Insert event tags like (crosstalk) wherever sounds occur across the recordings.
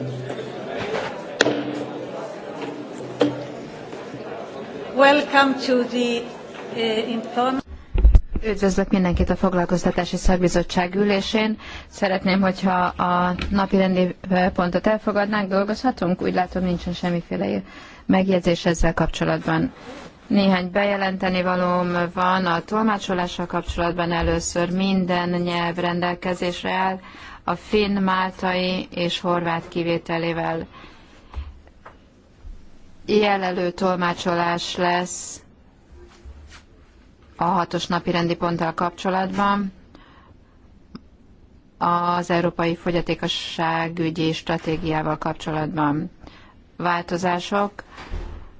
Eh, Üdvözlök mindenkit a Foglalkoztatási Szakbizottság ülésén. Szeretném, hogyha a napi rendi pontot elfogadnánk, dolgozhatunk? Úgy látom, nincsen semmiféle megjegyzés ezzel kapcsolatban. Néhány bejelenteni valóm van a tolmácsolással kapcsolatban. Először minden nyelv rendelkezésre áll a finn, máltai és horvát kivételével. Jelelő tolmácsolás lesz a hatos napi rendi ponttal kapcsolatban az Európai Fogyatékosságügyi Stratégiával kapcsolatban. Változások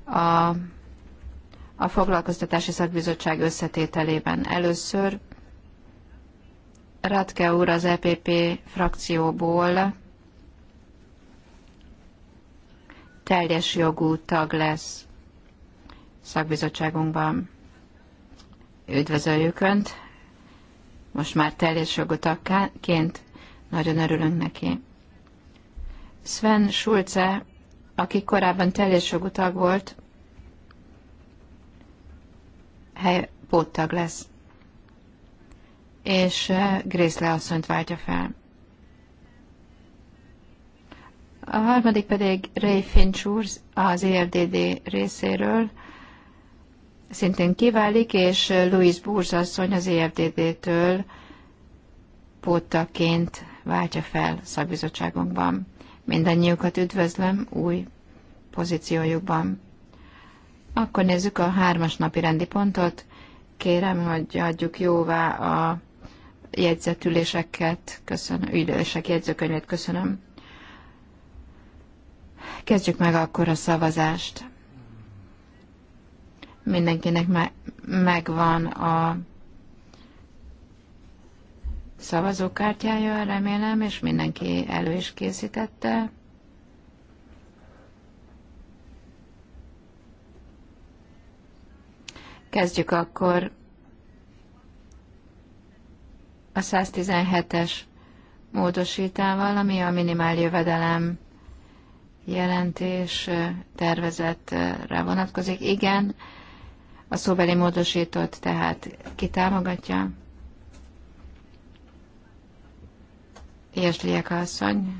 a, a Foglalkoztatási Szakbizottság összetételében. Először Radke úr az EPP frakcióból teljes jogú tag lesz szakbizottságunkban. Üdvözöljük Önt, most már teljes jogú tagként, nagyon örülünk neki. Sven Schulze, aki korábban teljes jogú tag volt, hely, póttag lesz és eh, Grészle asszonyt váltja fel. A harmadik pedig Ray Finch úr az ERDD részéről, szintén kiválik, és Louis Burz asszony az ERDD-től póttaként váltja fel szakbizottságunkban. Mindennyiukat üdvözlöm új pozíciójukban. Akkor nézzük a hármas napi rendi pontot. Kérem, hogy adjuk jóvá a jegyzetüléseket üléseket, köszönöm, ülések jegyzőkönyvét köszönöm. Kezdjük meg akkor a szavazást. Mindenkinek me- megvan a szavazókártyája, remélem, és mindenki elő is készítette. Kezdjük akkor a 117-es módosítával, ami a minimál jövedelem jelentés tervezetre vonatkozik. Igen, a szóbeli módosított, tehát kitámogatja. támogatja? Ilyesliek asszony.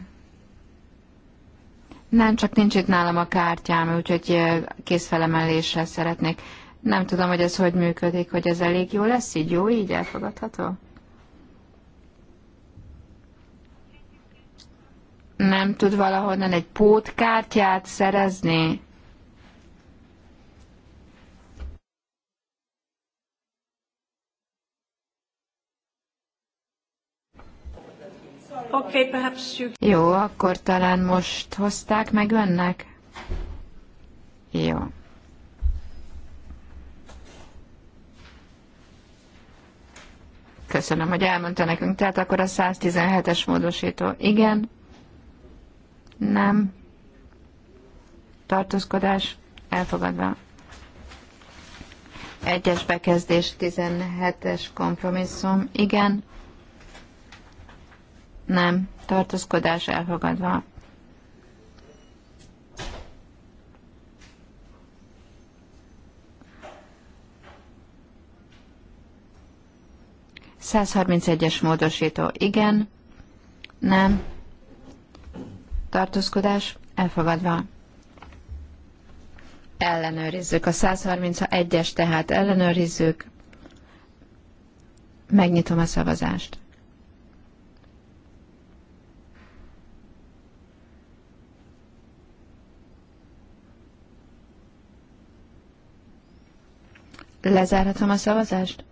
Nem, csak nincs itt nálam a kártyám, úgyhogy készfelemeléssel szeretnék. Nem tudom, hogy ez hogy működik, hogy ez elég jó lesz, így jó, így elfogadható? nem tud valahonnan egy pótkártyát szerezni? Okay, perhaps you... Jó, akkor talán most hozták meg önnek? Jó. Köszönöm, hogy elmondta nekünk. Tehát akkor a 117-es módosító. Igen. Nem. Tartózkodás elfogadva. Egyes bekezdés, 17-es kompromisszum. Igen. Nem. Tartózkodás elfogadva. Százharmincegyes módosító. Igen. Nem tartózkodás elfogadva. Ellenőrizzük. A 131-es tehát ellenőrizzük. Megnyitom a szavazást. Lezárhatom a szavazást?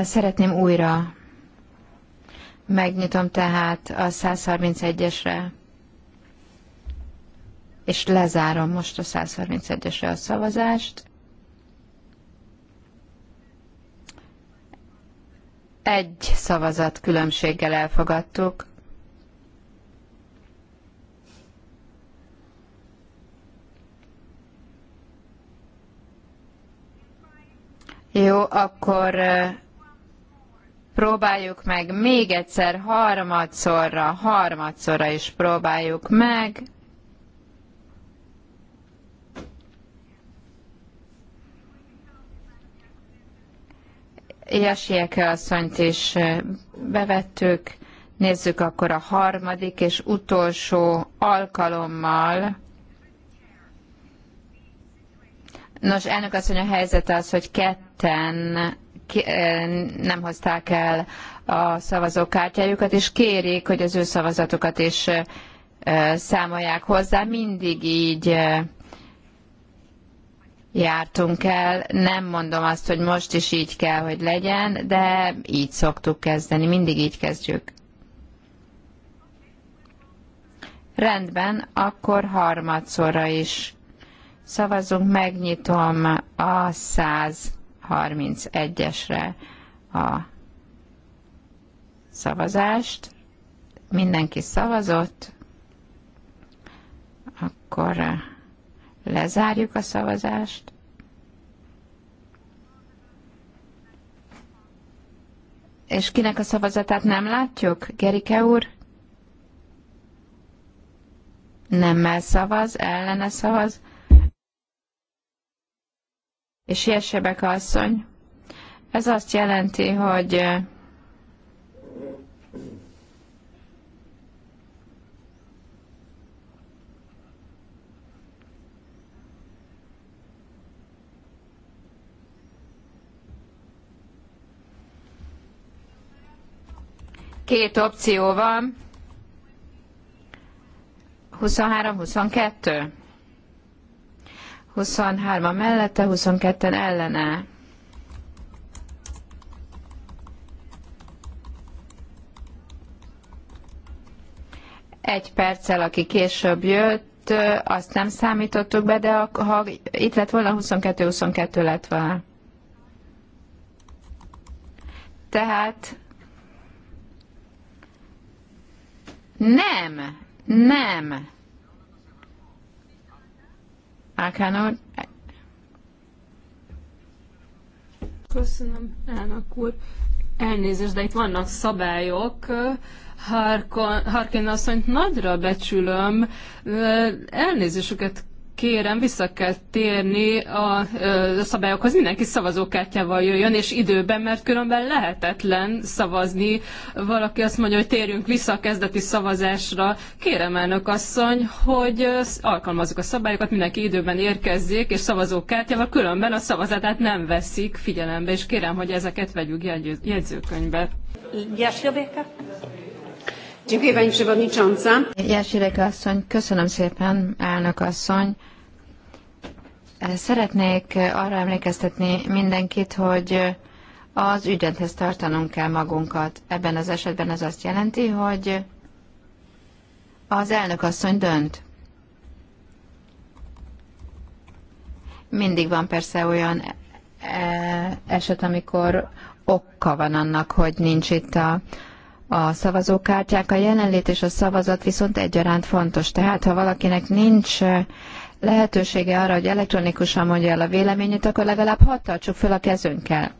Szeretném újra. Megnyitom tehát a 131-esre, és lezárom most a 131-esre a szavazást. Egy szavazat különbséggel elfogadtuk. Jó, akkor próbáljuk meg még egyszer, harmadszorra, harmadszorra is próbáljuk meg. Jasieke asszonyt is bevettük. Nézzük akkor a harmadik és utolsó alkalommal. Nos, elnök asszony, a helyzet az, hogy ketten Eh, nem hozták el a szavazókártyájukat, és kérik, hogy az ő szavazatukat is eh, számolják hozzá. Mindig így eh, jártunk el. Nem mondom azt, hogy most is így kell, hogy legyen, de így szoktuk kezdeni, mindig így kezdjük. Rendben, akkor harmadszorra is. Szavazunk, megnyitom a 100 31-esre a szavazást. Mindenki szavazott, akkor eh, lezárjuk a szavazást. És kinek a szavazatát nem látjuk, Gerike úr? Nemmel szavaz, ellene szavaz és Jesebek asszony. Ez azt jelenti, hogy két opció van. 23-22. 23-a mellette, 22-en ellene. Egy perccel, aki később jött, azt nem számítottuk be, de ha itt lett volna, 22-22 lett volna. Tehát nem, nem, Ákán úr. Köszönöm, elnök úr. Elnézést, de itt vannak szabályok. Harkin asszonyt nagyra becsülöm. Elnézésüket kérem, vissza kell térni a, a szabályokhoz, mindenki szavazókártyával jöjjön, és időben, mert különben lehetetlen szavazni. Valaki azt mondja, hogy térjünk vissza a kezdeti szavazásra. Kérem, elnök asszony, hogy alkalmazzuk a szabályokat, mindenki időben érkezzék, és szavazókártyával, különben a szavazatát nem veszik figyelembe, és kérem, hogy ezeket vegyük jegyzőkönyvbe. Yes, Dziękuję Pani Przewodnicząca. Jasirek asszony, köszönöm szépen, elnök asszony. Szeretnék arra emlékeztetni mindenkit, hogy az ügyenthez tartanunk kell magunkat. Ebben az esetben ez azt jelenti, hogy az elnök asszony dönt. Mindig van persze olyan e- eset, amikor okka van annak, hogy nincs itt a, a szavazókártyák, a jelenlét és a szavazat viszont egyaránt fontos. Tehát, ha valakinek nincs lehetősége arra, hogy elektronikusan mondja el a véleményét, akkor legalább hadd tartsuk föl a kezünkkel.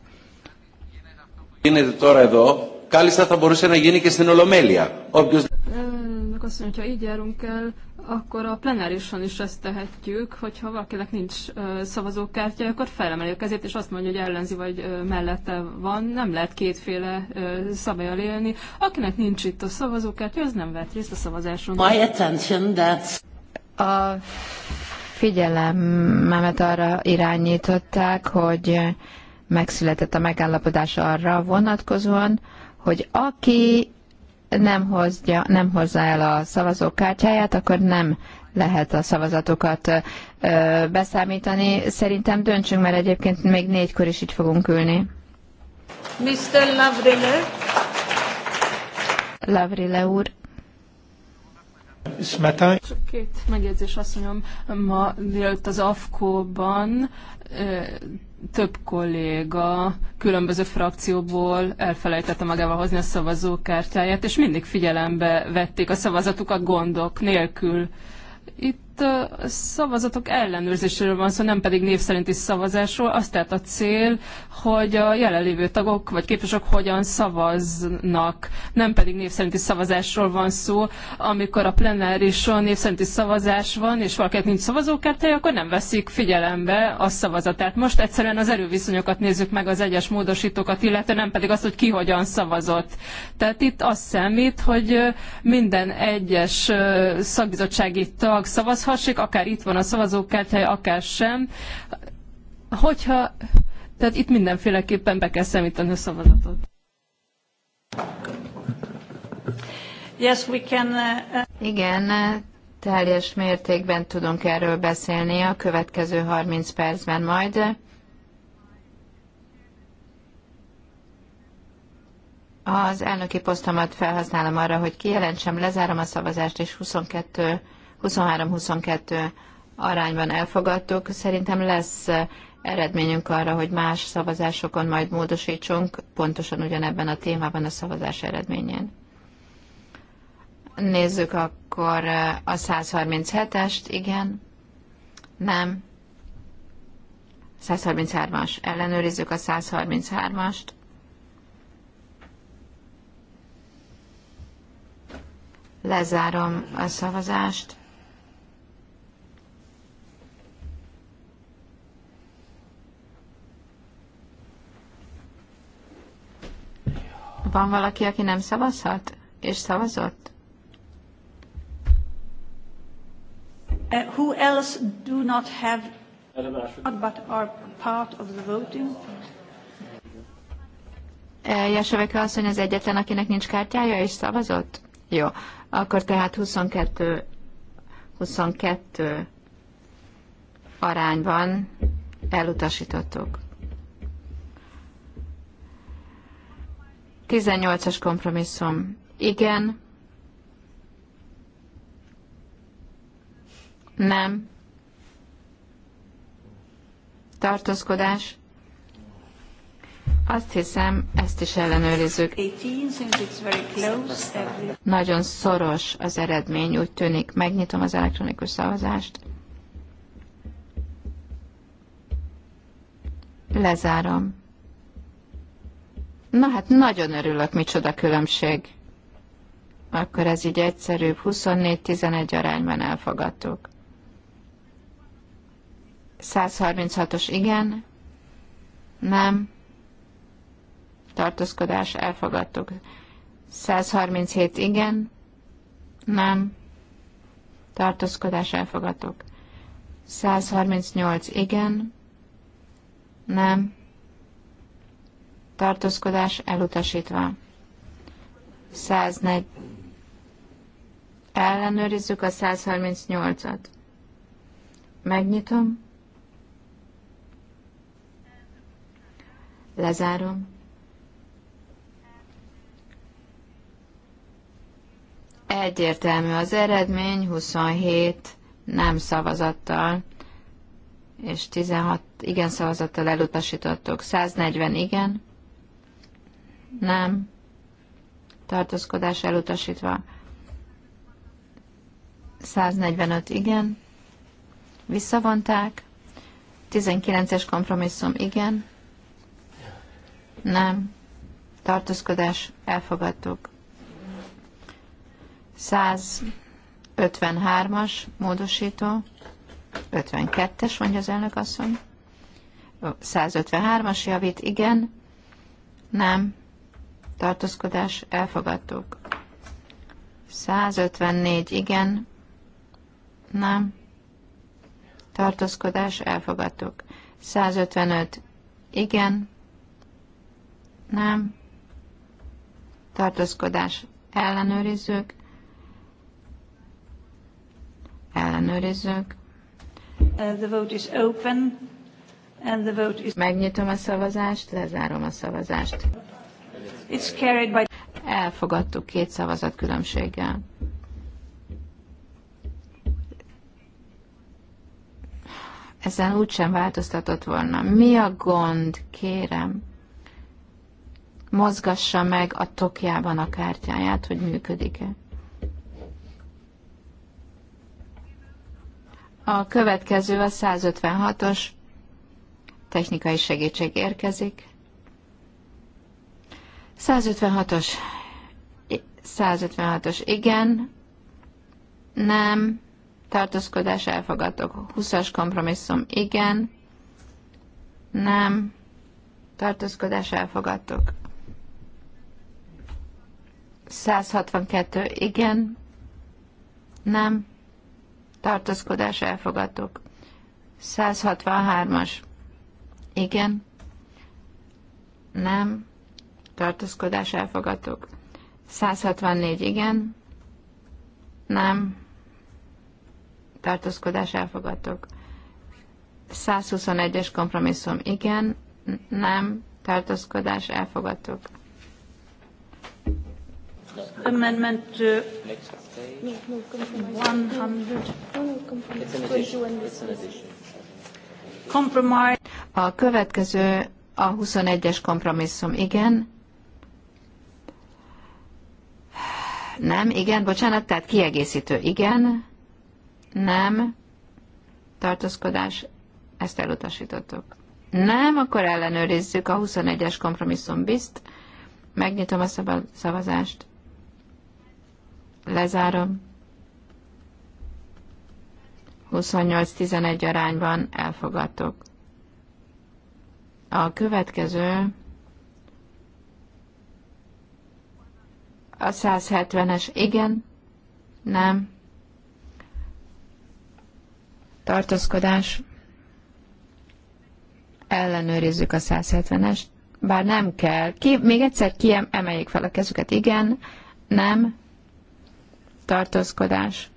Kálisztát a μπορούσε a γίνει és στην Ολομέλεια. Όποιος... Elnök azt mondja, ha így járunk el, akkor a plenárison is ezt tehetjük, hogyha valakinek nincs szavazókártya, akkor felemelje a kezét, és azt mondja, hogy ellenzi vagy mellette van. Nem lehet kétféle szabályal élni. Akinek nincs itt a szavazókártya, az nem vett részt a szavazáson. My attention, that's... A figyelememet arra irányították, hogy megszületett a megállapodás arra vonatkozóan, hogy aki nem, hozja, nem hozza el a szavazókártyáját, akkor nem lehet a szavazatokat ö, beszámítani. Szerintem döntsünk, mert egyébként még négykor is így fogunk ülni. Mr. Lavrile. Lavrile úr. Smetán. Csak két megjegyzés, azt mondom, ma délelőtt az AFKO-ban több kolléga különböző frakcióból elfelejtette magával hozni a szavazókártyáját, és mindig figyelembe vették a szavazatukat gondok nélkül. Itt itt szavazatok ellenőrzéséről van szó, nem pedig név szerinti szavazásról. Azt tehát a cél, hogy a jelenlévő tagok vagy képviselők hogyan szavaznak, nem pedig név szerinti szavazásról van szó. Amikor a plenárison név szerinti szavazás van, és valakinek nincs szavazókártya, akkor nem veszik figyelembe a szavazatát. Most egyszerűen az erőviszonyokat nézzük meg az egyes módosítókat, illetve nem pedig azt, hogy ki hogyan szavazott. Tehát itt az számít, hogy minden egyes szakbizottsági tag szavaz, meghozhassék, akár itt van a szavazókártyája, akár sem. Hogyha, tehát itt mindenféleképpen be kell szemíteni a szavazatot. Yes, we can, uh... uh Igen, teljes mértékben tudunk erről beszélni a következő 30 percben majd. Az elnöki posztomat felhasználom arra, hogy kijelentsem, lezárom a szavazást, és 22 23-22 arányban elfogadtuk. Szerintem lesz eh, eredményünk arra, hogy más szavazásokon majd módosítsunk, pontosan ugyanebben a témában a szavazás eredményén. Nézzük akkor eh, a 137-est, igen, nem, 133-as, ellenőrizzük a 133-ast. Lezárom a szavazást. Van valaki, aki nem szavazhat? És szavazott? Uh, who else do not have but are part of the voting? Uh, Jasoveka asszony az egyetlen, akinek nincs kártyája, és szavazott? Jó. Akkor tehát 22, 22 arányban van, elutasítottuk. 18-as kompromisszum. Igen. Nem. Tartózkodás. Azt hiszem, ezt is ellenőrizzük. Nagyon szoros az eredmény, úgy tűnik. Megnyitom az elektronikus szavazást. Lezárom. Na hát nagyon örülök, micsoda különbség. Akkor ez így egyszerűbb, 24-11 arányban elfogadtuk. 136-os igen, nem, tartózkodás elfogadtuk. 137 igen, nem, tartózkodás elfogadtuk. 138 igen, nem, tartózkodás elutasítva. 104. Ellenőrizzük a 138-at. Megnyitom. Lezárom. Egyértelmű az eredmény, 27 nem szavazattal, és 16 igen szavazattal elutasítottuk. 140 igen, nem. Tartózkodás elutasítva. 145 igen. Visszavonták. 19-es kompromisszum igen. Nem. Tartózkodás elfogadtuk. 153-as módosító. 52-es, mondja az elnök asszony. 153-as javít, igen. Nem tartózkodás elfogadtuk. 154 igen, nem, tartózkodás elfogadtuk. 155 igen, nem, tartózkodás ellenőrizzük, ellenőrizzük. Uh, the vote is open. And the vote is... Megnyitom a szavazást, lezárom a szavazást. It's carried by... Elfogadtuk két szavazat különbséggel. Ezen úgysem változtatott volna. Mi a gond, kérem? Mozgassa meg a tokjában a kártyáját, hogy működik-e. A következő a 156-os technikai segítség érkezik. 156-os. 156-os igen, nem, tartózkodás elfogadok. 20-as kompromisszum igen, nem, tartózkodás elfogadok. 162 igen, nem, tartózkodás elfogadok. 163-as igen, nem, tartózkodás elfogadtuk. 164 igen, nem, tartózkodás elfogadtuk. 121-es kompromisszum igen, nem, tartózkodás elfogadtuk. Amendment uh, 100. Compromise. A következő a 21-es kompromisszum igen, Nem, igen, bocsánat, tehát kiegészítő, igen, nem, tartózkodás, ezt elutasítottuk. Nem, akkor ellenőrizzük a 21-es kompromisszum bizt, megnyitom a szavazást, lezárom, 28-11 arányban elfogadtuk. A következő A 170-es igen, nem. Tartózkodás. Ellenőrizzük a 170-est. Bár nem kell. Ki, még egyszer kiem, emeljék fel a kezüket. Igen, nem. Tartózkodás.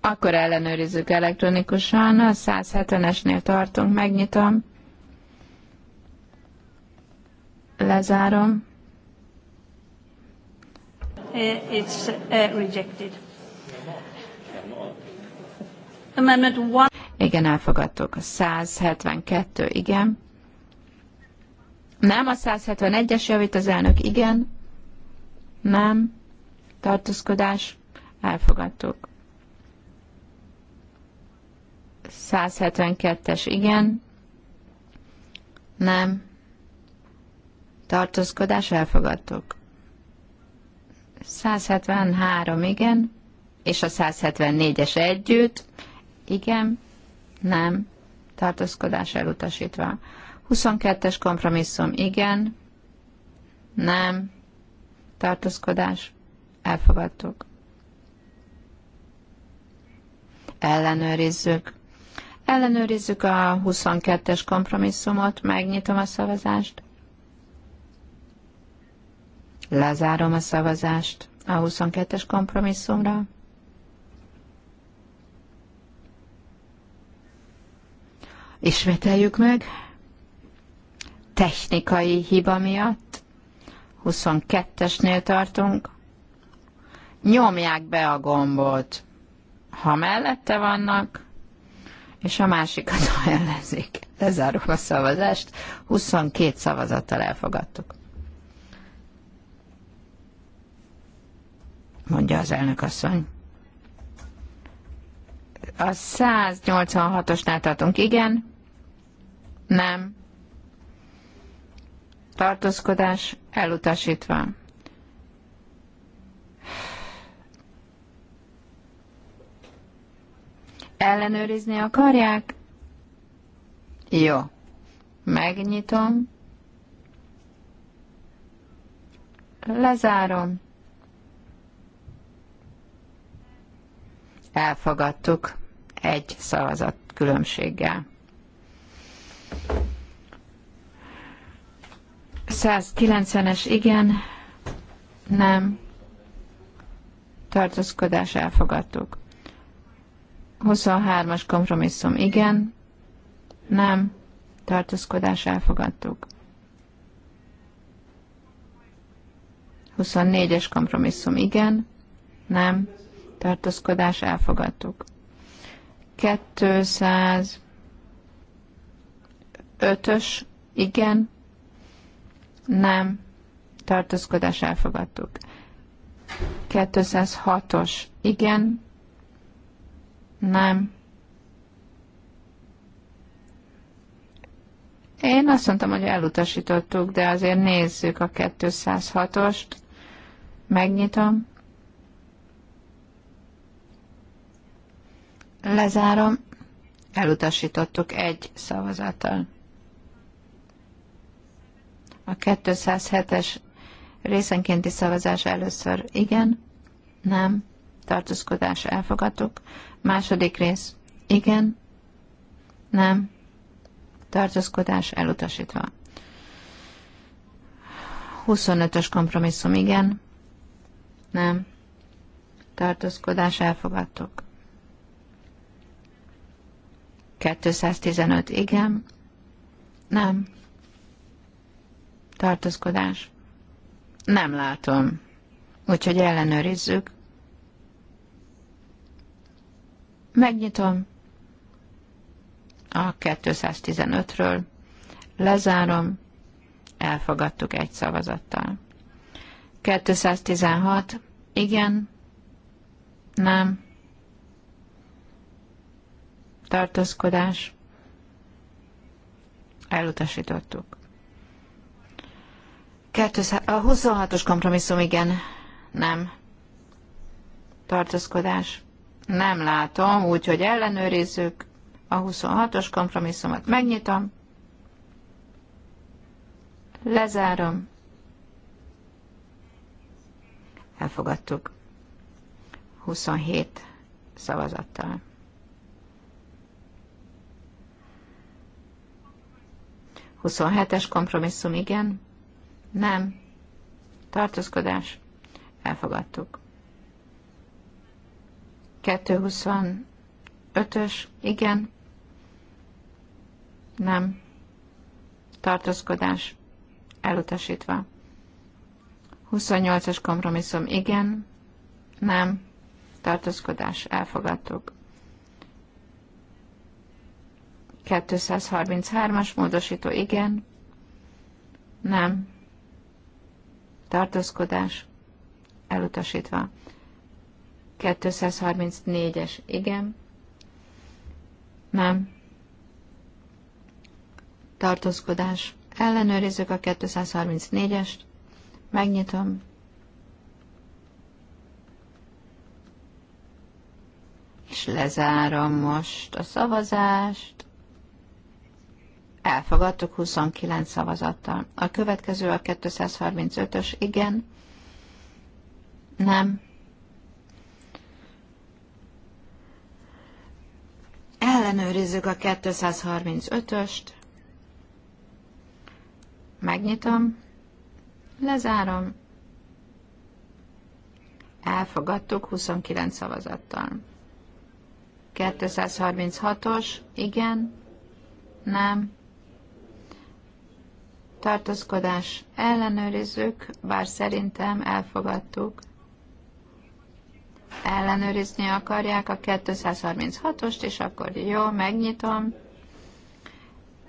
Akkor ellenőrizzük elektronikusan. A 170-esnél tartunk. Megnyitom. Lezárom. Uh, it's uh, rejected. Amendment one. Igen, elfogadtuk. 172, igen. Nem, a 171-es javít az elnök, igen. Nem. Tartózkodás. Elfogadtuk. 172-es, igen. Nem. Tartózkodás, elfogadtuk. 173, igen. És a 174-es együtt. Igen. Nem. Tartózkodás elutasítva. 22-es kompromisszum. Igen. Nem. Tartózkodás. Elfogadtuk. Ellenőrizzük. Ellenőrizzük a 22-es kompromisszumot, megnyitom a szavazást. Lezárom a szavazást a 22-es kompromisszumra. Ismételjük meg. Technikai hiba miatt 22-esnél tartunk. Nyomják be a gombot, ha mellette vannak, és a másikat, ha (laughs) Lezárom a szavazást. 22 szavazattal elfogadtuk. mondja az elnök asszony. A 186-osnál tartunk, igen, nem, tartózkodás elutasítva. Ellenőrizni akarják? Jó. Megnyitom. Lezárom. elfogadtuk egy szavazat különbséggel. 190-es igen, nem, tartózkodás elfogadtuk. 23-as kompromisszum igen, nem, tartózkodás elfogadtuk. 24-es kompromisszum igen, nem, tartózkodás elfogadtuk. 205-ös, igen, nem, tartózkodás elfogadtuk. 206-os, igen, nem. Én azt mondtam, hogy elutasítottuk, de azért nézzük a 206-ost. Megnyitom. Lezárom. Elutasítottuk egy szavazattal. A 207-es részenkénti szavazás először igen, nem, tartózkodás elfogadtuk. Második rész igen, nem, tartózkodás elutasítva. 25-ös kompromisszum igen, nem, tartózkodás elfogadtuk. 215 igen, nem, tartózkodás, nem látom, úgyhogy ellenőrizzük. Megnyitom a 215-ről, lezárom, elfogadtuk egy szavazattal. 216, igen, nem, tartózkodás, elutasítottuk. A 26-os kompromisszum igen, nem. Tartózkodás. Nem látom, úgyhogy ellenőrizzük. A 26-os kompromisszumot megnyitom. Lezárom. Elfogadtuk. 27 szavazattal. 27-es kompromisszum, igen. Nem. Tartózkodás. Elfogadtuk. 225-ös, igen. Nem. Tartózkodás. Elutasítva. 28-as kompromisszum, igen. Nem. Tartózkodás. Elfogadtuk. 233-as módosító igen, nem, tartózkodás, elutasítva. 234-es igen, nem, tartózkodás, ellenőrizzük a 234-est, megnyitom, és lezárom most a szavazást. Elfogadtuk 29 szavazattal. A következő a 235-ös, igen, nem. Ellenőrizzük a 235-öst. Megnyitom, lezárom. Elfogadtuk 29 szavazattal. 236-os, igen, nem tartózkodás ellenőrizzük, bár szerintem elfogadtuk. Ellenőrizni akarják a 236-ost, és akkor jó, megnyitom.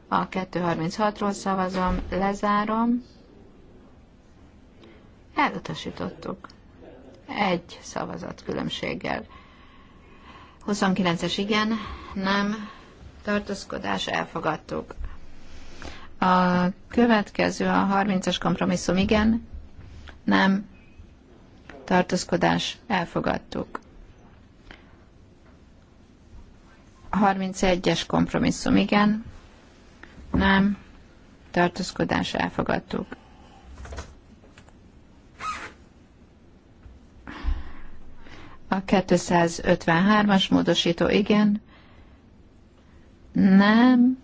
A 236-ról szavazom, lezárom. Elutasítottuk. Egy szavazat különbséggel. 29-es igen, nem, tartózkodás, elfogadtuk. A következő a 30-as kompromisszum igen, nem, tartózkodás, elfogadtuk. 31-es kompromisszum, igen. Nem. Tartózkodás, elfogadtuk. A 253-as módosító, igen. Nem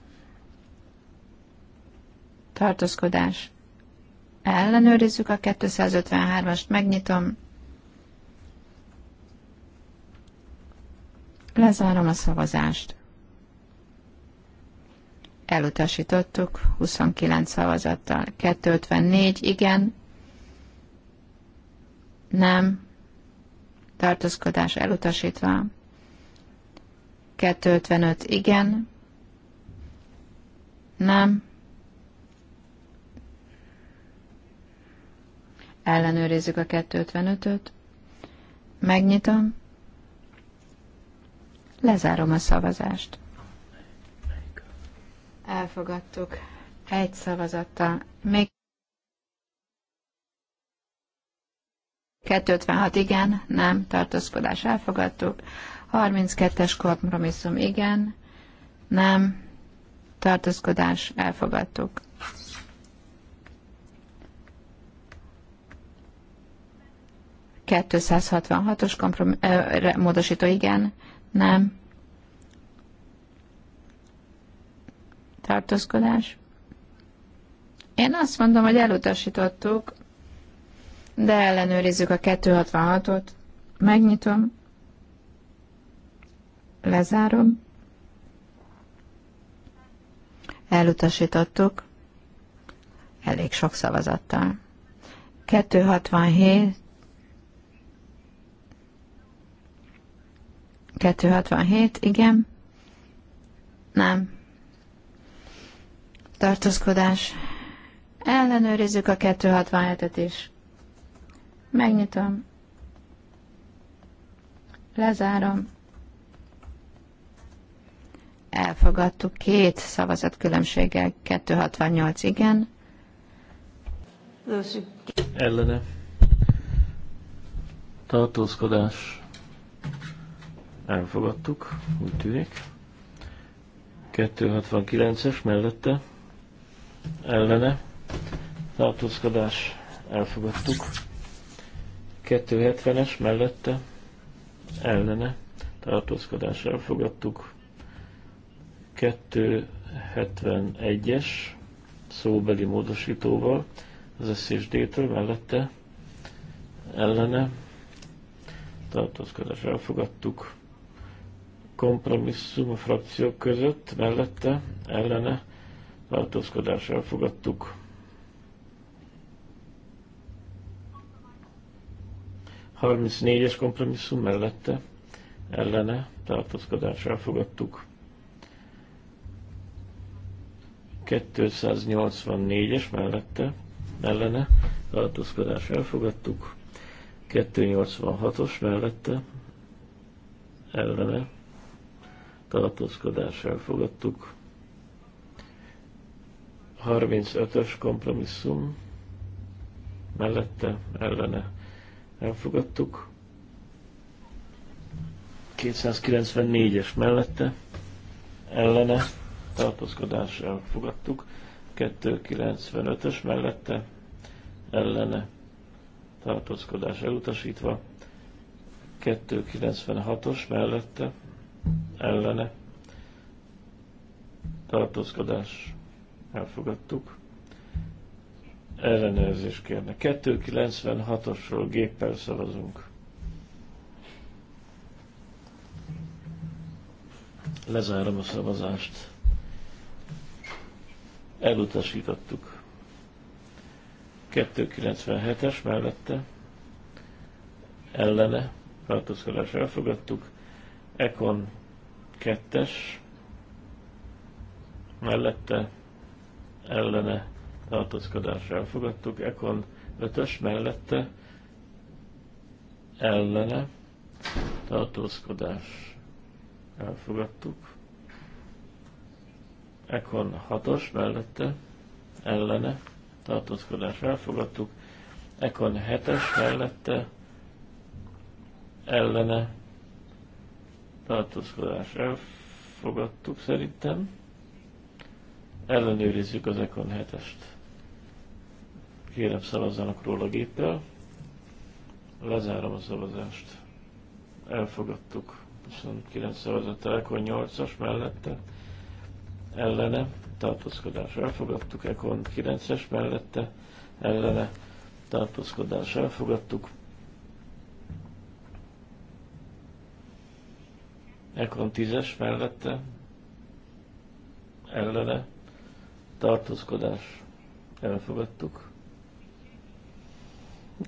tartózkodás. Ellenőrizzük a 253-ast, megnyitom. Lezárom a szavazást. Elutasítottuk 29 szavazattal. 254 igen, nem, tartózkodás elutasítva. 255 igen, nem, Ellenőrizzük a 255-öt. Megnyitom. Lezárom a szavazást. Elfogadtuk egy szavazattal. Még 256 igen, nem, tartózkodás elfogadtuk. 32-es kompromisszum igen, nem, tartózkodás elfogadtuk. 266-os komprom- módosító, igen, nem. Tartózkodás. Én azt mondom, hogy elutasítottuk, de ellenőrizzük a 266-ot. Megnyitom. Lezárom. Elutasítottuk. Elég sok szavazattal. 267 267, igen. Nem. Tartózkodás. Ellenőrizzük a 267-et is. Megnyitom. Lezárom. Elfogadtuk két szavazat különbséggel. 268 igen. Ellene. Tartózkodás elfogadtuk, úgy tűnik. 269-es mellette, ellene, tartózkodás, elfogadtuk. 270-es mellette, ellene, tartózkodás, elfogadtuk. 271-es szóbeli módosítóval, az SSD-től mellette, ellene, tartózkodás, elfogadtuk kompromisszum a frakciók között, mellette, ellene változkodás elfogadtuk. es kompromisszum mellette, ellene tartózkodás elfogadtuk. 284-es mellette, ellene tartózkodás elfogadtuk. 286-os mellette, ellene tartózkodás elfogadtuk. 35-ös kompromisszum mellette, ellene elfogadtuk. 294-es mellette, ellene tartózkodás elfogadtuk. 295-ös mellette, ellene tartózkodás elutasítva. 296-os mellette, ellene tartózkodás elfogadtuk. Ellenőrzést kérne. 296-osról géppel szavazunk. Lezárom a szavazást. Elutasítottuk. 297-es mellette ellene tartózkodás elfogadtuk. Ekon 2-es mellette ellene tartózkodás elfogadtuk, Ekon 5-ös mellette ellene tartózkodás elfogadtuk, Ekon 6-os mellette ellene tartózkodás elfogadtuk, Ekon 7-es mellette ellene tartózkodás elfogadtuk szerintem. Ellenőrizzük az Econ 7-est. Kérem szavazzanak róla géppel. Lezárom a szavazást. Elfogadtuk. 29 szavazat Econ 8-as mellette. Ellene tartózkodás elfogadtuk. Econ 9-es mellette. Ellene tartózkodás elfogadtuk. Ekron 10-es mellette ellene tartózkodás elfogadtuk.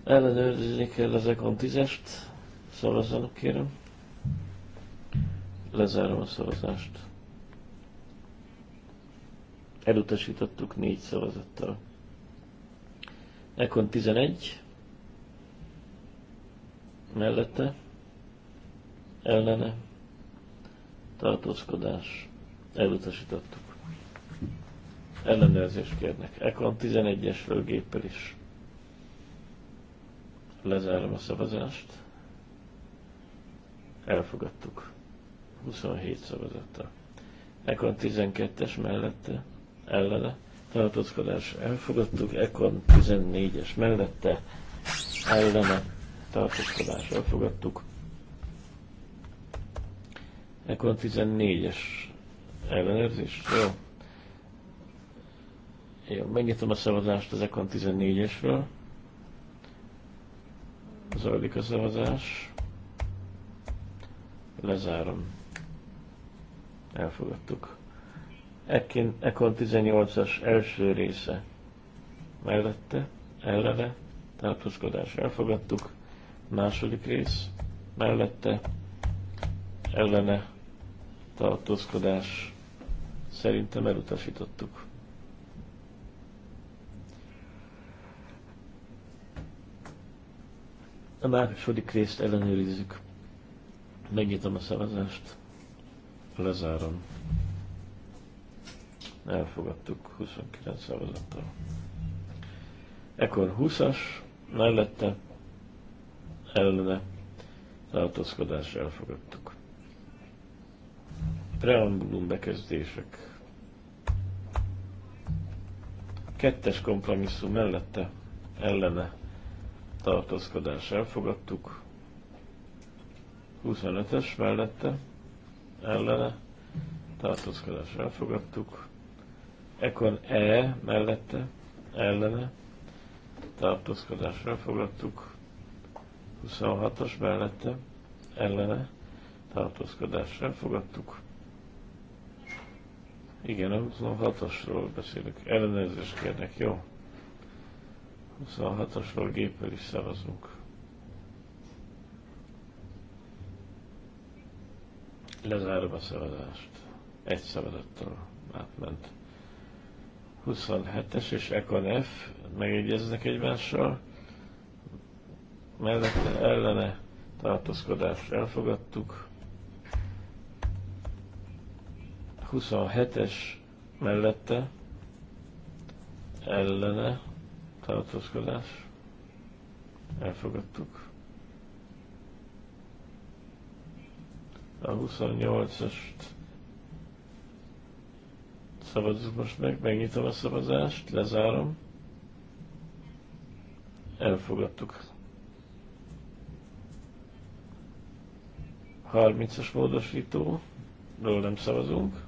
Ellenőrizni kell az Ekron 10-est, szavazzanak kérem. Lezárom a szavazást. Elutasítottuk négy szavazattal. Ekon 11 mellette ellene tartózkodás elutasítottuk. Ellenőrzést kérnek. Ekon 11 es géppel is. Lezárom a szavazást. Elfogadtuk. 27 szavazattal. Ekon 12-es mellette, ellene, tartózkodás elfogadtuk, Ekon 14-es mellette, ellene, tartózkodás elfogadtuk, Ekkor a 14-es ellenőrzés. Jó. Jó, megnyitom a szavazást az Ekon 14-esről. Zajlik a szavazás. Lezárom. Elfogadtuk. Ekkor 18-as első része. Mellette, ellene, tartózkodás. Elfogadtuk. Második rész. Mellette, ellene, tartózkodás szerintem elutasítottuk. A második részt ellenőrizzük. Megnyitom a szavazást, lezárom. Elfogadtuk 29 szavazattal. Ekkor 20-as, mellette, ellene, tartózkodás elfogadtuk. Preambulum bekezdések. Kettes kompromisszum mellette ellene tartózkodás elfogadtuk. 25-ös mellette ellene tartózkodás elfogadtuk. Ekon E mellette ellene tartózkodás elfogadtuk. 26-os mellette ellene tartózkodás elfogadtuk. Igen, a 26-osról beszélek. Ellenőrzést kérnek, jó? 26-osról géppel is szavazunk. Lezárom a szavazást. Egy szavazattal átment. 27-es és Econ F megegyeznek egymással. Mellette ellene tartózkodást elfogadtuk. 27-es mellette ellene tartózkodás elfogadtuk. A 28-est szavazzuk most meg, megnyitom a szavazást, lezárom. Elfogadtuk. 30-as módosító, ról nem szavazunk.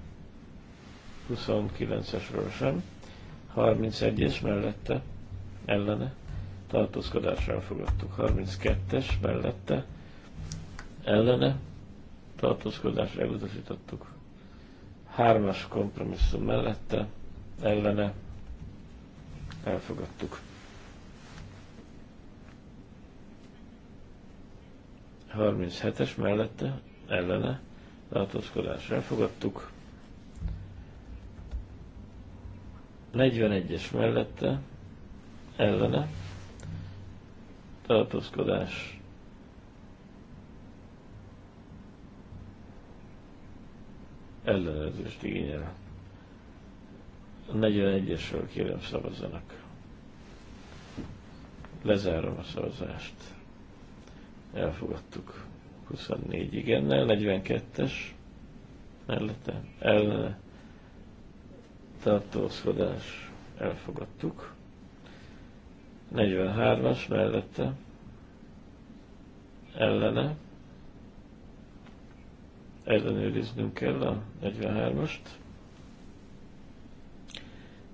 29-esről sem, 31-es mellette, ellene, tartózkodásra elfogadtuk, 32-es mellette, ellene, tartózkodás elutasítottuk, 3-as kompromisszum mellette, ellene, elfogadtuk. 37-es mellette, ellene, tartózkodásra elfogadtuk, 41-es mellette ellene tartózkodás ellenőrzést igényel. A 41-esről kérem szavazzanak. Lezárom a szavazást. Elfogadtuk 24 igennel, 42-es mellette ellene tartózkodás elfogadtuk. 43-as mellette ellene ellenőriznünk kell a 43-ast.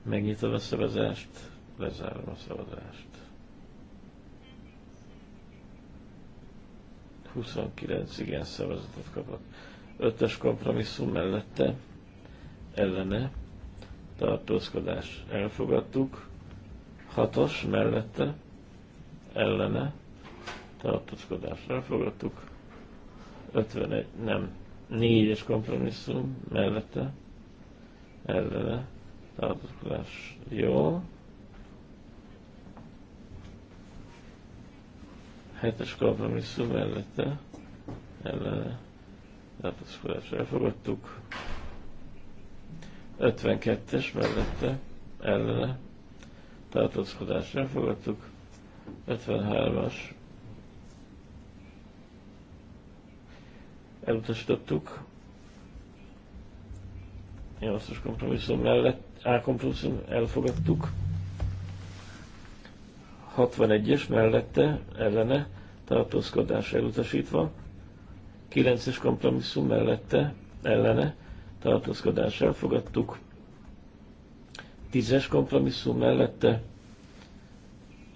Megnyitom a szavazást, lezárom a szavazást. 29 igen szavazatot kapott. 5-ös kompromisszum mellette ellene tartózkodás elfogadtuk, hatos mellette, ellene, tartózkodás elfogadtuk, 51, nem, négyes kompromisszum mellette, ellene, tartózkodás jó, hetes kompromisszum mellette, ellene, tartózkodás elfogadtuk, 52-es mellette ellene nem fogadtuk. 53-as elutasítottuk. Javaslatos kompromisszum mellett, A kompromisszum elfogadtuk. 61-es mellette ellene tartózkodás elutasítva. 9-es kompromisszum mellette ellene tartózkodás elfogadtuk. Tízes kompromisszum mellette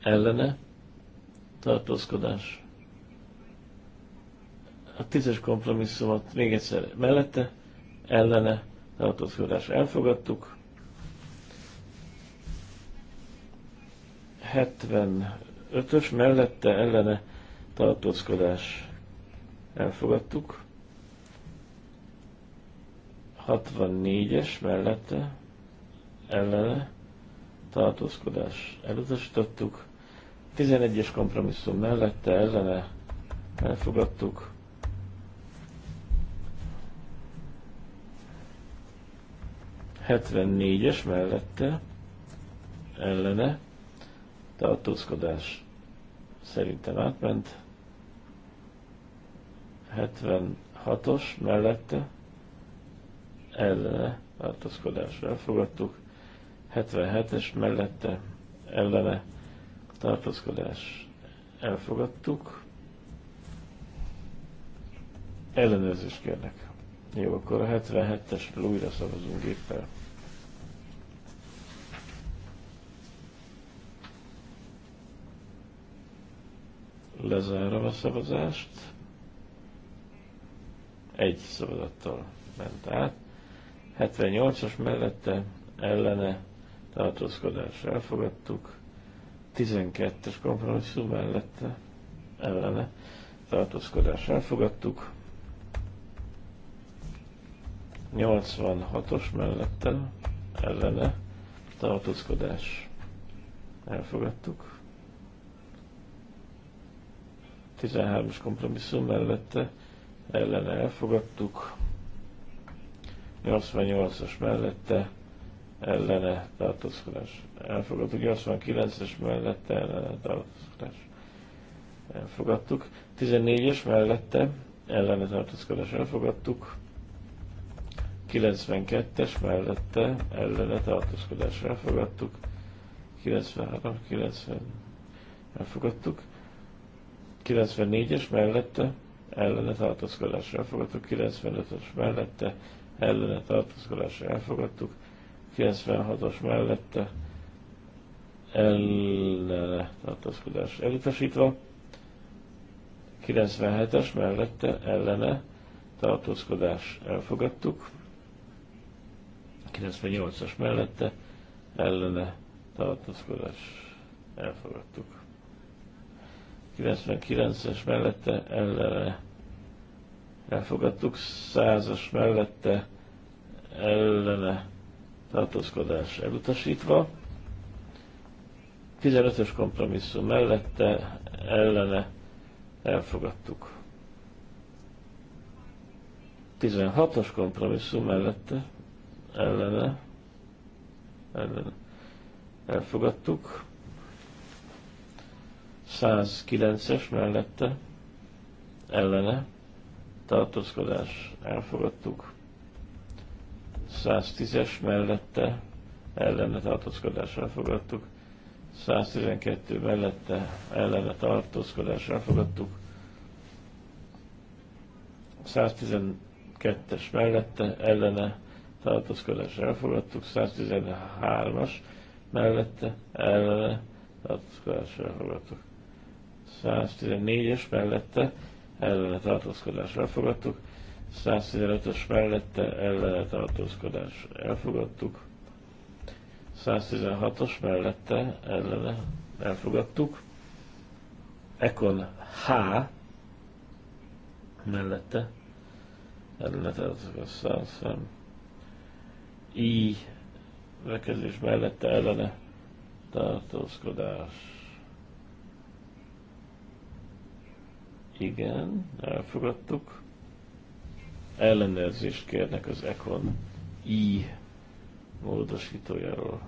ellene tartózkodás. A tízes kompromisszumot még egyszer mellette ellene tartózkodás elfogadtuk. 75-ös mellette ellene tartózkodás elfogadtuk. 64-es mellette ellene tartózkodás elutasítottuk, 11-es kompromisszum mellette ellene elfogadtuk, 74-es mellette ellene tartózkodás szerintem átment, 76-os mellette ellene tartózkodásra elfogadtuk, 77-es mellette ellene tartózkodás elfogadtuk. Ellenőrzést kérnek. Jó, akkor a 77 es újra szavazunk éppen. Lezárom a szavazást. Egy szavazattal ment át. 78-as mellette ellene tartózkodás elfogadtuk, 12-es kompromisszum mellette ellene tartózkodás elfogadtuk, 86-os mellette ellene tartózkodás elfogadtuk, 13-as kompromisszum mellette ellene elfogadtuk, 88-as mellette ellene tartózkodás. Elfogadtuk 89-es mellette ellene tartózkodás. Elfogadtuk. 14-es mellette ellene tartózkodás. Elfogadtuk. 92-es mellette ellene tartózkodás. Elfogadtuk. 93, 90 elfogadtuk. 94-es mellette ellene tartózkodás. Elfogadtuk. 95 es mellette ellene tartózkodásra elfogadtuk, 96-as mellette ellene tartózkodás elutasítva, 97-es mellette ellene tartózkodás elfogadtuk, 98-as mellette ellene tartózkodás elfogadtuk. 99-es mellette ellene elfogadtuk, százas mellette ellene tartózkodás elutasítva, 15-ös kompromisszum mellette ellene elfogadtuk. 16-os kompromisszum mellette ellene, ellene elfogadtuk. 109-es mellette ellene tartózkodás elfogadtuk. 110-es mellette ellene tartózkodás elfogadtuk. 112 mellette ellene tartózkodás elfogadtuk. 112-es mellette ellene tartózkodás elfogadtuk. 113-as mellette ellene tartózkodás elfogadtuk. 114-es mellette ellene tartózkodás elfogadtuk, 115-ös mellette ellene tartózkodás elfogadtuk, 116-os mellette ellene elfogadtuk, Ekon H mellette ellene tartózkodás I vekezés mellette ellene tartózkodás Igen, elfogadtuk. Ellenőrzést kérnek az Econ I módosítójáról.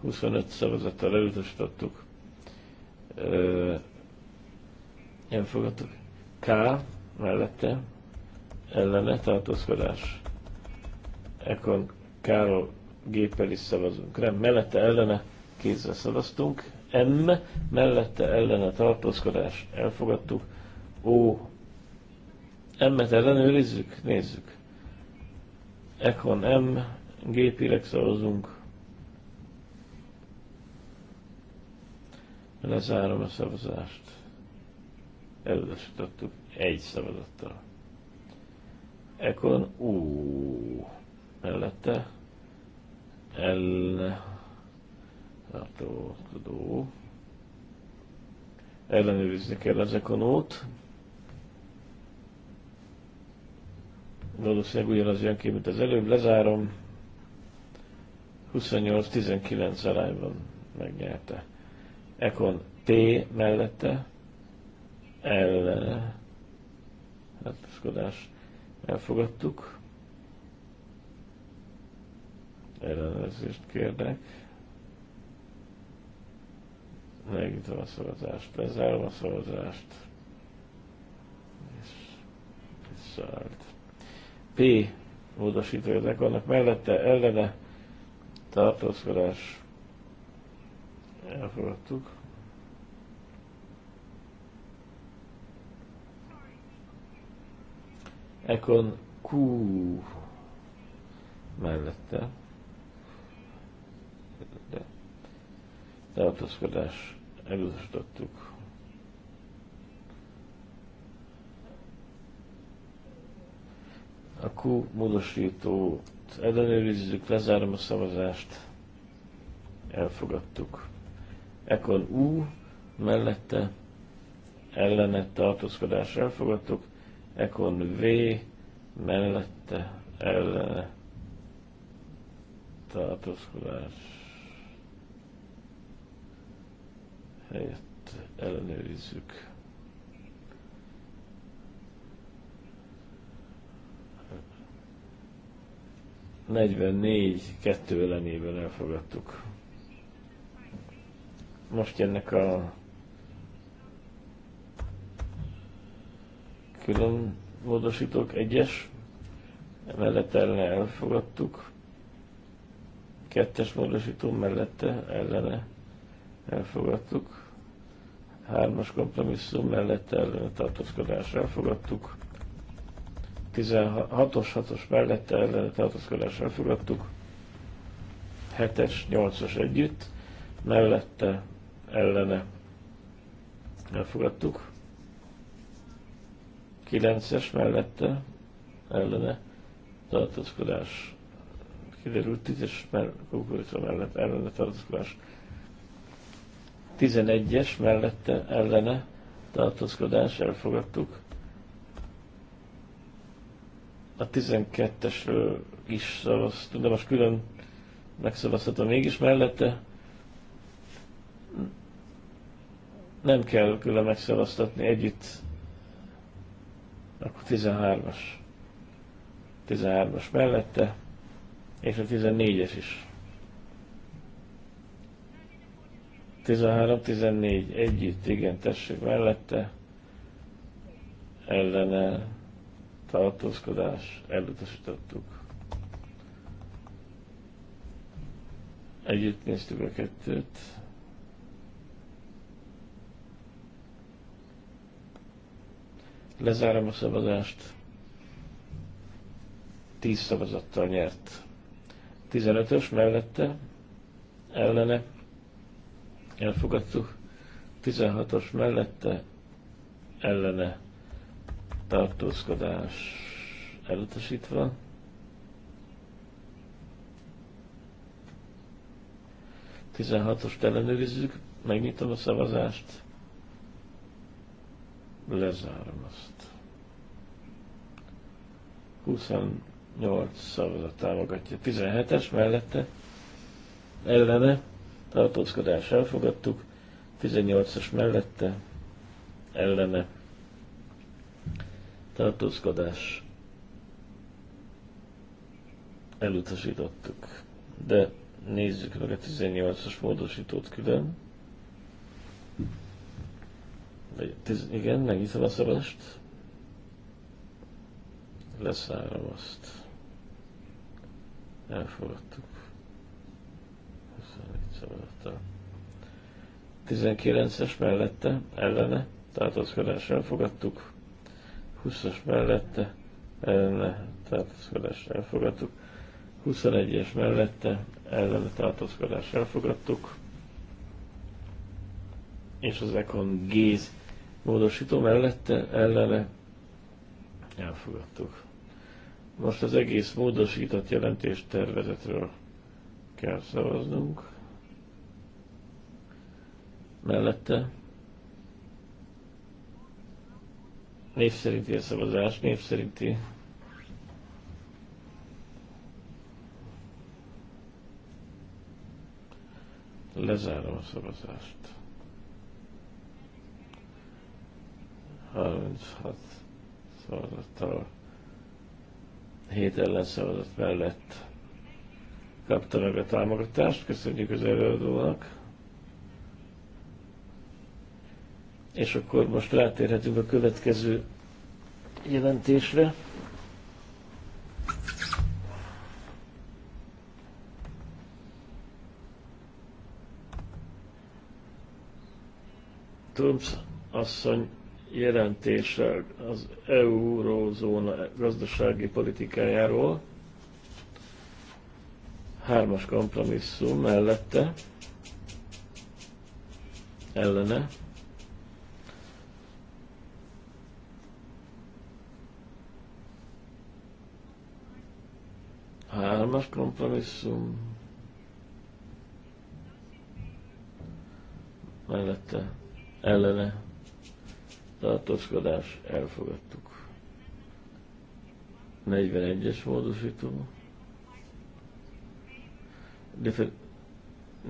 Huszonöt szavazattal elutasítottuk. elfogadtuk. K mellette ellene tartózkodás Ekon Károl géppel is szavazunk. Rem, mellette ellene kézzel szavaztunk. M, mellette ellene tartózkodás elfogadtuk. Ó, M-et ellenőrizzük? Nézzük. Ekon M, gépileg szavazunk. Lezárom a szavazást. Elutasítottuk egy szavazattal. Ekon U mellette eltartókodó. Ellenőrizni kell az nót. Valószínűleg ugyanaz jön ki, mint az előbb. Lezárom. 28-19 arányban megnyerte. Ekon T mellette ellene. Hát elfogadtuk ellenőrzést kérnek. Megnyitom a szavazást, bezárom a szavazást. És visszaállt. P módosítója az vannak mellette ellene tartózkodás elfogadtuk. Ekon Q mellette. tartózkodás elutasítottuk. A Q módosítót ellenőrizzük, lezárom a szavazást, elfogadtuk. Ekon U mellette ellene tartózkodás elfogadtuk, Ekon V mellette ellene tartózkodás helyett ellenőrizzük. Negyvennégy kettő ellenében elfogadtuk. Most ennek a külön módosítók egyes, mellett ellene elfogadtuk, kettes módosító mellette ellene elfogadtuk, Hármas kompromisszum mellett ellene tartózkodás elfogadtuk. 16-os, 6-os mellett ellene tartózkodás elfogadtuk. 7-es, 8-as együtt mellette ellene elfogadtuk. 9-es mellette ellene tartózkodás kiderült, 10-es mellett ellene tartózkodás 11-es mellette ellene tartózkodás elfogadtuk. A 12-esről is szavaztunk, de most külön megszavazhatom mégis mellette. Nem kell külön megszavaztatni együtt, akkor 13-as. 13-as mellette, és a 14-es is 13-14 együtt, igen, tessék mellette, ellene tartózkodás, elutasítottuk. Együtt néztük a kettőt. Lezárom a szavazást. 10 szavazattal nyert. 15-ös mellette, ellene elfogadtuk, 16-os mellette ellene tartózkodás elutasítva. Tizenhatost ellenőrizzük, megnyitom a szavazást, lezárom azt. 28 szavazat támogatja, 17-es mellette, ellene, tartózkodás elfogadtuk, 18-as mellette ellene tartózkodás elutasítottuk. De nézzük meg a 18-as módosítót külön. De, tiz, igen, megnyitom a szavazást. Leszárom azt. Elfogadtuk. 19-es mellette, ellene, tartózkodás elfogadtuk. 20-as mellette, ellene, tartózkodás elfogadtuk. 21-es mellette, ellene, tartózkodás elfogadtuk. És az Econ Géz módosító mellette, ellene, elfogadtuk. Most az egész módosított jelentés tervezetről kell szavaznunk mellette. Név szerinti a szavazás, név szerinti lezárom a szavazást. 36 szavazattal, 7 ellen szavazat mellett kapta meg a támogatást. Köszönjük az előadónak! És akkor most rátérhetünk a következő jelentésre. Trumps asszony jelentése az eurózóna gazdasági politikájáról, hármas kompromisszum mellette, ellene, Hármas kompromisszum. Mellette ellene tartózkodás elfogadtuk. 41-es módosító.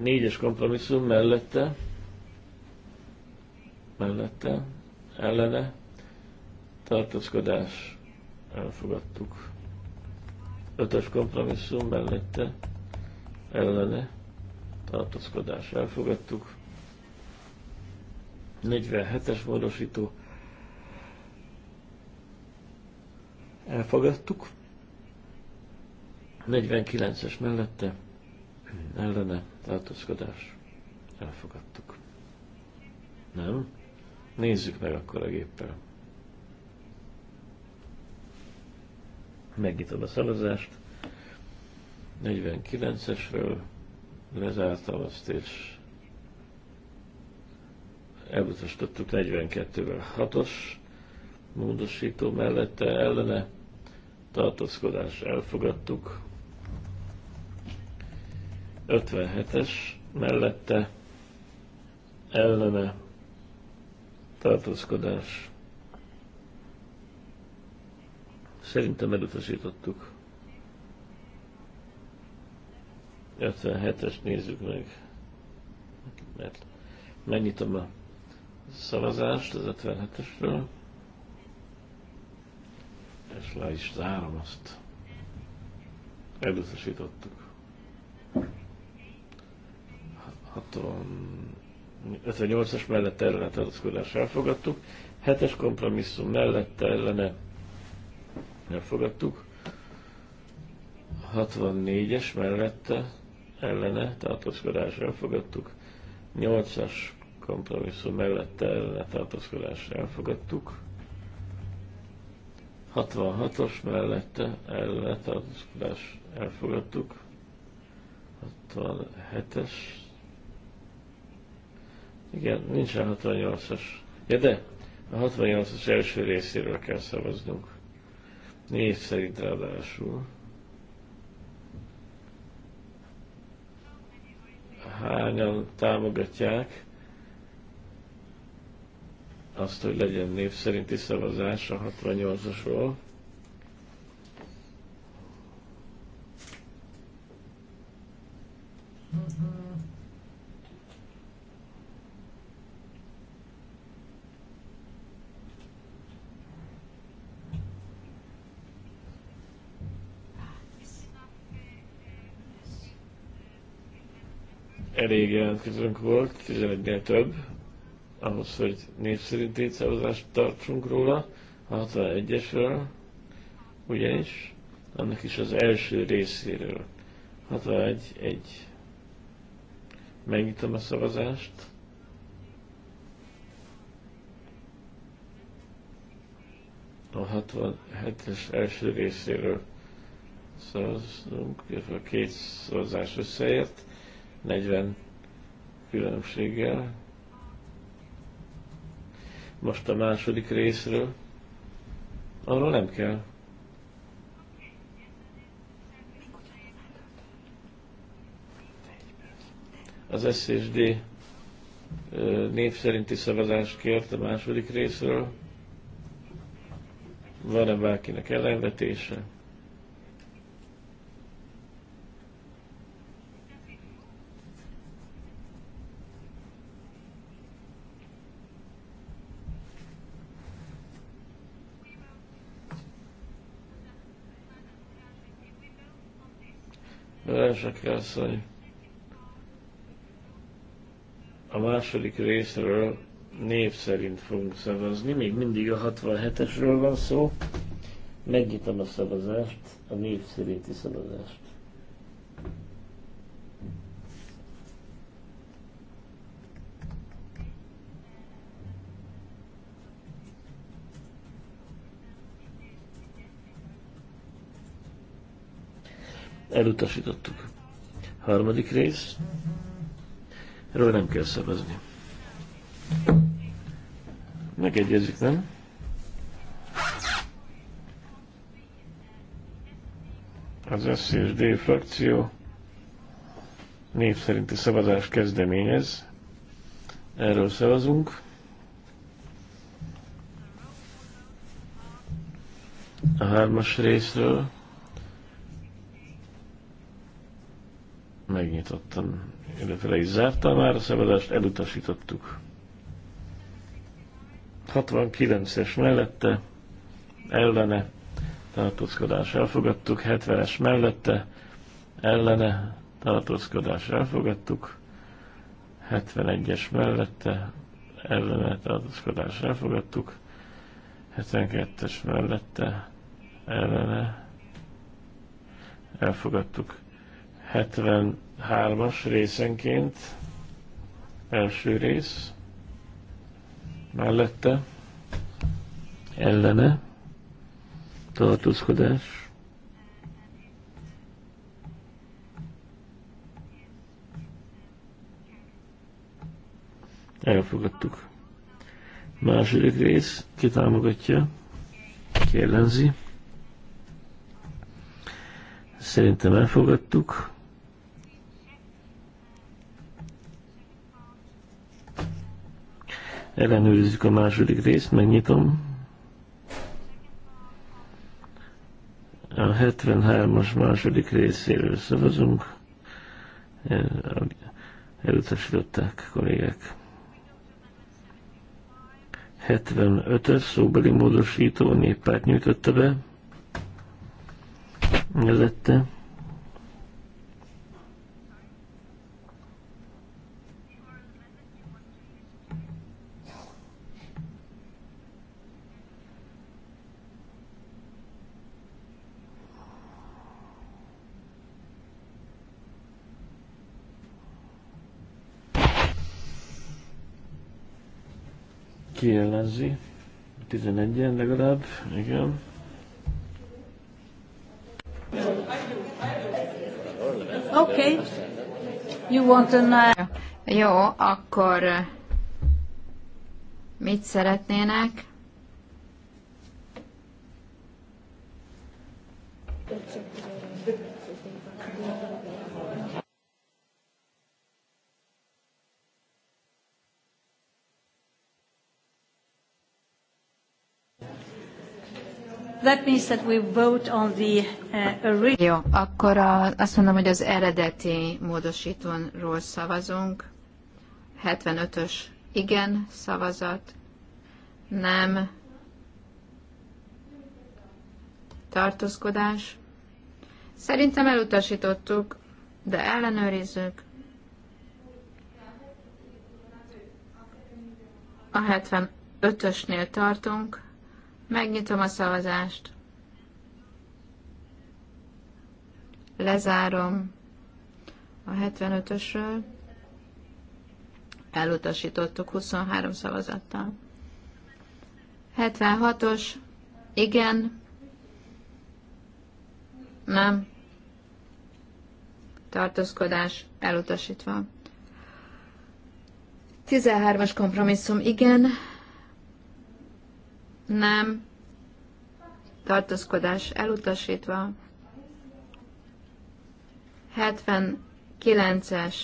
Négyes kompromisszum mellette mellette ellene tartózkodás elfogadtuk. Ötös kompromisszum mellette ellene tartózkodás elfogadtuk. 47-es módosító elfogadtuk. 49-es mellette ellene tartózkodás elfogadtuk. Nem? Nézzük meg akkor a géppel. Megnyitom a szavazást. 49-esről lezártam azt, és elutasítottuk 42-vel 6-os módosító mellette ellene tartózkodás elfogadtuk. 57-es mellette ellene tartózkodás Szerintem elutasítottuk. 57-es nézzük meg. Mert megnyitom a szavazást az 57-esről. És le is zárom azt. Elutasítottuk. 58-as mellett ellene tartózkodás elfogadtuk, 7-es kompromisszum mellette ellene elfogadtuk. 64-es mellette ellene tartózkodás elfogadtuk. 8-as kompromisszum mellette ellene tartózkodás elfogadtuk. 66-os mellette ellene tartózkodás elfogadtuk. 67-es. Igen, nincsen 68-as. Ja, de a 68-as első részéről kell szavaznunk. Név szerint ráadásul. Hányan támogatják azt, hogy legyen név szerinti szavazás a 68-asról? Mm-hmm. elég jelentkezőnk volt, 11-nél több, ahhoz, hogy népszerint szavazást tartsunk róla, a 61-esről, ugyanis annak is az első részéről. 61, 1. Megnyitom a szavazást. A 67-es első részéről szavazunk, illetve a két szavazás összeért. 40 különbséggel. Most a második részről. Arról nem kell. Az SSD név szerinti szavazást kért a második részről. Van-e bárkinek ellenvetése? Versek asszony a második részről név szerint fogunk szavazni, még mindig a 67-esről van szó. Megnyitom a szavazást, a név szerinti szavazást. Elutasítottuk. Harmadik rész. Erről nem kell szavazni. Megegyezik, nem? Az SZSD frakció név szerinti szavazást kezdeményez. Erről szavazunk. A hármas részről megnyitottam, illetve le is zártam már a szabadást, elutasítottuk. 69-es mellette, ellene, tartózkodás elfogadtuk, 70-es mellette, ellene, tartózkodás elfogadtuk, 71-es mellette, ellene, tartózkodás elfogadtuk, 72-es mellette, ellene, elfogadtuk, 73-as részenként, első rész, mellette, ellene, tartózkodás, elfogadtuk. Második rész, ki támogatja, ki ellenzi. Szerintem elfogadtuk. ellenőrizzük a második részt, megnyitom. A 73-as második részéről szavazunk. Elutasították kollégák. 75-ös szóbeli módosító néppárt nyújtotta be. Vezette. Ki 11-en legalább, igen. Oké. Okay. You want to know? Uh, Jó, akkor mit szeretnének? That means that we vote on the uh, original. Jó, akkor a, azt mondom, hogy az eredeti módosítónról szavazunk. 75-ös igen szavazat, nem tartózkodás. Szerintem elutasítottuk, de ellenőrizzük. A 75-ösnél tartunk. Megnyitom a szavazást. Lezárom a 75-ösről. Elutasítottuk 23 szavazattal. 76-os, igen, nem, tartózkodás elutasítva. 13-as kompromisszum, igen, nem, tartózkodás elutasítva, 79-es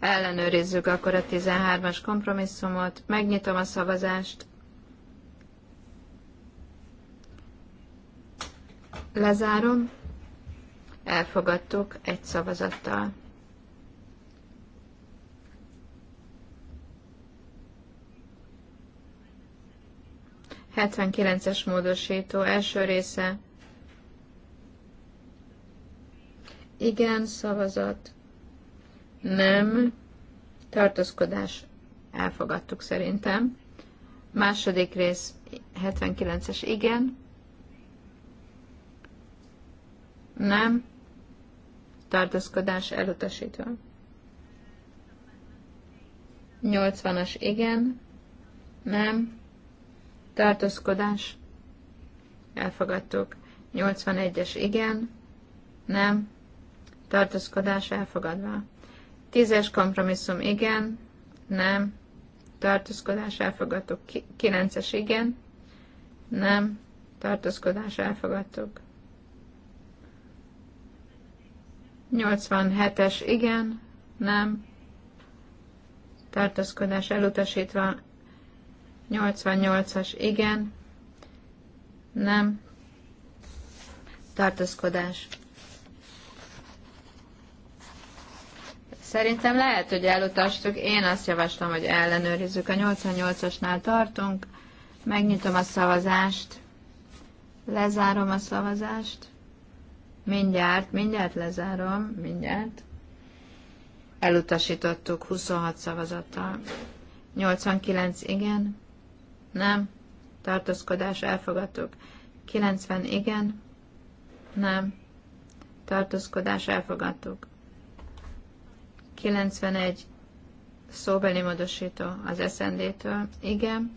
ellenőrizzük akkor a 13-as kompromisszumot, megnyitom a szavazást, lezárom, elfogadtuk egy szavazattal. 79-es módosító első része. Igen, szavazat. Nem. Tartózkodás. Elfogadtuk szerintem. Második rész 79-es. Igen. Nem. Tartózkodás elutasítva. 80-as. Igen. Nem tartózkodás, elfogadtuk. 81-es igen, nem, tartózkodás elfogadva. 10-es kompromisszum igen, nem, tartózkodás elfogadtuk. 9-es igen, nem, tartózkodás elfogadtuk. 87-es igen, nem, tartózkodás elutasítva. 88-as igen, nem, tartózkodás. Szerintem lehet, hogy elutastuk. Én azt javaslom, hogy ellenőrizzük. A 88-asnál tartunk. Megnyitom a szavazást. Lezárom a szavazást. Mindjárt, mindjárt lezárom, mindjárt. Elutasítottuk 26 szavazattal. 89 igen, nem, tartózkodás elfogadtuk. 90 igen, nem, tartózkodás elfogadtuk. 91 szóbeli módosító az SND-től, igen,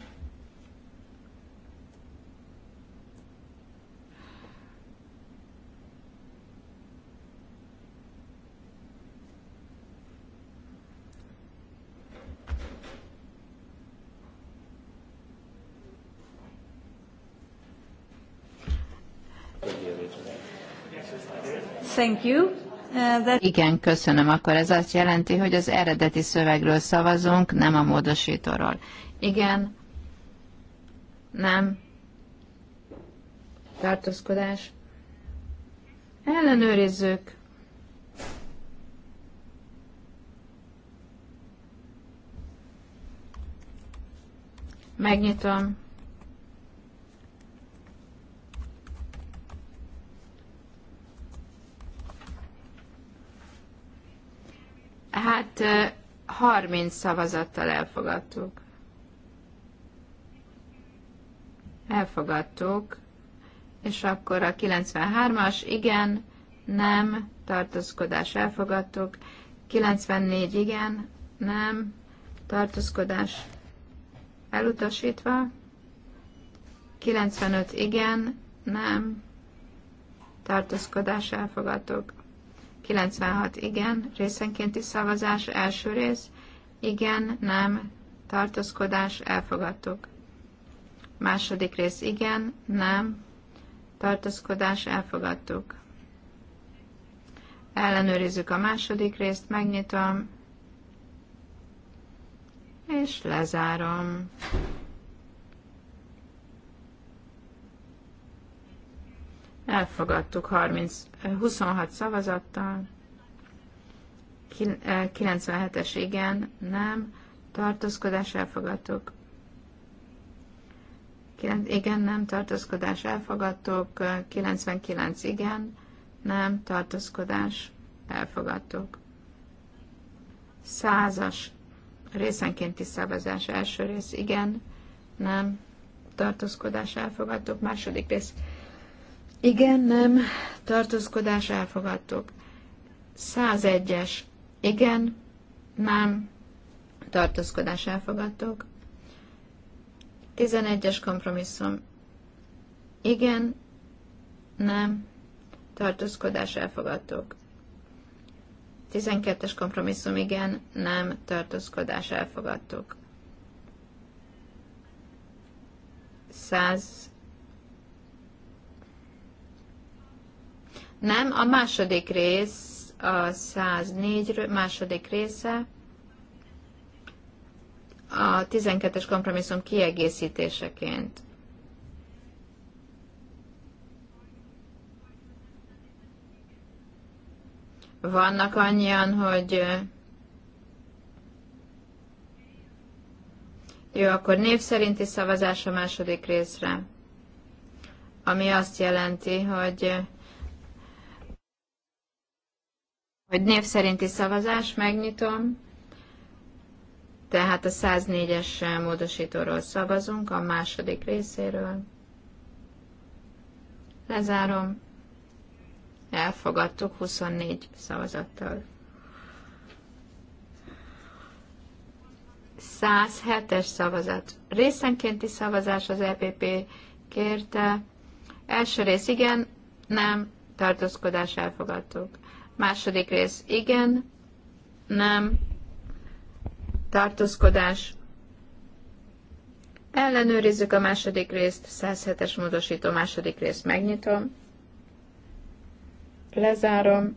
thank you. Uh, Igen, köszönöm. Akkor ez azt jelenti, hogy az eredeti szövegről szavazunk, nem a módosítóról. Igen. Nem. Tartózkodás. Ellenőrizzük. Megnyitom. Hát 30 szavazattal elfogadtuk. Elfogadtuk. És akkor a 93-as, igen, nem, tartózkodás elfogadtuk. 94, igen, nem, tartózkodás elutasítva. 95, igen, nem, tartózkodás elfogadtuk. 96 igen, részenkénti szavazás, első rész, igen, nem, tartózkodás, elfogadtuk. Második rész, igen, nem, tartózkodás, elfogadtuk. Ellenőrizzük a második részt, megnyitom, és lezárom. Elfogadtuk 30, 26 eh, szavazattal, 97-es eh, igen, nem, tartózkodás elfogadtuk. Igen, nem, tartózkodás elfogadtuk, 99 eh, igen, nem, tartózkodás elfogadtuk. Százas részenkénti szavazás első rész igen, nem, tartózkodás elfogadtuk, második rész igen, nem, tartózkodás elfogadtuk. 101-es. Igen, nem, tartózkodás elfogadtuk. 11-es kompromisszum. Igen, nem, tartózkodás elfogadtuk. 12-es kompromisszum. Igen, nem, tartózkodás elfogadtuk. 100 Nem, a második rész, a 104 második része, a 12-es kompromisszum kiegészítéseként. Vannak annyian, hogy jó, akkor név szerinti szavazás a második részre, ami azt jelenti, hogy hogy név szerinti szavazás, megnyitom. Tehát a 104-es módosítóról szavazunk, a második részéről. Lezárom. Elfogadtuk 24 szavazattal. 107-es szavazat. Részenkénti szavazás az EPP kérte. Első rész igen, nem, tartózkodás elfogadtuk. Második rész igen, nem, tartózkodás. Ellenőrizzük a második részt, 107-es módosító második részt megnyitom, lezárom,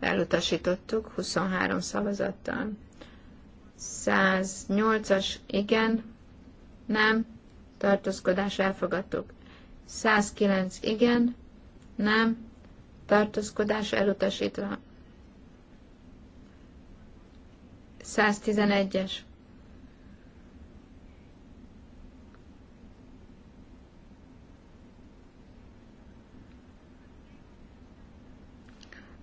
elutasítottuk 23 szavazattal. 108-as igen, nem, tartózkodás elfogadtuk. 109 igen, nem, tartózkodás elutasítva. 111-es.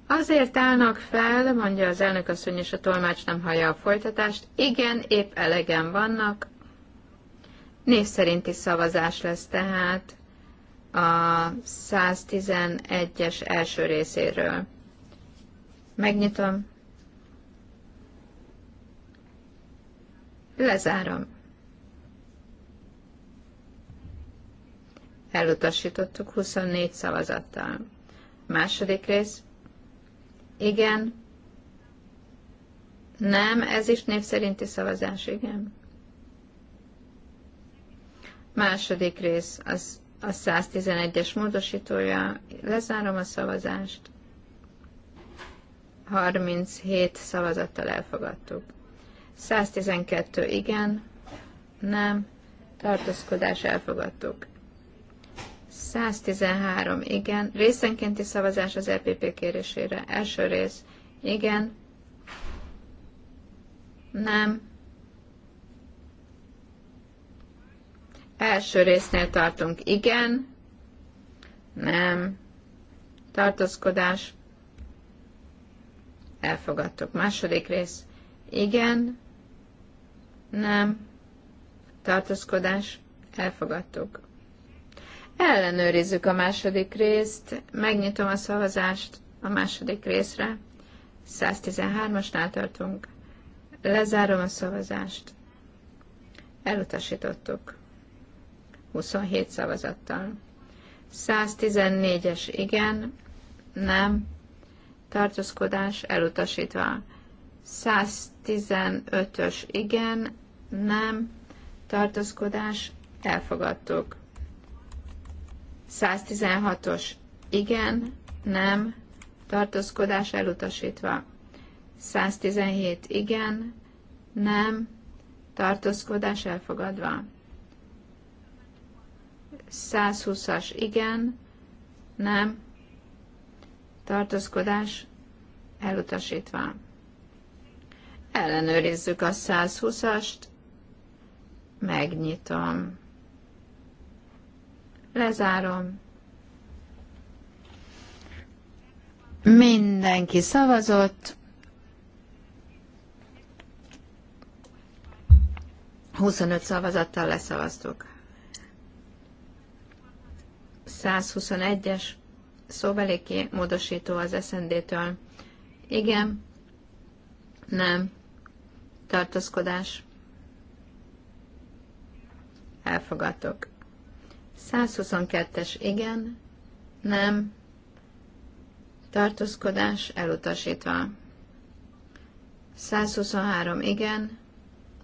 Azért állnak fel, mondja az elnök asszony, és a tolmács nem hallja a folytatást. Igen, épp elegen vannak. Név szerinti szavazás lesz tehát a 111-es első részéről. Megnyitom. Lezárom. Elutasítottuk 24 szavazattal. Második rész. Igen. Nem, ez is név szerinti szavazás, igen. Második rész, az a 111-es módosítója, lezárom a szavazást. 37 szavazattal elfogadtuk. 112 igen, nem, tartózkodás elfogadtuk. 113 igen, részenkénti szavazás az EPP kérésére. Első rész igen, nem, Első résznél tartunk igen, nem, tartózkodás, elfogadtuk. Második rész, igen, nem, tartózkodás, elfogadtuk. Ellenőrizzük a második részt, megnyitom a szavazást a második részre, 113-asnál tartunk, lezárom a szavazást, elutasítottuk. 27 szavazattal. 114-es igen, nem, tartózkodás elutasítva. 115-ös igen, nem, tartózkodás elfogadtuk. 116-os igen, nem, tartózkodás elutasítva. 117 igen, nem, tartózkodás elfogadva. 120-as igen, nem, tartózkodás elutasítva. Ellenőrizzük a 120-ast, megnyitom, lezárom. Mindenki szavazott. 25 szavazattal leszavaztuk. 121-es szóbeli módosító az SND-től. Igen. Nem. Tartózkodás. Elfogadok. 122-es igen. Nem. Tartózkodás elutasítva. 123 igen.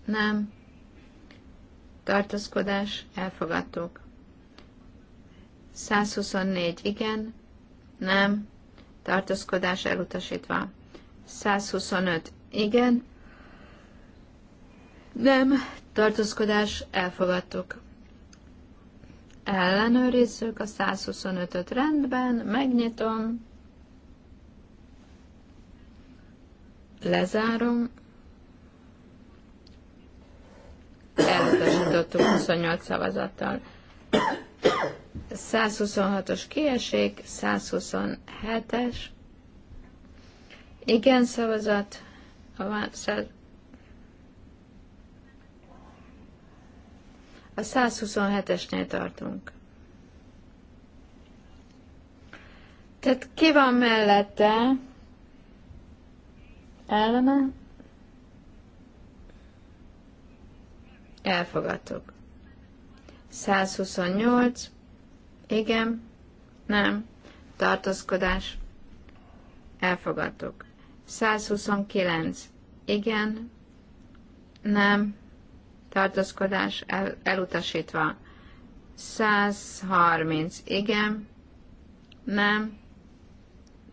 Nem. Tartózkodás elfogadtuk. 124 igen, nem, tartózkodás elutasítva. 125 igen, nem, tartózkodás elfogadtuk. Ellenőrizzük a 125-öt rendben, megnyitom, lezárom, elutasítottuk 28 szavazattal. 126-os kieség, 127-es, igen szavazat, a, a 127-esnél tartunk. Tehát ki van mellette? Ellene? Elfogadtuk. 128. Igen, nem, tartózkodás, elfogadtuk. 129. Igen, nem, tartózkodás, el, elutasítva. 130. Igen, nem,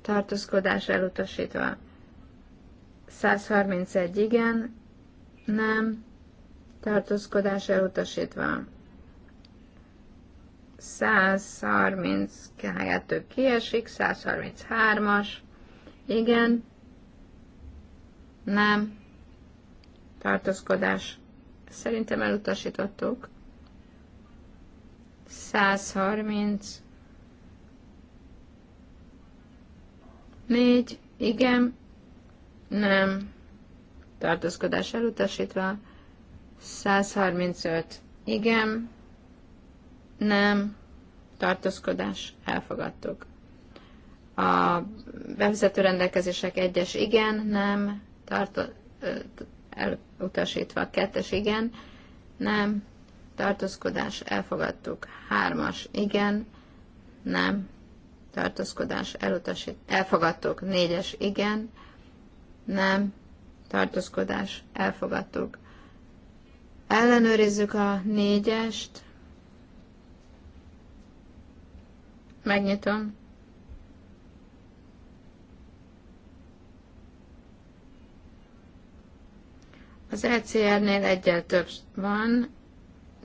tartózkodás, elutasítva. 131. Igen, nem, tartózkodás, elutasítva. 130, 132 kiesik, 133-as, igen, nem, tartózkodás, szerintem elutasítottuk, 130, 4, igen, nem, tartózkodás elutasítva, 135, igen, nem, tartózkodás, elfogadtuk. A bevezető rendelkezések egyes igen, nem, tartó elutasítva, kettes igen, nem, tartózkodás, elfogadtuk, hármas igen, nem, tartózkodás, elutasít, elfogadtuk, négyes igen, nem, tartózkodás, elfogadtuk. Ellenőrizzük a négyest, Megnyitom. Az ECR-nél egyel több van,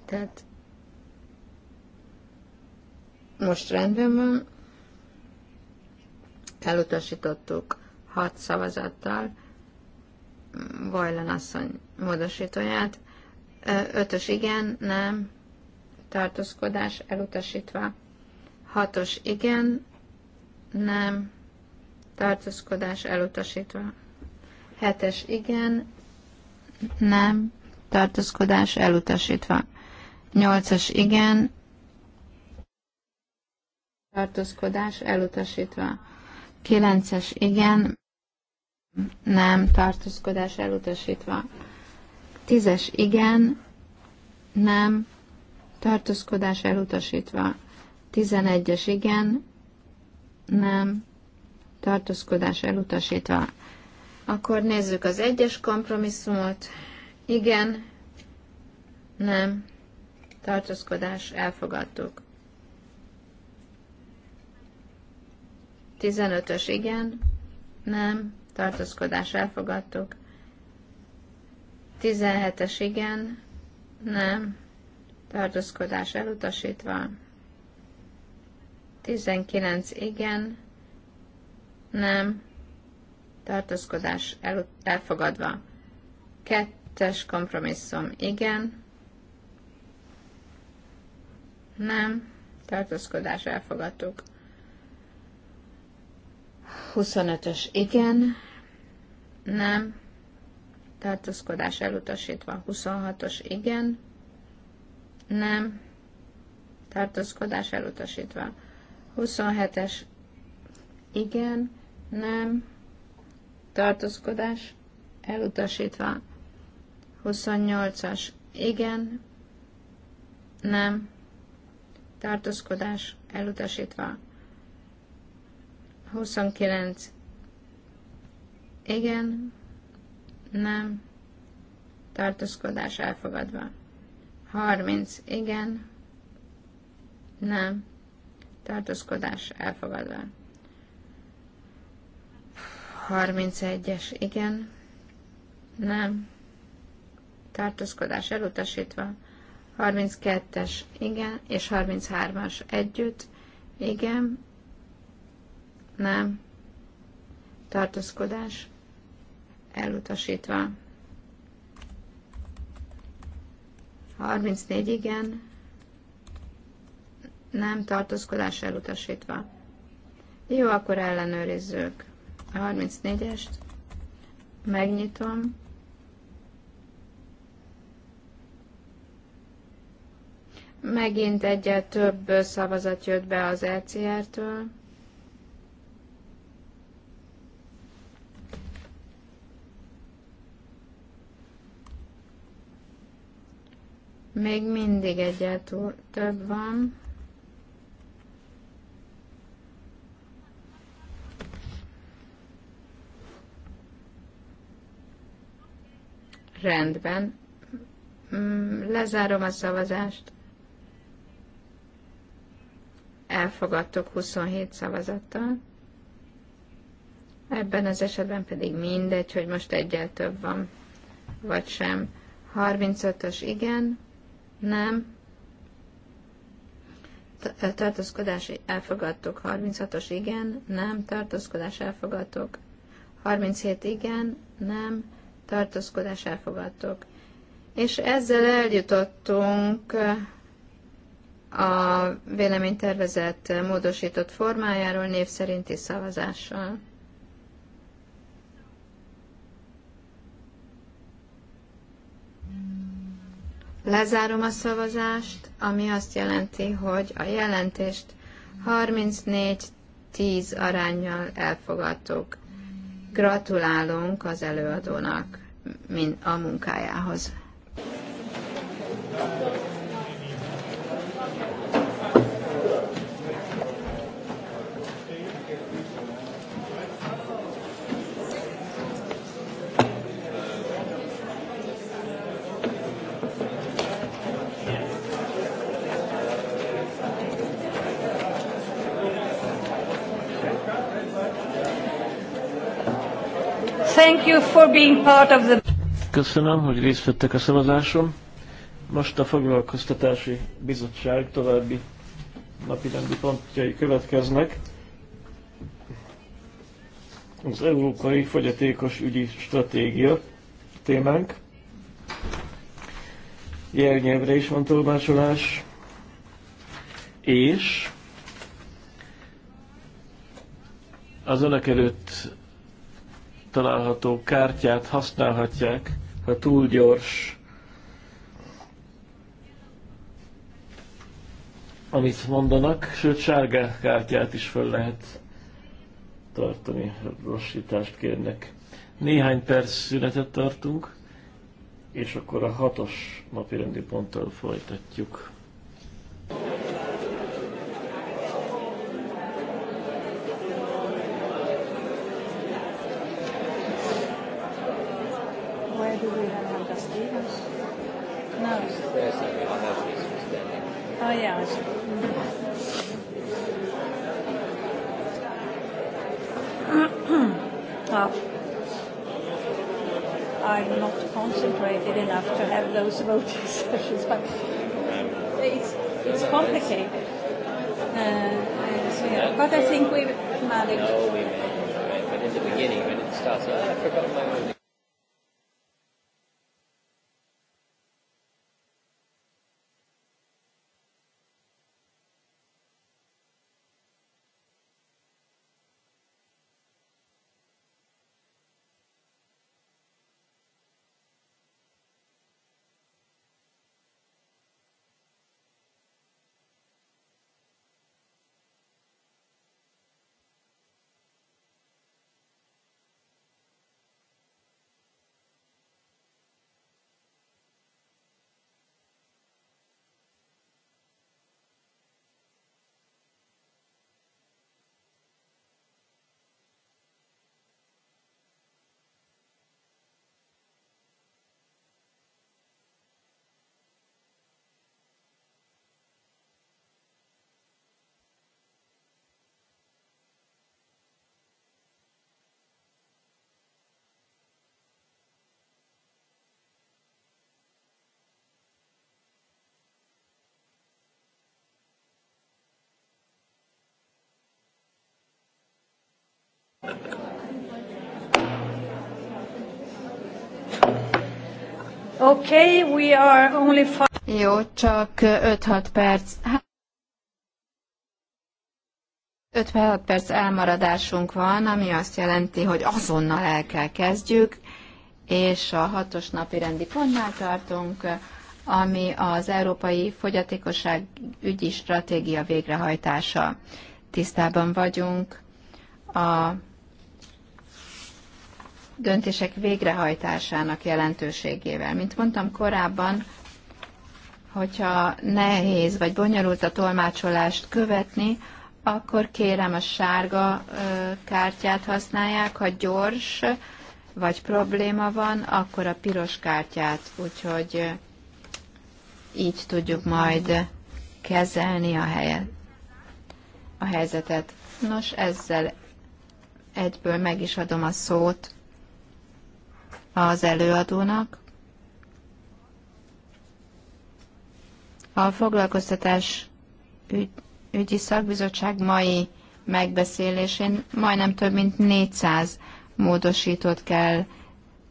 tehát most rendben van. Elutasítottuk hat szavazattal Vajlan asszony módosítóját. Ötös igen, nem, tartózkodás elutasítva. Hatos igen, nem, tartózkodás elutasítva. Hetes igen, nem, tartózkodás elutasítva. Nyolcas igen, tartózkodás elutasítva. Kilences igen, nem, tartózkodás elutasítva. Tízes igen, nem, tartózkodás elutasítva. 11-es igen, nem, tartózkodás elutasítva. Akkor nézzük az egyes kompromisszumot. Igen, nem, tartózkodás elfogadtuk. 15-ös igen, nem, tartózkodás elfogadtuk. 17-es igen, nem, tartózkodás elutasítva. 19 igen, nem, tartózkodás el, elfogadva. Kettes kompromisszum igen, nem, tartózkodás elfogadtuk. 25-ös igen, nem, tartózkodás elutasítva. 26-os igen, nem, tartózkodás elutasítva. 27-es igen, nem, tartózkodás, elutasítva. 28-as igen, nem, tartózkodás, elutasítva. 29 igen, nem, tartózkodás elfogadva. 30 igen, nem, tartózkodás elfogadva. 31-es, igen, nem, tartózkodás elutasítva. 32-es, igen, és 33-as együtt, igen, nem, tartózkodás elutasítva. 34 igen, nem tartózkodás elutasítva. Jó, akkor ellenőrizzük. A 34-est megnyitom. Megint egyet több szavazat jött be az ECR-től. Még mindig egyet több van. Rendben. Mm, lezárom a szavazást. Elfogadtok 27 szavazattal. Ebben az esetben pedig mindegy, hogy most egyel több van, vagy sem. 35-ös igen, nem. Tartózkodás elfogadtok. 36-os igen, nem. Tartózkodás elfogadtok. 37 igen, nem tartózkodás elfogadtuk. És ezzel eljutottunk eh, a véleménytervezet módosított formájáról név szerinti szavazással. Lezárom a szavazást, ami azt jelenti, hogy a jelentést 34-10 arányjal elfogadtuk. Gratulálunk az előadónak a munkájához. Thank you for being part of the... Köszönöm, hogy részt vettek a szavazáson. Most a Foglalkoztatási Bizottság további rendi pontjai következnek. Az Európai Fogyatékos Ügyi Stratégia témánk. Jelnyelvre is van tolmácsolás. És az önök előtt található kártyát használhatják, ha túl gyors, amit mondanak, sőt sárga kártyát is föl lehet tartani, lassítást kérnek. Néhány perc szünetet tartunk, és akkor a hatos napi ponttal folytatjuk. enough to have those voting (laughs) sessions, but it's, it's complicated. Uh, so, yeah. But I think we managed. No, we managed. Right? But in the beginning, when it starts, oh, I forgot my voting. Okay, we are only five. Jó, csak 5-6 perc. 5 hát- 56 perc elmaradásunk van, ami azt jelenti, hogy azonnal el kell kezdjük, és a hatos napi rendi pontnál tartunk, ami az Európai Fogyatékosság ügyi stratégia végrehajtása. Tisztában vagyunk a döntések végrehajtásának jelentőségével. Mint mondtam korábban, hogyha nehéz vagy bonyolult a tolmácsolást követni, akkor kérem a sárga kártyát használják, ha gyors vagy probléma van, akkor a piros kártyát, úgyhogy így tudjuk majd kezelni a helyet, a helyzetet. Nos, ezzel egyből meg is adom a szót az előadónak. A foglalkoztatás ügy, ügyi szakbizottság mai megbeszélésén majdnem több mint 400 módosítót kell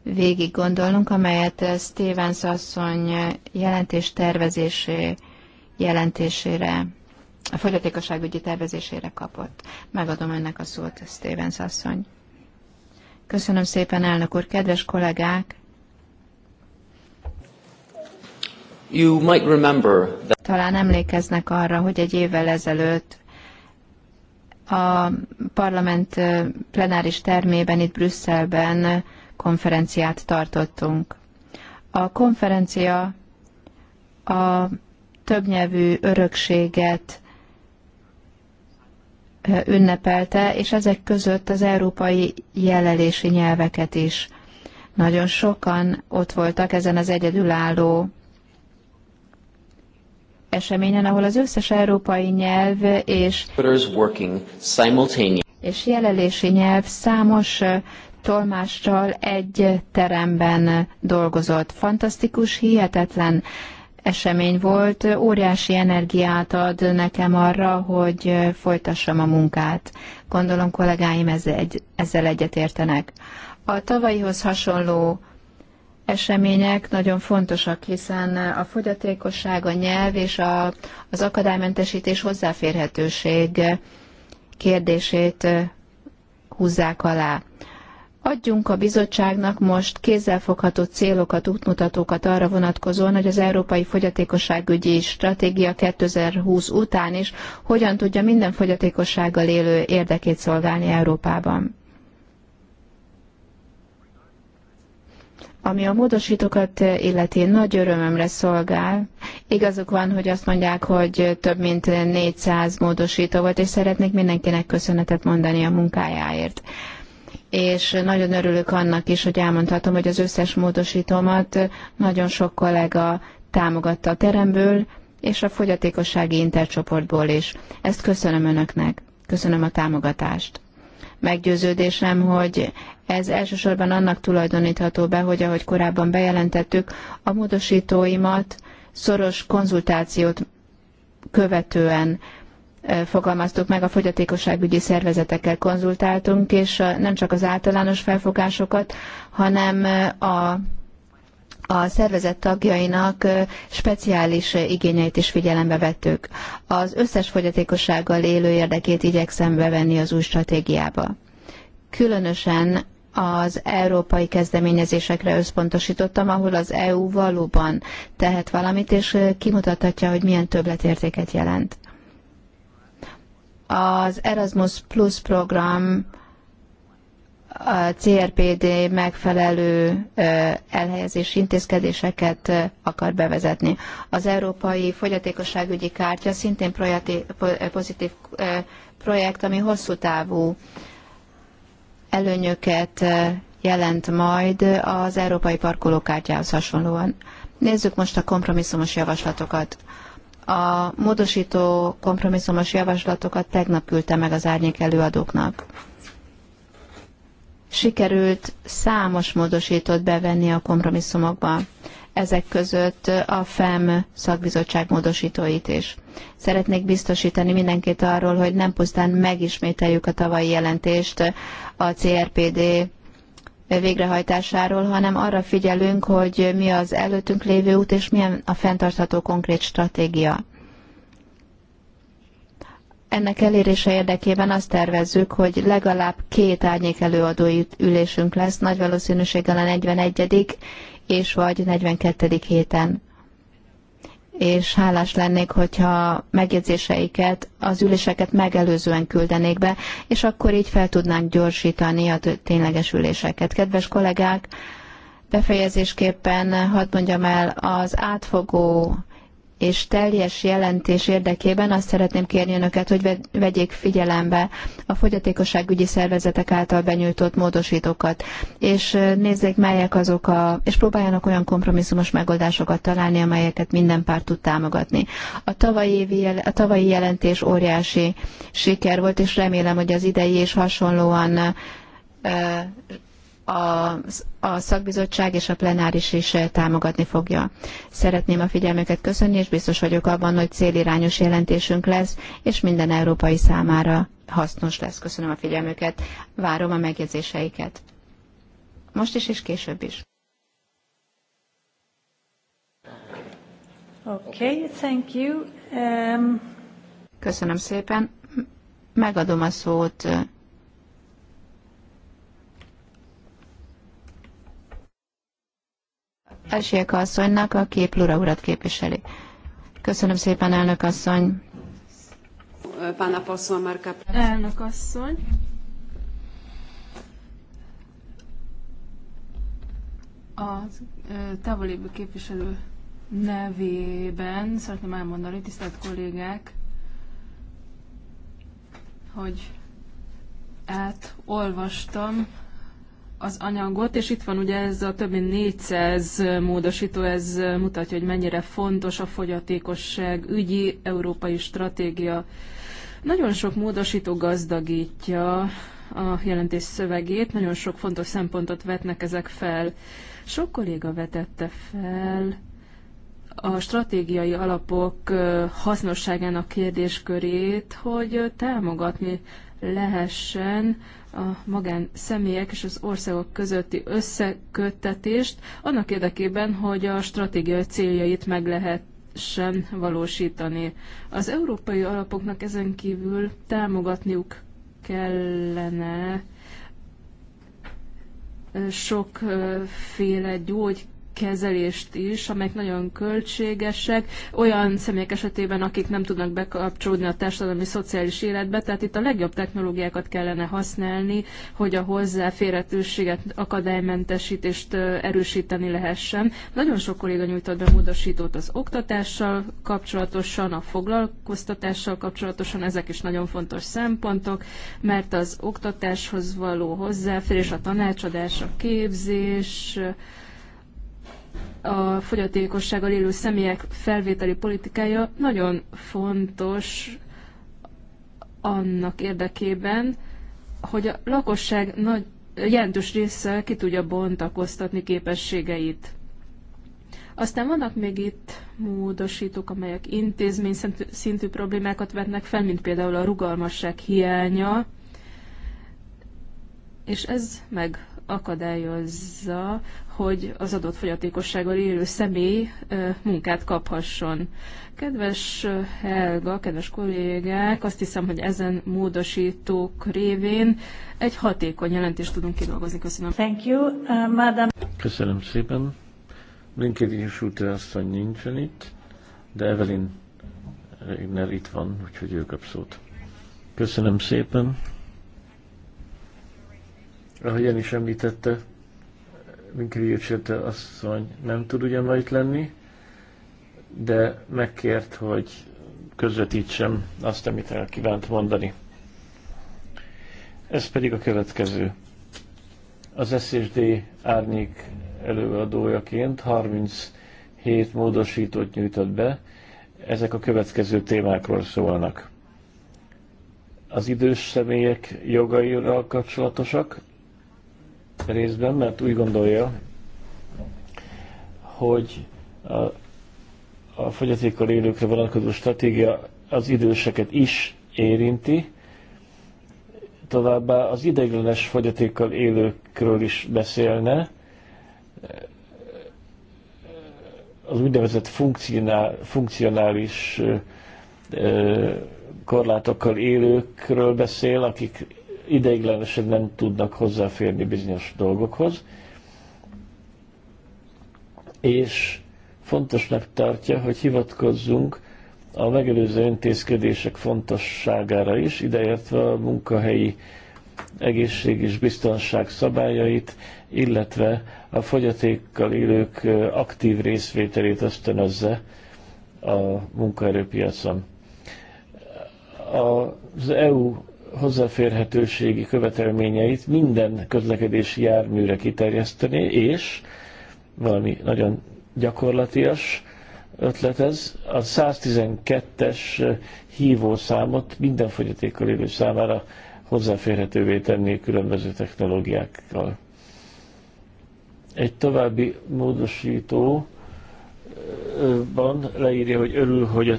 végig gondolnunk, amelyet Stevens asszony jelentés tervezésé, jelentésére, a fogyatékosságügyi tervezésére kapott. Megadom ennek a szót, Stevens asszony. Köszönöm szépen, elnök úr. Kedves kollégák! You might remember that... Talán emlékeznek arra, hogy egy évvel ezelőtt a parlament plenáris termében itt Brüsszelben konferenciát tartottunk. A konferencia a többnyelvű örökséget ünnepelte, és ezek között az európai jelelési nyelveket is. Nagyon sokan ott voltak ezen az egyedülálló eseményen, ahol az összes európai nyelv és, és jelelési nyelv számos tolmással egy teremben dolgozott. Fantasztikus, hihetetlen esemény volt, óriási energiát ad nekem arra, hogy folytassam a munkát. Gondolom kollégáim ezzel, egy, ezzel egyetértenek. A tavalyihoz hasonló események nagyon fontosak, hiszen a fogyatékosság, a nyelv és a, az akadálymentesítés hozzáférhetőség kérdését húzzák alá. Adjunk a bizottságnak most kézzelfogható célokat, útmutatókat arra vonatkozóan, hogy az Európai Fogyatékosságügyi Stratégia 2020 után is hogyan tudja minden fogyatékossággal élő érdekét szolgálni Európában. Ami a módosítókat illeti nagy örömömre szolgál. Igazuk van, hogy azt mondják, hogy több mint 400 módosító volt, és szeretnék mindenkinek köszönetet mondani a munkájáért és nagyon örülök annak is, hogy elmondhatom, hogy az összes módosítómat nagyon sok kollega támogatta a teremből, és a fogyatékossági intercsoportból is. Ezt köszönöm önöknek, köszönöm a támogatást. Meggyőződésem, hogy ez elsősorban annak tulajdonítható be, hogy ahogy korábban bejelentettük, a módosítóimat szoros konzultációt követően fogalmaztuk meg, a fogyatékosságügyi szervezetekkel konzultáltunk, és nem csak az általános felfogásokat, hanem a a szervezet tagjainak speciális igényeit is figyelembe vettük. Az összes fogyatékossággal élő érdekét igyekszem bevenni az új stratégiába. Különösen az európai kezdeményezésekre összpontosítottam, ahol az EU valóban tehet valamit, és kimutathatja, hogy milyen többletértéket jelent az Erasmus Plus program a CRPD megfelelő elhelyezési intézkedéseket akar bevezetni. Az Európai Fogyatékosságügyi Kártya szintén projekti, pozitív projekt, ami hosszú távú előnyöket jelent majd az Európai Parkolókártyához hasonlóan. Nézzük most a kompromisszumos javaslatokat. A módosító kompromisszumos javaslatokat tegnap küldte meg az árnyék előadóknak. Sikerült számos módosítót bevenni a kompromisszumokba ezek között a FEM szakbizottság módosítóit is. Szeretnék biztosítani mindenkit arról, hogy nem pusztán megismételjük a tavalyi jelentést a CRPD végrehajtásáról, hanem arra figyelünk, hogy mi az előttünk lévő út, és milyen a fenntartható konkrét stratégia. Ennek elérése érdekében azt tervezzük, hogy legalább két árnyék előadói ülésünk lesz, nagy valószínűséggel a 41. és vagy 42. héten és hálás lennék, hogyha megjegyzéseiket, az üléseket megelőzően küldenék be, és akkor így fel tudnánk gyorsítani a tényleges üléseket. Kedves kollégák, befejezésképpen hadd mondjam el, az átfogó és teljes jelentés érdekében azt szeretném kérni önöket, hogy vegyék figyelembe a fogyatékosságügyi szervezetek által benyújtott módosítókat, és nézzék melyek azok a, és próbáljanak olyan kompromisszumos megoldásokat találni, amelyeket minden párt tud támogatni. A tavalyi, évi, a tavalyi jelentés óriási siker volt, és remélem, hogy az idei is hasonlóan a, a szakbizottság és a plenáris is eh, támogatni fogja. Szeretném a figyelmüket köszönni, és biztos vagyok abban, hogy célirányos jelentésünk lesz, és minden európai számára hasznos lesz. Köszönöm a figyelmüket, várom a megjegyzéseiket. Most is és később is. Okay, thank you. Um... Köszönöm szépen. Megadom a szót eh, Elsiek asszonynak, kép Plura urat képviseli. Köszönöm szépen, elnök asszony. Elnök asszony. A távolévő képviselő nevében szeretném elmondani, tisztelt kollégák, hogy átolvastam az anyagot, és itt van ugye ez a több mint 400 módosító, ez mutatja, hogy mennyire fontos a fogyatékosság ügyi európai stratégia. Nagyon sok módosító gazdagítja a jelentés szövegét, nagyon sok fontos szempontot vetnek ezek fel. Sok kolléga vetette fel a stratégiai alapok hasznosságának kérdéskörét, hogy támogatni lehessen a magán személyek és az országok közötti összeköttetést annak érdekében, hogy a stratégiai céljait meg lehet sem valósítani. Az európai alapoknak ezen kívül támogatniuk kellene sokféle gyógy kezelést is, amelyek nagyon költségesek, olyan személyek esetében, akik nem tudnak bekapcsolódni a társadalmi szociális életbe, tehát itt a legjobb technológiákat kellene használni, hogy a hozzáférhetőséget, akadálymentesítést erősíteni lehessen. Nagyon sok kolléga nyújtott be módosítót az oktatással kapcsolatosan, a foglalkoztatással kapcsolatosan, ezek is nagyon fontos szempontok, mert az oktatáshoz való hozzáférés, a tanácsadás, a képzés, a fogyatékossággal élő személyek felvételi politikája nagyon fontos annak érdekében, hogy a lakosság nagy, jelentős része ki tudja bontakoztatni képességeit. Aztán vannak még itt módosítók, amelyek intézmény szintű problémákat vetnek fel, mint például a rugalmasság hiánya, és ez meg akadályozza, hogy az adott fogyatékossággal élő személy munkát kaphasson. Kedves Helga, kedves kollégák, azt hiszem, hogy ezen módosítók révén egy hatékony jelentést tudunk kidolgozni. Köszönöm. Thank you, uh, madam. Köszönöm szépen. Blinkedin Schulte asszony nincsen itt, de Evelyn Regner itt van, úgyhogy ő kap szót. Köszönöm szépen én is említette, Vinkriőcsérte asszony nem tud ugyan ma itt lenni, de megkért, hogy közvetítsem azt, amit el kívánt mondani. Ez pedig a következő. Az SSD árnyék előadójaként 37 módosítót nyújtott be, ezek a következő témákról szólnak. Az idős személyek jogaira kapcsolatosak, részben, mert úgy gondolja, hogy a, a fogyatékkal élőkre vonatkozó stratégia az időseket is érinti, továbbá az ideiglenes fogyatékkal élőkről is beszélne, az úgynevezett funkcionális korlátokkal élőkről beszél, akik ideiglenesen nem tudnak hozzáférni bizonyos dolgokhoz, és fontosnak tartja, hogy hivatkozzunk a megelőző intézkedések fontosságára is, ideértve a munkahelyi egészség és biztonság szabályait, illetve a fogyatékkal élők aktív részvételét ösztönözze a munkaerőpiacon. Az EU hozzáférhetőségi követelményeit minden közlekedési járműre kiterjeszteni, és valami nagyon gyakorlatias ötlet ez, a 112-es hívószámot minden fogyatékkal élő számára hozzáférhetővé tenni különböző technológiákkal. Egy további módosítóban leírja, hogy örül, hogy a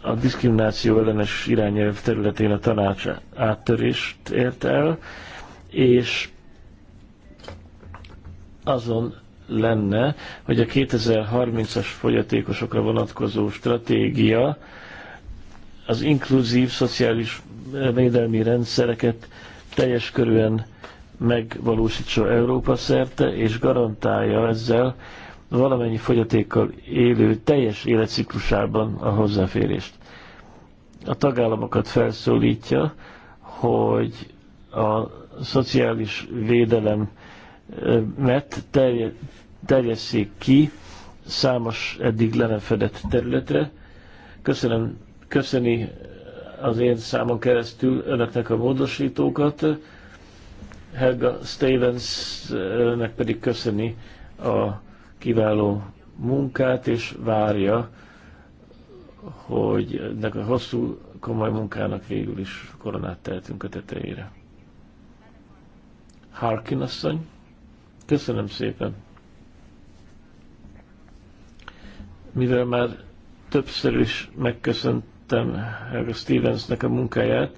a diszkrimináció ellenes irányelv területén a tanács áttörést ért el, és azon lenne, hogy a 2030-as fogyatékosokra vonatkozó stratégia az inkluzív szociális eh, védelmi rendszereket teljes körűen megvalósítsa Európa szerte, és garantálja ezzel valamennyi fogyatékkal élő teljes életciklusában a hozzáférést. A tagállamokat felszólítja, hogy a szociális védelem met terjesszék ki számos eddig le nem fedett területre. Köszönöm, köszöni az én számon keresztül önöknek a módosítókat, Helga Stevensnek pedig köszöni a kiváló munkát, és várja, hogy ennek a hosszú, komoly munkának végül is koronát tehetünk a tetejére. Harkin asszony, köszönöm szépen! Mivel már többször is megköszöntem Helga Stevensnek a munkáját,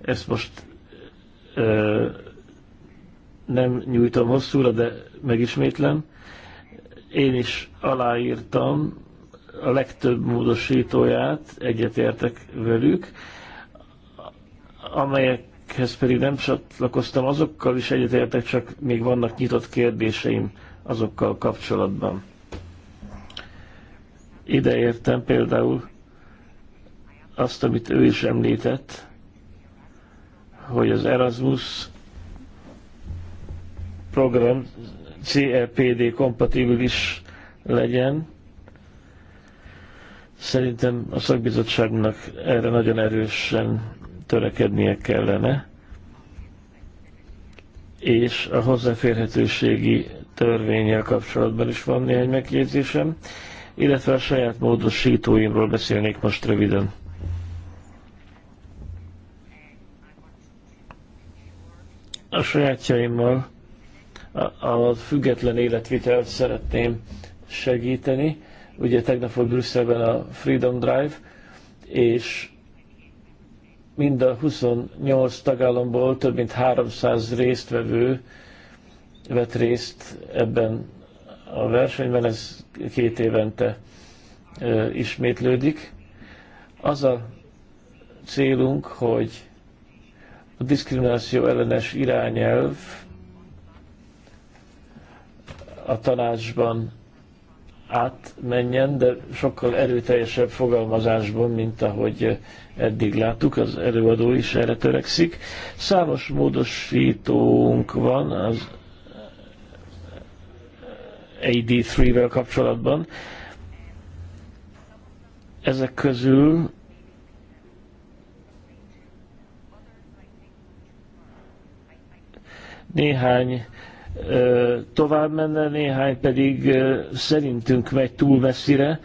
ezt most ö, nem nyújtom hosszúra, de megismétlem. Én is aláírtam a legtöbb módosítóját, egyetértek velük, amelyekhez pedig nem csatlakoztam, azokkal is egyetértek, csak még vannak nyitott kérdéseim azokkal kapcsolatban. Ide értem például azt, amit ő is említett, hogy az Erasmus program CRPD e kompatibilis legyen. Szerintem a szakbizottságnak erre nagyon erősen törekednie kellene, és a hozzáférhetőségi törvényel kapcsolatban is van néhány megjegyzésem, illetve a saját módosítóimról beszélnék most röviden. A sajátjaimmal a, a független életvitelt szeretném segíteni. Ugye tegnap volt Brüsszelben a Freedom Drive, és mind a 28 tagállamból több mint 300 résztvevő vett részt ebben a versenyben, ez két évente ismétlődik. Az a célunk, hogy a diszkrimináció ellenes irányelv a tanácsban átmenjen, de sokkal erőteljesebb fogalmazásban, mint ahogy eddig láttuk, az előadó is erre törekszik. Számos módosítónk van az AD3-vel kapcsolatban. Ezek közül néhány tovább menne, néhány pedig szerintünk megy túl messzire,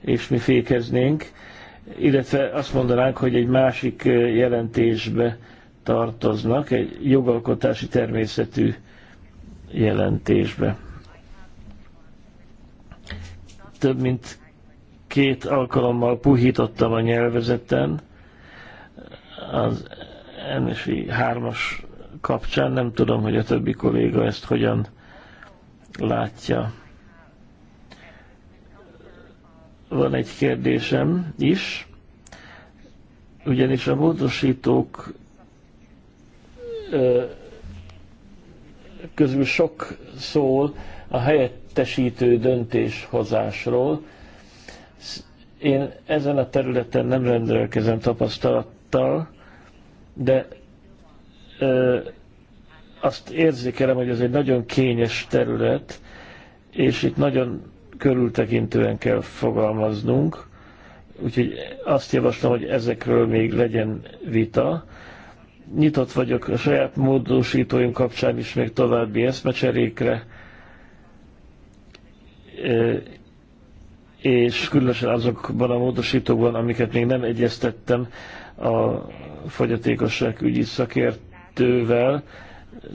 és mi fékeznénk, illetve azt mondanánk, hogy egy másik jelentésbe tartoznak, egy jogalkotási természetű jelentésbe. Több mint két alkalommal puhítottam a nyelvezeten, az NSI 3-as kapcsán. Nem tudom, hogy a többi kolléga ezt hogyan látja. Van egy kérdésem is, ugyanis a módosítók közül sok szól a helyettesítő döntéshozásról. Én ezen a területen nem rendelkezem tapasztalattal, de azt érzékelem, hogy ez egy nagyon kényes terület, és itt nagyon körültekintően kell fogalmaznunk, úgyhogy azt javaslom, hogy ezekről még legyen vita. Nyitott vagyok a saját módosítóim kapcsán is még további eszmecserékre, és különösen azokban a módosítókban, amiket még nem egyeztettem a fogyatékosság ügyi szakért kettővel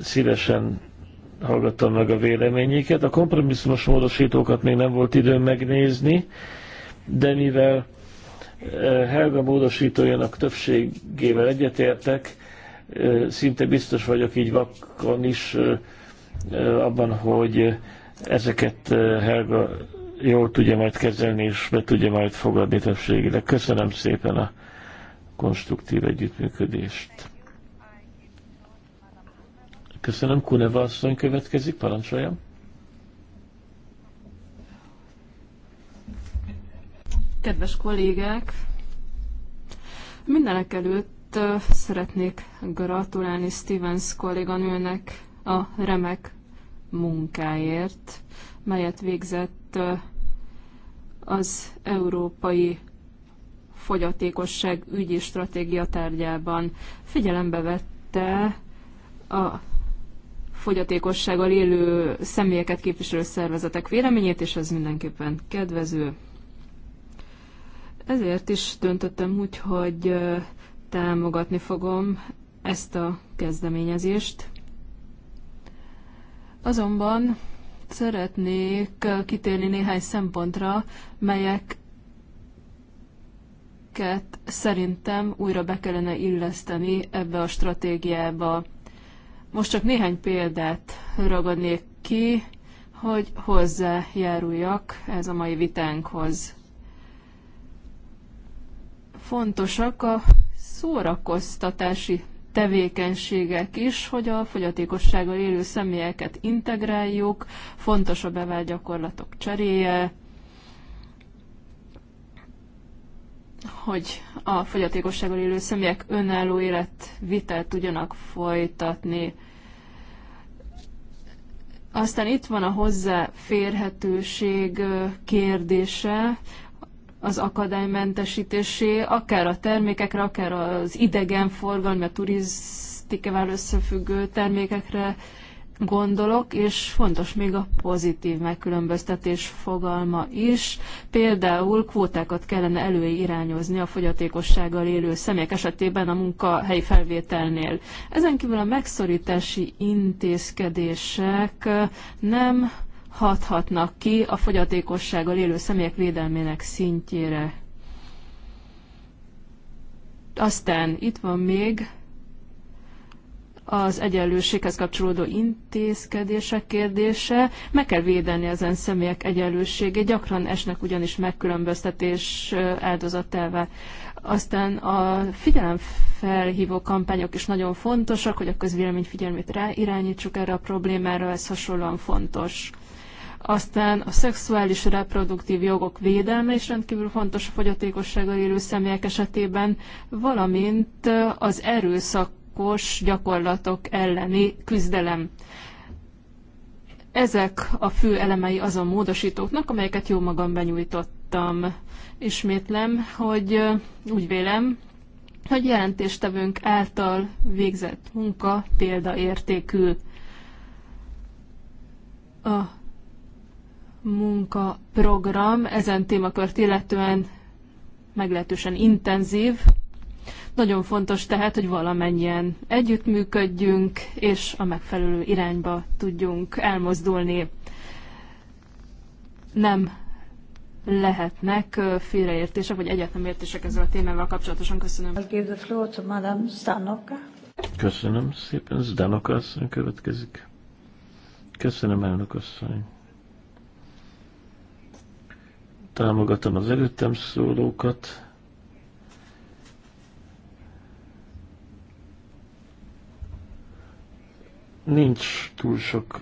szívesen hallgattam meg a véleményéket. A kompromisszumos módosítókat még nem volt időm megnézni, de mivel eh, Helga módosítójának többségével egyetértek, eh, szinte biztos vagyok így vakon is eh, abban, hogy ezeket Helga jól tudja majd kezelni, és be tudja majd fogadni többségileg. Köszönöm szépen a konstruktív együttműködést. Köszönöm. Kuneva asszony következik, parancsoljam. Kedves kollégák! Mindenek előtt szeretnék gratulálni Stevens kolléganőnek a remek munkáért, melyet végzett az Európai Fogyatékosság ügyi stratégia tárgyában. Figyelembe vette a fogyatékossággal élő személyeket képviselő szervezetek véleményét, és ez mindenképpen kedvező. Ezért is döntöttem úgy, hogy támogatni fogom ezt a kezdeményezést. Azonban szeretnék kitérni néhány szempontra, melyek szerintem újra be kellene illeszteni ebbe a stratégiába. Most csak néhány példát ragadnék ki, hogy hozzájáruljak ez a mai vitánkhoz. Fontosak a szórakoztatási tevékenységek is, hogy a fogyatékossággal élő személyeket integráljuk, fontos a bevált gyakorlatok cseréje, hogy a fogyatékossággal élő személyek önálló életvitelt tudjanak folytatni. Aztán itt van a hozzáférhetőség kérdése, az akadálymentesítésé, akár a termékekre, akár az idegenforgalmi, a turisztikával összefüggő termékekre gondolok, és fontos még a pozitív megkülönböztetés fogalma is. Például kvótákat kellene előirányozni a fogyatékossággal élő személyek esetében a munkahelyi felvételnél. Ezen kívül a megszorítási intézkedések nem hathatnak ki a fogyatékossággal élő személyek védelmének szintjére. Aztán itt van még az egyenlőséghez kapcsolódó intézkedések kérdése. Meg kell védeni ezen személyek egyenlőségét, gyakran esnek ugyanis megkülönböztetés áldozatává. Aztán a figyelemfelhívó kampányok is nagyon fontosak, hogy a közvélemény figyelmét ráirányítsuk erre a problémára, ez hasonlóan fontos. Aztán a szexuális reproduktív jogok védelme is rendkívül fontos a fogyatékossággal élő személyek esetében, valamint az erőszak erőszakos gyakorlatok elleni küzdelem. Ezek a fő elemei azon módosítóknak, amelyeket jó magam benyújtottam. Ismétlem, hogy úgy vélem, hogy jelentéstevőnk által végzett munka példaértékű. A munkaprogram ezen témakört illetően meglehetősen intenzív, nagyon fontos tehát, hogy valamennyien együttműködjünk, és a megfelelő irányba tudjunk elmozdulni. Nem lehetnek félreértések, vagy egyetlen értések ezzel a témával kapcsolatosan. Köszönöm. Köszönöm szépen. Zdanoka asszony következik. Köszönöm, elnök asszony. Támogatom az előttem szólókat. Nincs túl sok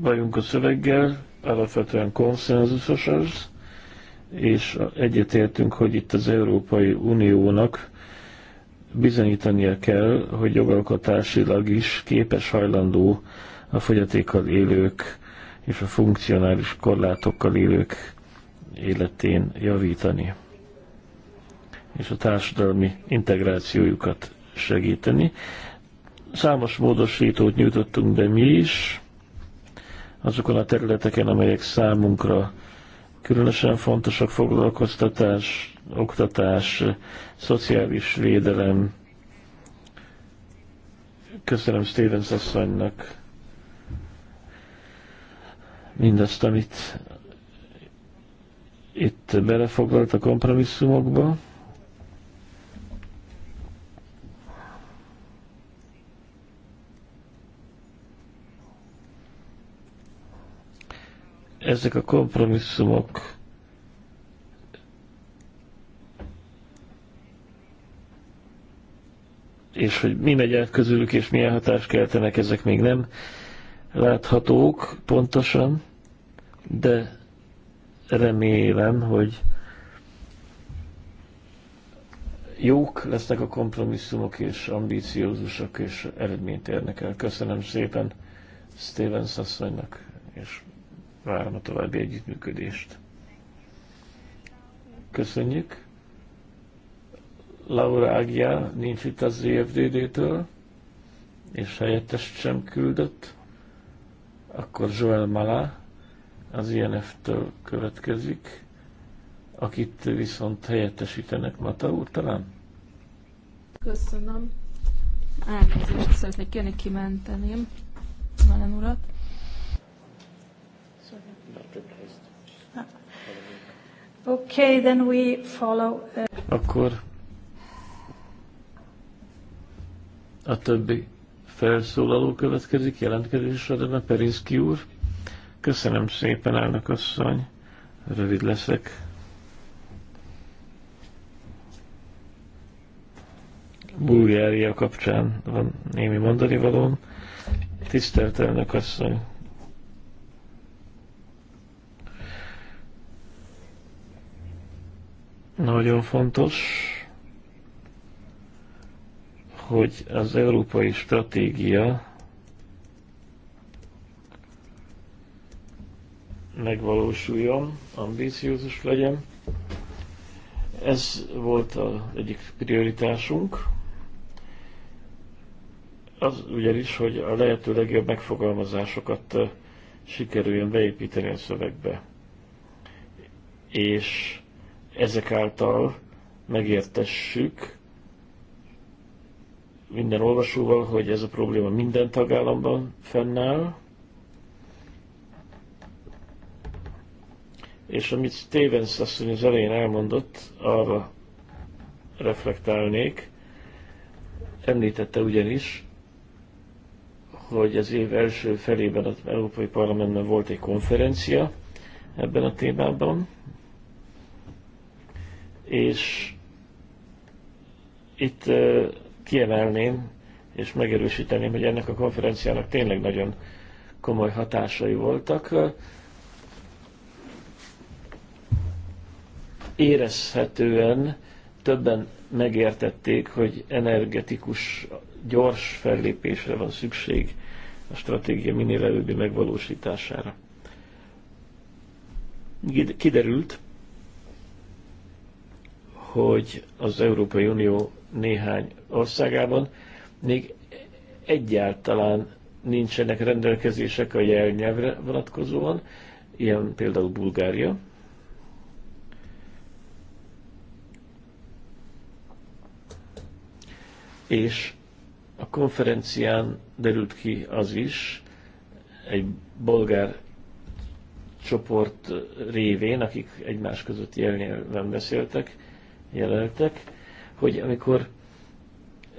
bajunk a szöveggel, alapvetően konszenzusos az, és egyetértünk, hogy itt az Európai Uniónak bizonyítania kell, hogy jogalkotásilag is képes hajlandó a fogyatékkal élők és a funkcionális korlátokkal élők életén javítani, és a társadalmi integrációjukat segíteni. Számos módosítót nyújtottunk be mi is, azokon a területeken, amelyek számunkra különösen fontosak, foglalkoztatás, oktatás, szociális védelem. Köszönöm Stevens asszonynak mindazt, amit itt a kompromisszumokba. ezek a kompromisszumok és hogy mi megy át közülük, és milyen hatást keltenek, ezek még nem láthatók pontosan, de remélem, hogy jók lesznek a kompromisszumok, és ambíciózusok és eredményt érnek el. Köszönöm szépen Steven asszonynak, és várom a további együttműködést. Köszönjük. Laura Ágia nincs itt az zfdd től és helyettest sem küldött. Akkor Joel Malá az INF-től következik, akit viszont helyettesítenek Mata úr talán? Köszönöm. Elnézést szeretnék kérni, kimenteném Malen urat. Okay, then we follow. Uh, Akkor a többi felszólaló következik, jelentkezésre, de Perinszki úr. Köszönöm szépen, elnök asszony. Rövid leszek. Bulgária kapcsán van némi mondani valóm. Tisztelt elnök asszony, nagyon fontos, hogy az európai stratégia megvalósuljon, ambíciózus legyen. Ez volt az egyik prioritásunk. Az ugyanis, hogy a lehető legjobb megfogalmazásokat sikerüljön beépíteni a szövegbe. És ezek által megértessük minden olvasóval, hogy ez a probléma minden tagállamban fennáll, és amit Stevens asszony az elején elmondott, arra reflektálnék. Említette ugyanis, hogy az év első felében az Európai Parlamentben volt egy konferencia ebben a témában, és itt kiemelném és megerősíteném, hogy ennek a konferenciának tényleg nagyon komoly hatásai voltak. Érezhetően többen megértették, hogy energetikus, gyors fellépésre van szükség a stratégia minél előbbi megvalósítására. Kiderült, hogy az Európai Unió néhány országában még egyáltalán nincsenek rendelkezések a jelnyelvre vonatkozóan, ilyen például Bulgária. És a konferencián derült ki az is, egy bolgár csoport révén, akik egymás között jelnyelven beszéltek, jelöltek, hogy amikor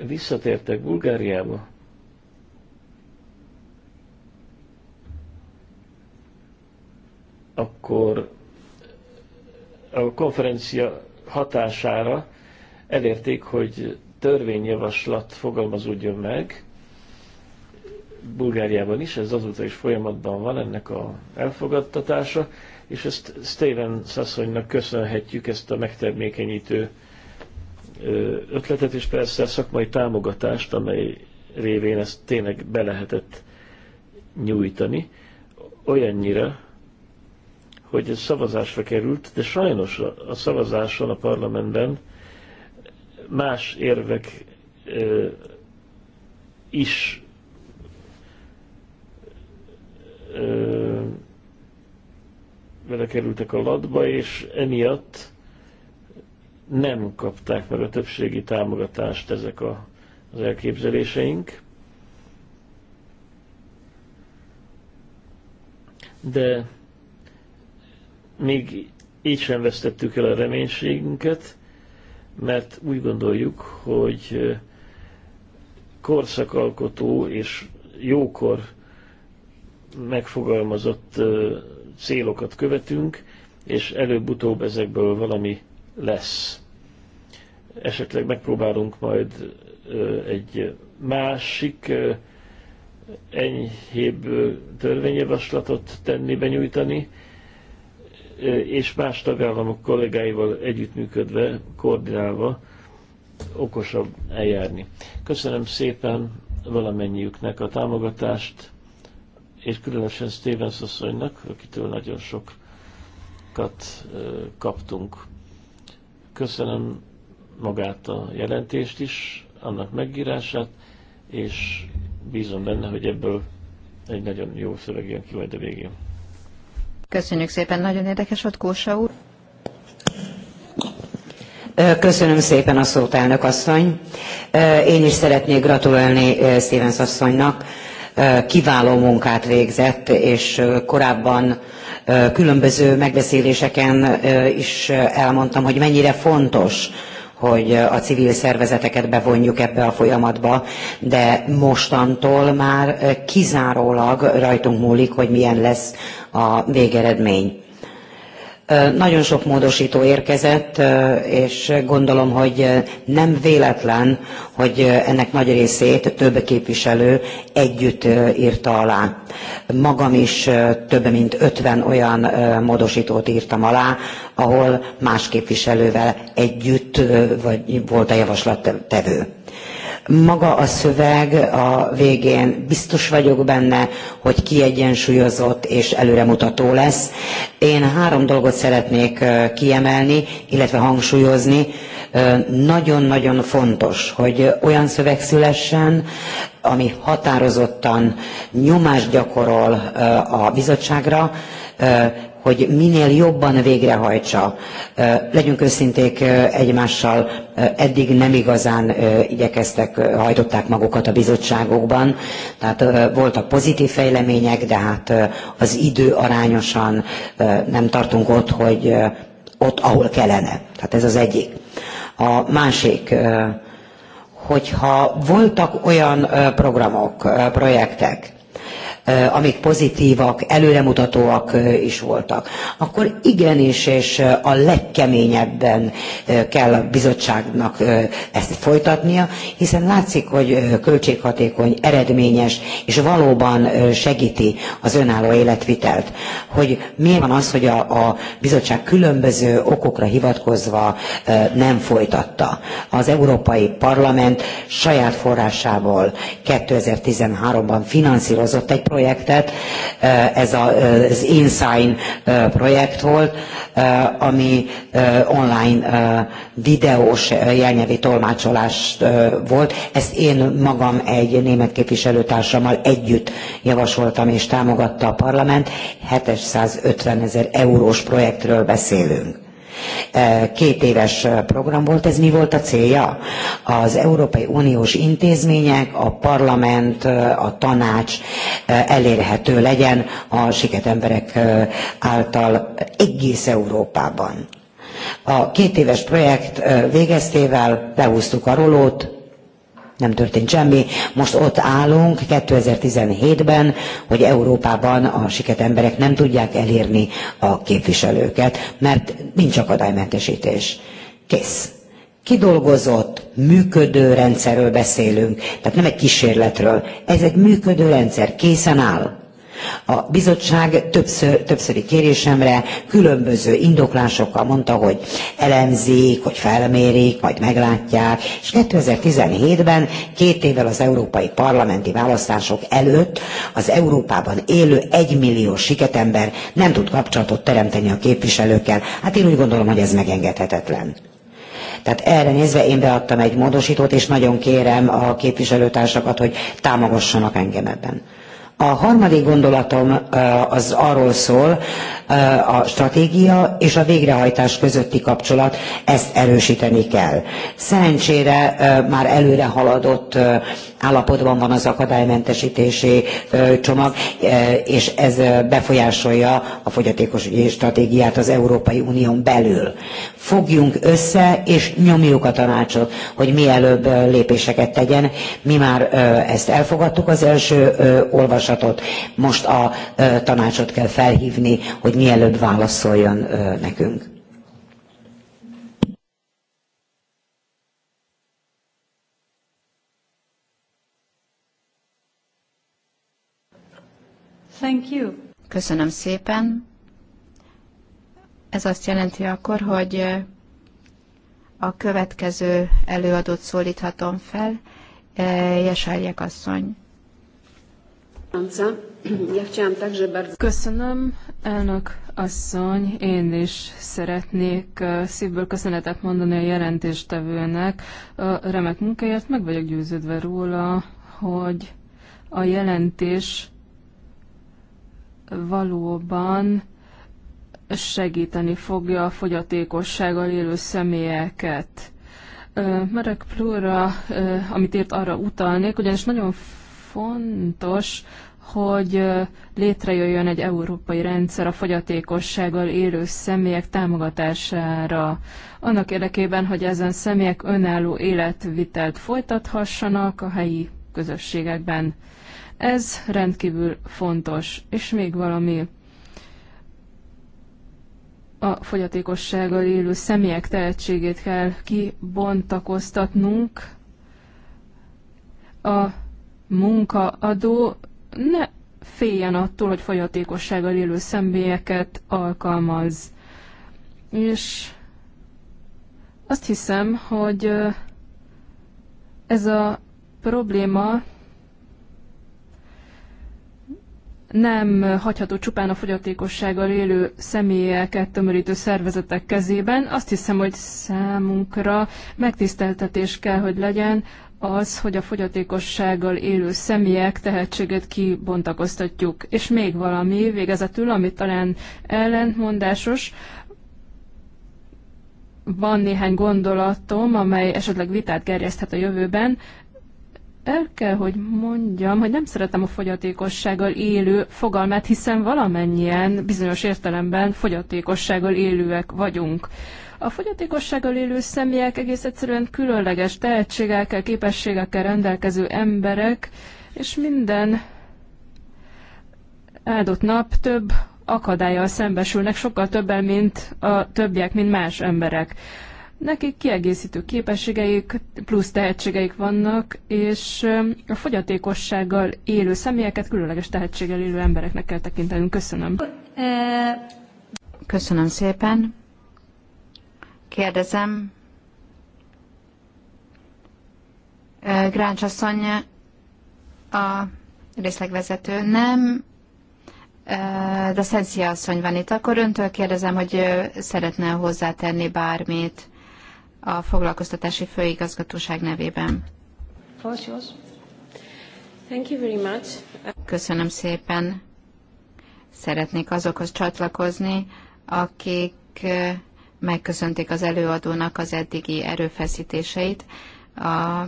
visszatértek Bulgáriába, akkor a konferencia hatására elérték, hogy törvényjavaslat fogalmazódjon meg, Bulgáriában is, ez azóta is folyamatban van ennek a elfogadtatása, és ezt Steven Sassonynak köszönhetjük, ezt a megtermékenyítő ötletet, és persze a szakmai támogatást, amely révén ezt tényleg be lehetett nyújtani, olyannyira, hogy ez szavazásra került, de sajnos a szavazáson a parlamentben más érvek ö, is ö, belekerültek a latba, és emiatt nem kapták meg a többségi támogatást ezek a, az elképzeléseink. De még így sem vesztettük el a reménységünket, mert úgy gondoljuk, hogy korszakalkotó és jókor megfogalmazott célokat követünk, és előbb-utóbb ezekből valami lesz. Esetleg megpróbálunk majd egy másik enyhébb törvényjavaslatot tenni, benyújtani, és más tagállamok kollégáival együttműködve, koordinálva okosabb eljárni. Köszönöm szépen valamennyiüknek a támogatást, és különösen Stevens asszonynak, akitől nagyon sokat kaptunk. Köszönöm magát a jelentést is, annak megírását, és bízom benne, hogy ebből egy nagyon jó szöveg jön ki majd a végén. Köszönjük szépen, nagyon érdekes volt Kósa úr. Köszönöm szépen a szót, elnök asszony. Én is szeretnék gratulálni Stevens asszonynak kiváló munkát végzett, és korábban különböző megbeszéléseken is elmondtam, hogy mennyire fontos, hogy a civil szervezeteket bevonjuk ebbe a folyamatba, de mostantól már kizárólag rajtunk múlik, hogy milyen lesz a végeredmény. Nagyon sok módosító érkezett, és gondolom, hogy nem véletlen, hogy ennek nagy részét több képviselő együtt írta alá. Magam is több mint 50 olyan módosítót írtam alá, ahol más képviselővel együtt vagy volt a javaslattevő. Maga a szöveg a végén biztos vagyok benne, hogy kiegyensúlyozott és előremutató lesz. Én három dolgot szeretnék kiemelni, illetve hangsúlyozni. Nagyon-nagyon fontos, hogy olyan szöveg szülessen, ami határozottan nyomást gyakorol a bizottságra, hogy minél jobban végrehajtsa. Legyünk őszinték egymással, eddig nem igazán igyekeztek, hajtották magukat a bizottságokban, tehát voltak pozitív fejlemények, de hát az idő arányosan nem tartunk ott, hogy ott, ahol kellene. Tehát ez az egyik. A másik, hogyha voltak olyan programok, projektek, Eh, amik pozitívak, előremutatóak eh, is voltak, akkor igenis és eh, a legkeményebben kell a bizottságnak ezt folytatnia, hiszen látszik, hogy költséghatékony, eredményes és valóban segíti az önálló életvitelt. Hogy miért van az, hogy a, a bizottság különböző okokra hivatkozva nem folytatta. Az Európai Parlament saját forrásából 2013-ban finanszírozott egy projektet, eh, ez az eh, InSign eh, projekt volt, ami online videós jelnyelvi tolmácsolás volt. Ezt én magam egy német képviselőtársammal együtt javasoltam és támogatta a parlament. 750 ezer eurós projektről beszélünk Két éves program volt, ez mi volt a célja? Az Európai Uniós intézmények, a parlament, a tanács elérhető legyen a siket emberek által egész Európában. A két éves projekt végeztével lehúztuk a rolót, nem történt semmi. Most ott állunk 2017-ben, hogy Európában a siket emberek nem tudják elérni a képviselőket, mert nincs akadálymentesítés. Kész kidolgozott, működő rendszerről beszélünk, tehát nem egy kísérletről. Ez egy működő rendszer, készen áll. A bizottság többször, többszöri kérésemre különböző indoklásokkal mondta, hogy elemzik, hogy felmérik, majd meglátják, és 2017-ben, két évvel az európai parlamenti választások előtt az Európában élő egymillió siketember nem tud kapcsolatot teremteni a képviselőkkel. Hát én úgy gondolom, hogy ez megengedhetetlen. Tehát erre nézve én beadtam egy módosítót, és nagyon kérem a képviselőtársakat, hogy támogassanak engem ebben. A harmadik gondolatom az arról szól, a stratégia és a végrehajtás közötti kapcsolat, ezt erősíteni kell. Szerencsére már előre haladott állapotban van az akadálymentesítési csomag, és ez befolyásolja a fogyatékos stratégiát az Európai Unión belül. Fogjunk össze, és nyomjuk a tanácsot, hogy mielőbb lépéseket tegyen. Mi már ezt elfogadtuk az első olvasatot, most a tanácsot kell felhívni, hogy mielőtt válaszoljon nekünk. Thank you. Köszönöm szépen. Ez azt jelenti akkor, hogy a következő előadót szólíthatom fel, Jesárjek asszony. (clears throat) Köszönöm, elnök asszony, én is szeretnék szívből köszönetet mondani a jelentéstevőnek. A remek munkáját meg vagyok győződve róla, hogy a jelentés valóban segíteni fogja a fogyatékossággal élő személyeket. Marek Plura, amit írt, arra utalnék, ugyanis nagyon fontos, hogy létrejöjjön egy európai rendszer a fogyatékossággal élő személyek támogatására. Annak érdekében, hogy ezen személyek önálló életvitelt folytathassanak a helyi közösségekben. Ez rendkívül fontos. És még valami a fogyatékossággal élő személyek tehetségét kell kibontakoztatnunk. A munkaadó ne féljen attól, hogy fogyatékossággal élő személyeket alkalmaz. És azt hiszem, hogy ez a probléma nem hagyható csupán a fogyatékossággal élő személyeket tömörítő szervezetek kezében. Azt hiszem, hogy számunkra megtiszteltetés kell, hogy legyen az, hogy a fogyatékossággal élő személyek tehetségét kibontakoztatjuk. És még valami végezetül, ami talán ellentmondásos, van néhány gondolatom, amely esetleg vitát gerjeszthet a jövőben. El kell, hogy mondjam, hogy nem szeretem a fogyatékossággal élő fogalmát, hiszen valamennyien bizonyos értelemben fogyatékossággal élőek vagyunk. A fogyatékossággal élő személyek egész egyszerűen különleges tehetségekkel, képességekkel rendelkező emberek, és minden áldott nap több akadályjal szembesülnek, sokkal többel, mint a többiek, mint más emberek. Nekik kiegészítő képességeik, plusz tehetségeik vannak, és a fogyatékossággal élő személyeket különleges tehetséggel élő embereknek kell tekintenünk. Köszönöm. Köszönöm szépen. Kérdezem, Gráncs asszony, a részlegvezető nem, de Szencia asszony van itt. Akkor öntől kérdezem, hogy szeretne hozzátenni bármit a foglalkoztatási főigazgatóság nevében. Köszönöm szépen. Szeretnék azokhoz csatlakozni, akik megköszönték az előadónak az eddigi erőfeszítéseit, a,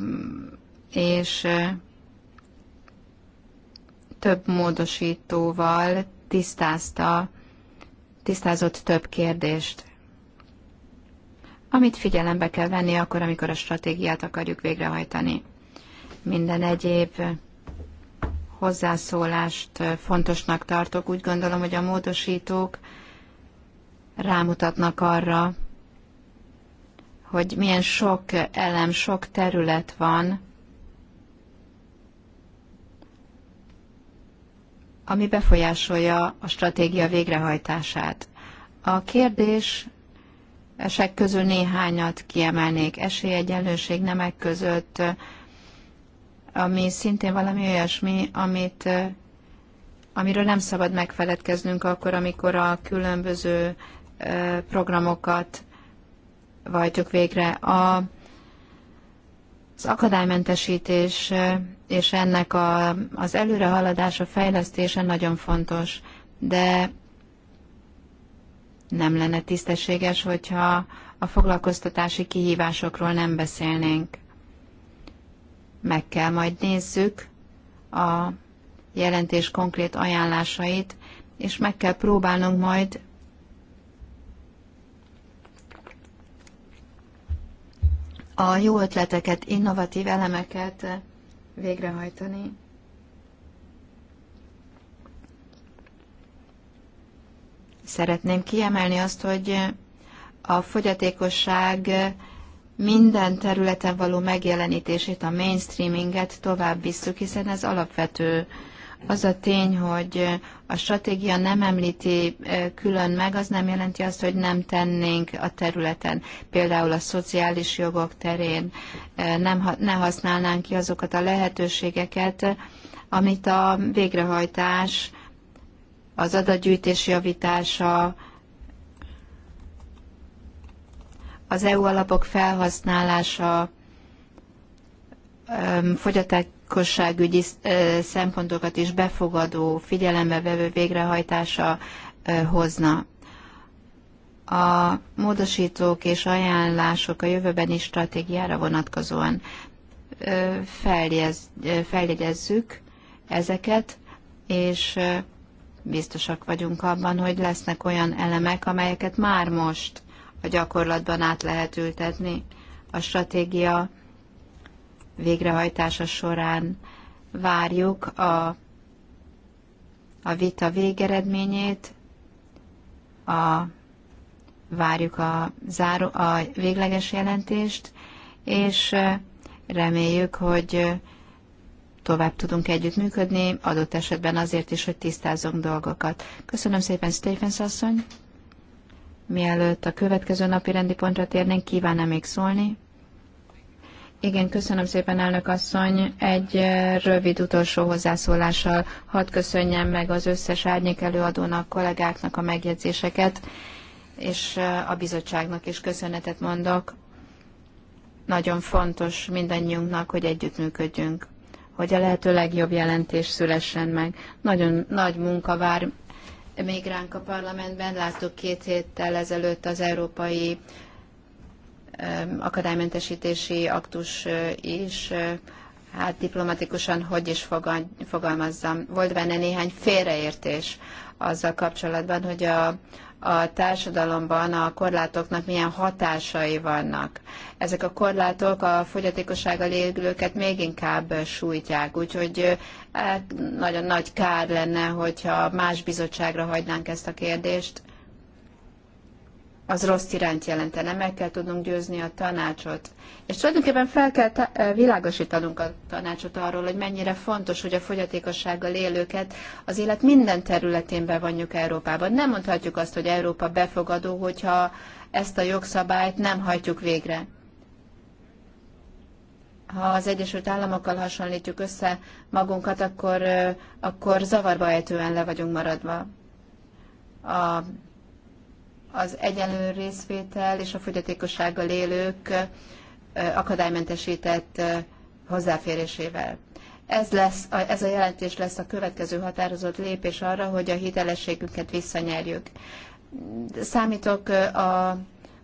és több módosítóval tisztázta, tisztázott több kérdést, amit figyelembe kell venni akkor, amikor a stratégiát akarjuk végrehajtani. Minden egyéb hozzászólást fontosnak tartok. Úgy gondolom, hogy a módosítók rámutatnak arra, hogy milyen sok elem, sok terület van, ami befolyásolja a stratégia végrehajtását. A kérdés esek közül néhányat kiemelnék. Esélyegyenlőség nemek között, ami szintén valami olyasmi, amit, amiről nem szabad megfeledkeznünk akkor, amikor a különböző programokat vajtjuk végre. A, az akadálymentesítés és ennek a, az előrehaladása, fejlesztése nagyon fontos, de nem lenne tisztességes, hogyha a foglalkoztatási kihívásokról nem beszélnénk. Meg kell majd nézzük a jelentés konkrét ajánlásait, és meg kell próbálnunk majd a jó ötleteket, innovatív elemeket végrehajtani. Szeretném kiemelni azt, hogy a fogyatékosság minden területen való megjelenítését, a mainstreaminget tovább visszük, hiszen ez alapvető az a tény, hogy a stratégia nem említi eh, külön meg, az nem jelenti azt, hogy nem tennénk a területen, például a szociális jogok terén, eh, nem, ne használnánk ki azokat a lehetőségeket, amit a végrehajtás, az adatgyűjtés javítása, az EU alapok felhasználása, fogyaték, igazságügyi szempontokat is befogadó, figyelembe vevő végrehajtása hozna. A módosítók és ajánlások a jövőbeni stratégiára vonatkozóan feljegyezzük ezeket, és biztosak vagyunk abban, hogy lesznek olyan elemek, amelyeket már most a gyakorlatban át lehet ültetni. A stratégia végrehajtása során várjuk a, a vita végeredményét, a, várjuk a, záró, a végleges jelentést, és reméljük, hogy tovább tudunk együttműködni, adott esetben azért is, hogy tisztázzunk dolgokat. Köszönöm szépen, Stephens asszony! Mielőtt a következő napi rendi pontra térnénk, kívánna még szólni? Igen, köszönöm szépen, elnök asszony. Egy eh, rövid utolsó hozzászólással hadd köszönjem meg az összes árnyék előadónak, kollégáknak a megjegyzéseket, és eh, a bizottságnak is köszönetet mondok. Nagyon fontos mindannyiunknak, hogy együttműködjünk, hogy a lehető legjobb jelentés szülessen meg. Nagyon nagy munka vár még ránk a parlamentben. Láttuk két héttel ezelőtt az európai akadálymentesítési aktus is, hát diplomatikusan hogy is fogalmazzam, volt benne néhány félreértés azzal kapcsolatban, hogy a, a társadalomban a korlátoknak milyen hatásai vannak. Ezek a korlátok a fogyatékossággal élőket még inkább sújtják, úgyhogy hát nagyon nagy kár lenne, hogyha más bizottságra hagynánk ezt a kérdést, az rossz irányt jelentene, meg kell tudnunk győzni a tanácsot. És tulajdonképpen fel kell eh, világosítanunk a tanácsot arról, hogy mennyire fontos, hogy a fogyatékossággal élőket az élet minden területén bevonjuk Európában. Nem mondhatjuk azt, hogy Európa befogadó, hogyha ezt a jogszabályt nem hajtjuk végre. Ha az Egyesült Államokkal hasonlítjuk össze magunkat, akkor, eh, akkor zavarba ejtően le vagyunk maradva. A az egyenlő részvétel és a fogyatékossággal élők akadálymentesített hozzáférésével. Ez, lesz, ez a jelentés lesz a következő határozott lépés arra, hogy a hitelességünket visszanyerjük. Számítok a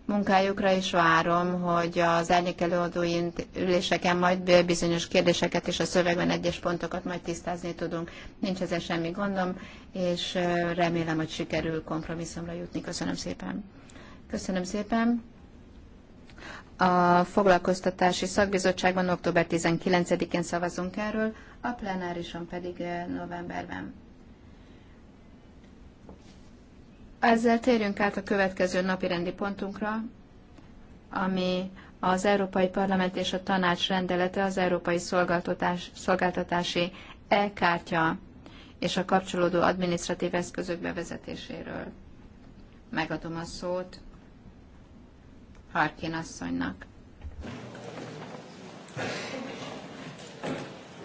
munkájukra, és várom, hogy az árnyékelőadói üléseken majd bizonyos kérdéseket és a szövegben egyes pontokat majd tisztázni tudunk. Nincs ezzel semmi gondom, és remélem, hogy sikerül kompromisszumra jutni. Köszönöm szépen. Köszönöm szépen. A foglalkoztatási szakbizottságban október 19-én szavazunk erről, a plenárison pedig novemberben. Ezzel térjünk át a következő napi rendi pontunkra, ami az Európai Parlament és a Tanács rendelete az Európai Szolgáltatás, Szolgáltatási E-kártya és a kapcsolódó adminisztratív eszközök bevezetéséről. Megadom a szót Harkin asszonynak.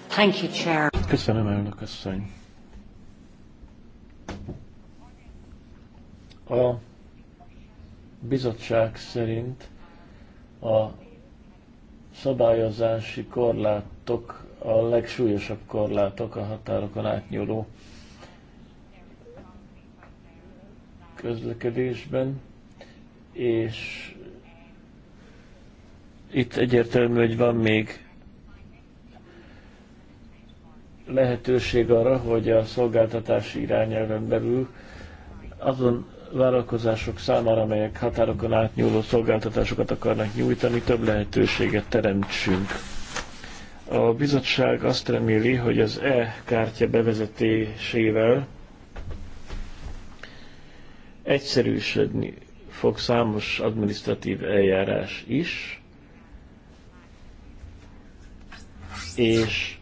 Thank you, Chair. Köszönöm, elnök asszony. A bizottság szerint a szabályozási korlátok a legsúlyosabb korlátok a határokon átnyúló közlekedésben, és itt egyértelmű, hogy van még lehetőség arra, hogy a szolgáltatási irányelven belül azon vállalkozások számára, amelyek határokon átnyúló szolgáltatásokat akarnak nyújtani, több lehetőséget teremtsünk. A bizottság azt reméli, hogy az e-kártya bevezetésével egyszerűsödni fog számos administratív eljárás is, és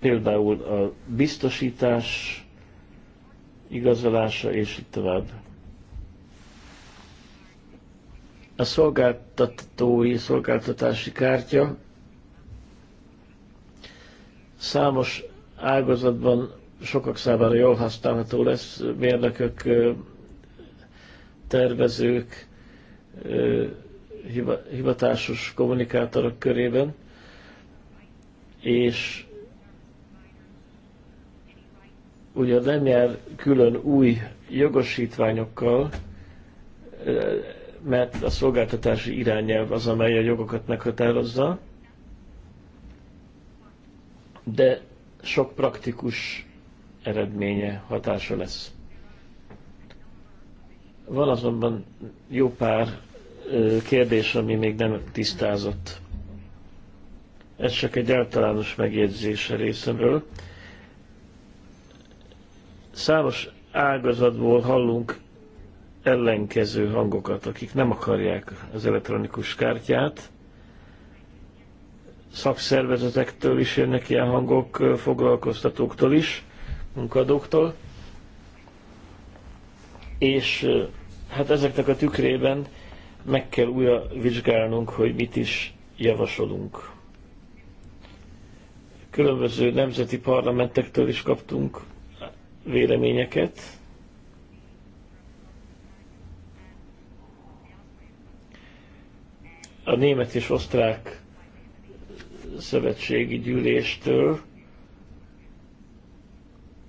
például a biztosítás igazolása, és így tovább. A szolgáltatói szolgáltatási kártya számos ágazatban sokak számára jól használható lesz, mérnökök, tervezők, hivatásos kommunikátorok körében, és Ugye nem jár külön új jogosítványokkal, mert a szolgáltatási irányelv az, amely a jogokat meghatározza, de sok praktikus eredménye, hatása lesz. Van azonban jó pár kérdés, ami még nem tisztázott. Ez csak egy általános megjegyzése részemről. Számos ágazatból hallunk ellenkező hangokat, akik nem akarják az elektronikus kártyát. Szakszervezetektől is jönnek ilyen hangok, foglalkoztatóktól is, munkadóktól. És hát ezeknek a tükrében meg kell újra vizsgálnunk, hogy mit is javasolunk. Különböző nemzeti parlamentektől is kaptunk véleményeket. A német és osztrák szövetségi gyűléstől,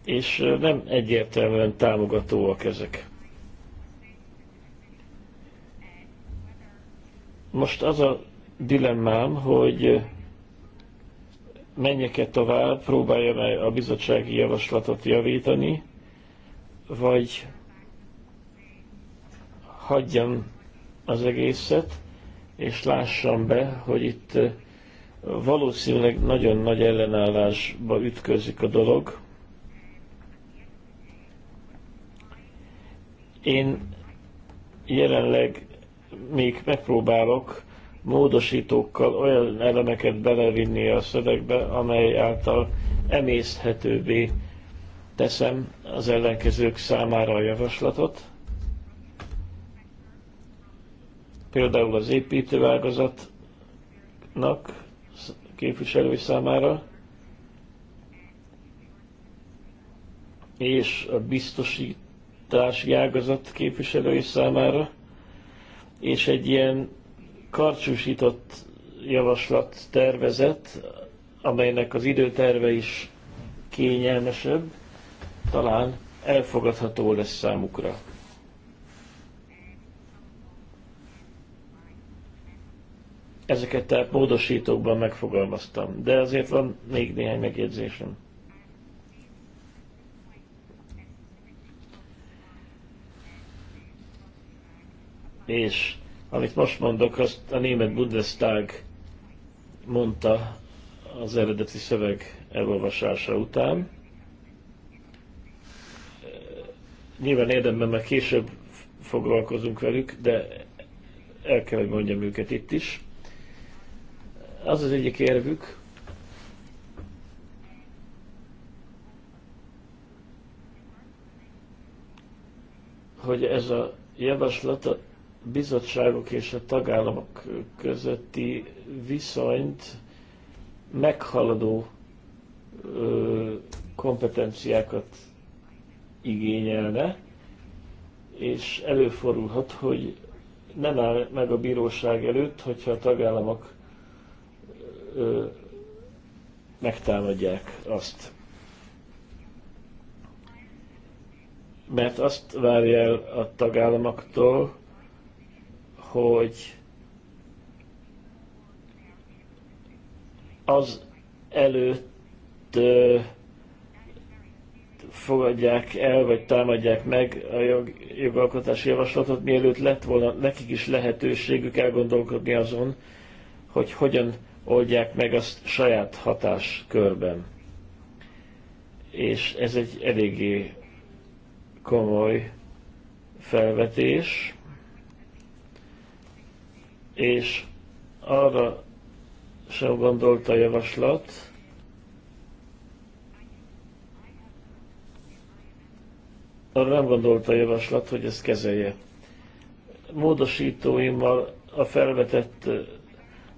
és nem egyértelműen támogatóak ezek. Most az a dilemmám, hogy menjek-e tovább, próbálja -e a bizottsági javaslatot javítani, vagy hagyjam az egészet, és lássam be, hogy itt valószínűleg nagyon nagy ellenállásba ütközik a dolog. Én jelenleg még megpróbálok módosítókkal olyan elemeket belevinni a szövegbe, amely által emészhetővé teszem az ellenkezők számára a javaslatot. Például az építőágazatnak képviselői számára, és a biztosítási ágazat képviselői számára, és egy ilyen karcsúsított javaslat tervezet, amelynek az időterve is kényelmesebb, talán elfogadható lesz számukra. Ezeket tehát módosítókban megfogalmaztam, de azért van még néhány megjegyzésem. És amit most mondok, azt a német Bundestag mondta az eredeti szöveg elolvasása után. Nyilván érdemben már később foglalkozunk velük, de el kell, hogy mondjam őket itt is. Az az egyik érvük, hogy ez a javaslat bizottságok és a tagállamok közötti viszonyt meghaladó kompetenciákat igényelne, és előfordulhat, hogy nem áll meg a bíróság előtt, hogyha a tagállamok ö, megtámadják azt. Mert azt várja el a tagállamoktól, hogy az előtt fogadják el, vagy támadják meg a jog, jogalkotási javaslatot, mielőtt lett volna nekik is lehetőségük elgondolkodni azon, hogy hogyan oldják meg azt saját hatáskörben. És ez egy eléggé komoly felvetés és arra sem gondolt a javaslat, arra nem gondolt a javaslat, hogy ezt kezelje. Módosítóimmal a felvetett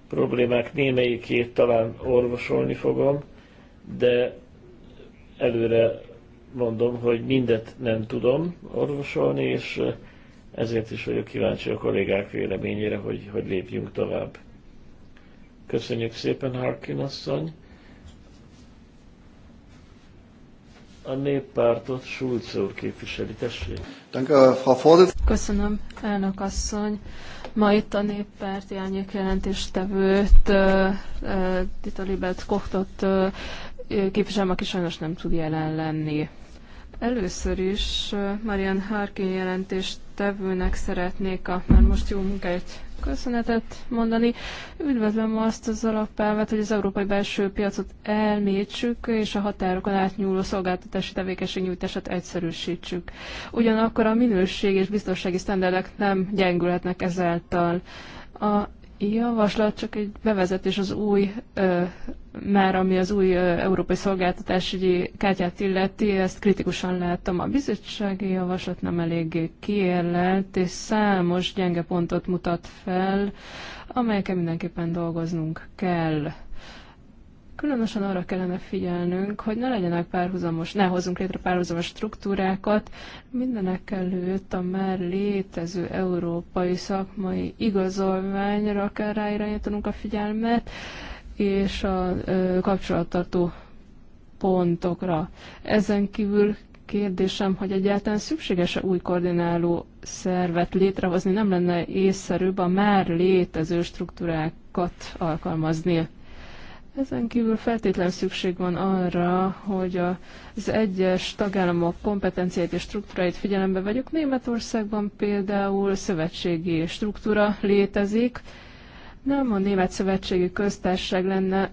problémák némelyikét talán orvosolni fogom, de előre mondom, hogy mindet nem tudom orvosolni, és ezért is vagyok kíváncsi a kollégák véleményére, hogy, hogy lépjünk tovább. Köszönjük szépen, Harkin asszony! A néppártot Schulz úr képviseli, tessék. Köszönöm, elnök asszony. Ma itt a néppárt jelnyék jelentéstevőt, Tita Libet Kochtot képviselem, aki sajnos nem tud jelen lenni. Először is Marian Harkin jelentést tevőnek szeretnék a már most jó munkáért köszönetet mondani. Üdvözlöm azt az alapelvet, hogy az európai belső piacot elmétsük, és a határokon átnyúló szolgáltatási nyújtását egyszerűsítsük. Ugyanakkor a minőség és biztonsági sztenderdek nem gyengülhetnek ezáltal. A javaslat csak egy bevezetés az új, már ami az új európai szolgáltatásügyi kártyát illeti, ezt kritikusan láttam. A bizottsági javaslat nem eléggé kiérlelt, és számos gyenge pontot mutat fel, amelyeken mindenképpen dolgoznunk kell. Különösen arra kellene figyelnünk, hogy ne legyenek párhuzamos, ne hozzunk létre párhuzamos struktúrákat, mindenek előtt a már létező európai szakmai igazolványra kell ráirányítanunk a figyelmet, és a ö, kapcsolattartó pontokra. Ezen kívül kérdésem, hogy egyáltalán szükséges-e új koordináló szervet létrehozni, nem lenne észszerűbb a már létező struktúrákat alkalmazni. Ezen kívül feltétlen szükség van arra, hogy az egyes tagállamok kompetenciáit és struktúráit figyelembe vegyük. Németországban például szövetségi struktúra létezik. Nem a Német Szövetségi Köztársaság lenne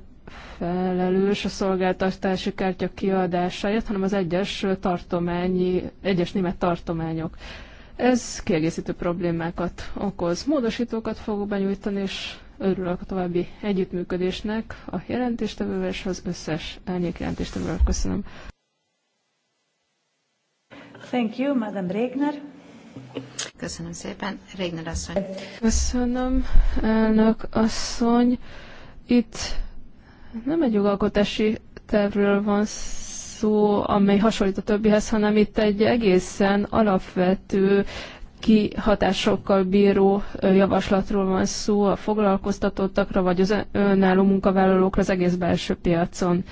felelős a szolgáltatási kártya kiadásáért, hanem az egyes tartományi, egyes német tartományok. Ez kiegészítő problémákat okoz. Módosítókat fogok benyújtani, és Örülök a további együttműködésnek a jelentéstevővel és az összes elnyék jelentéstevővel. Köszönöm. Thank you, Madam Regner. Köszönöm szépen. Régner asszony. Köszönöm, elnök asszony. Itt nem egy jogalkotási tervről van szó, amely hasonlít a többihez, hanem itt egy egészen alapvető kihatásokkal bíró javaslatról van szó a foglalkoztatottakra, vagy az önálló munkavállalókra az egész belső piacon.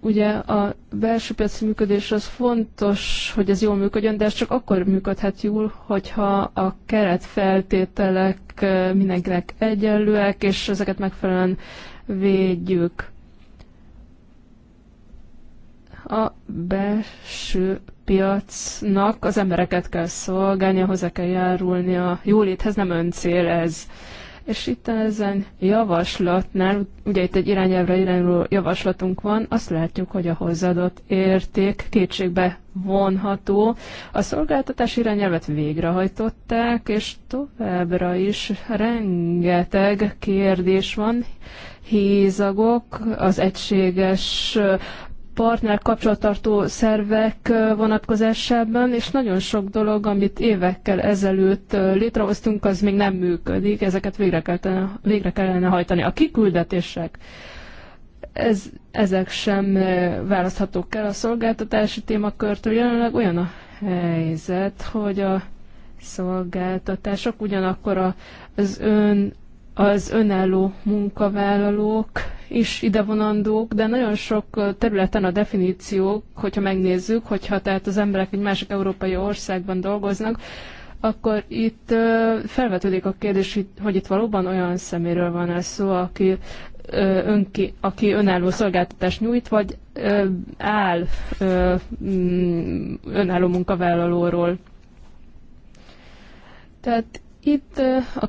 Ugye a belső piaci működés az fontos, hogy ez jól működjön, de ez csak akkor működhet jól, hogyha a keretfeltételek mindenkinek egyenlőek, és ezeket megfelelően védjük. A belső piacnak az embereket kell szolgálnia, hozzá kell járulni a jóléthez, nem öncél ez. És itt ezen javaslatnál, ugye itt egy irányelvre irányuló javaslatunk van, azt látjuk, hogy a hozzáadott érték kétségbe vonható. A szolgáltatás irányelvet végrehajtották, és továbbra is rengeteg kérdés van, hézagok, az egységes partner kapcsolattartó szervek vonatkozásában, és nagyon sok dolog, amit évekkel ezelőtt létrehoztunk, az még nem működik, ezeket végre kellene, végre kellene hajtani. A kiküldetések, ez, ezek sem választhatók el a szolgáltatási témakörtől. Jelenleg olyan a helyzet, hogy a szolgáltatások ugyanakkor az ön az önálló munkavállalók is idevonandók, de nagyon sok területen a definíciók, hogyha megnézzük, hogyha tehát az emberek egy másik európai országban dolgoznak, akkor itt felvetődik a kérdés, hogy itt valóban olyan szeméről van ez szó, aki, önki, aki önálló szolgáltatást nyújt, vagy áll mm, önálló munkavállalóról. Tehát itt a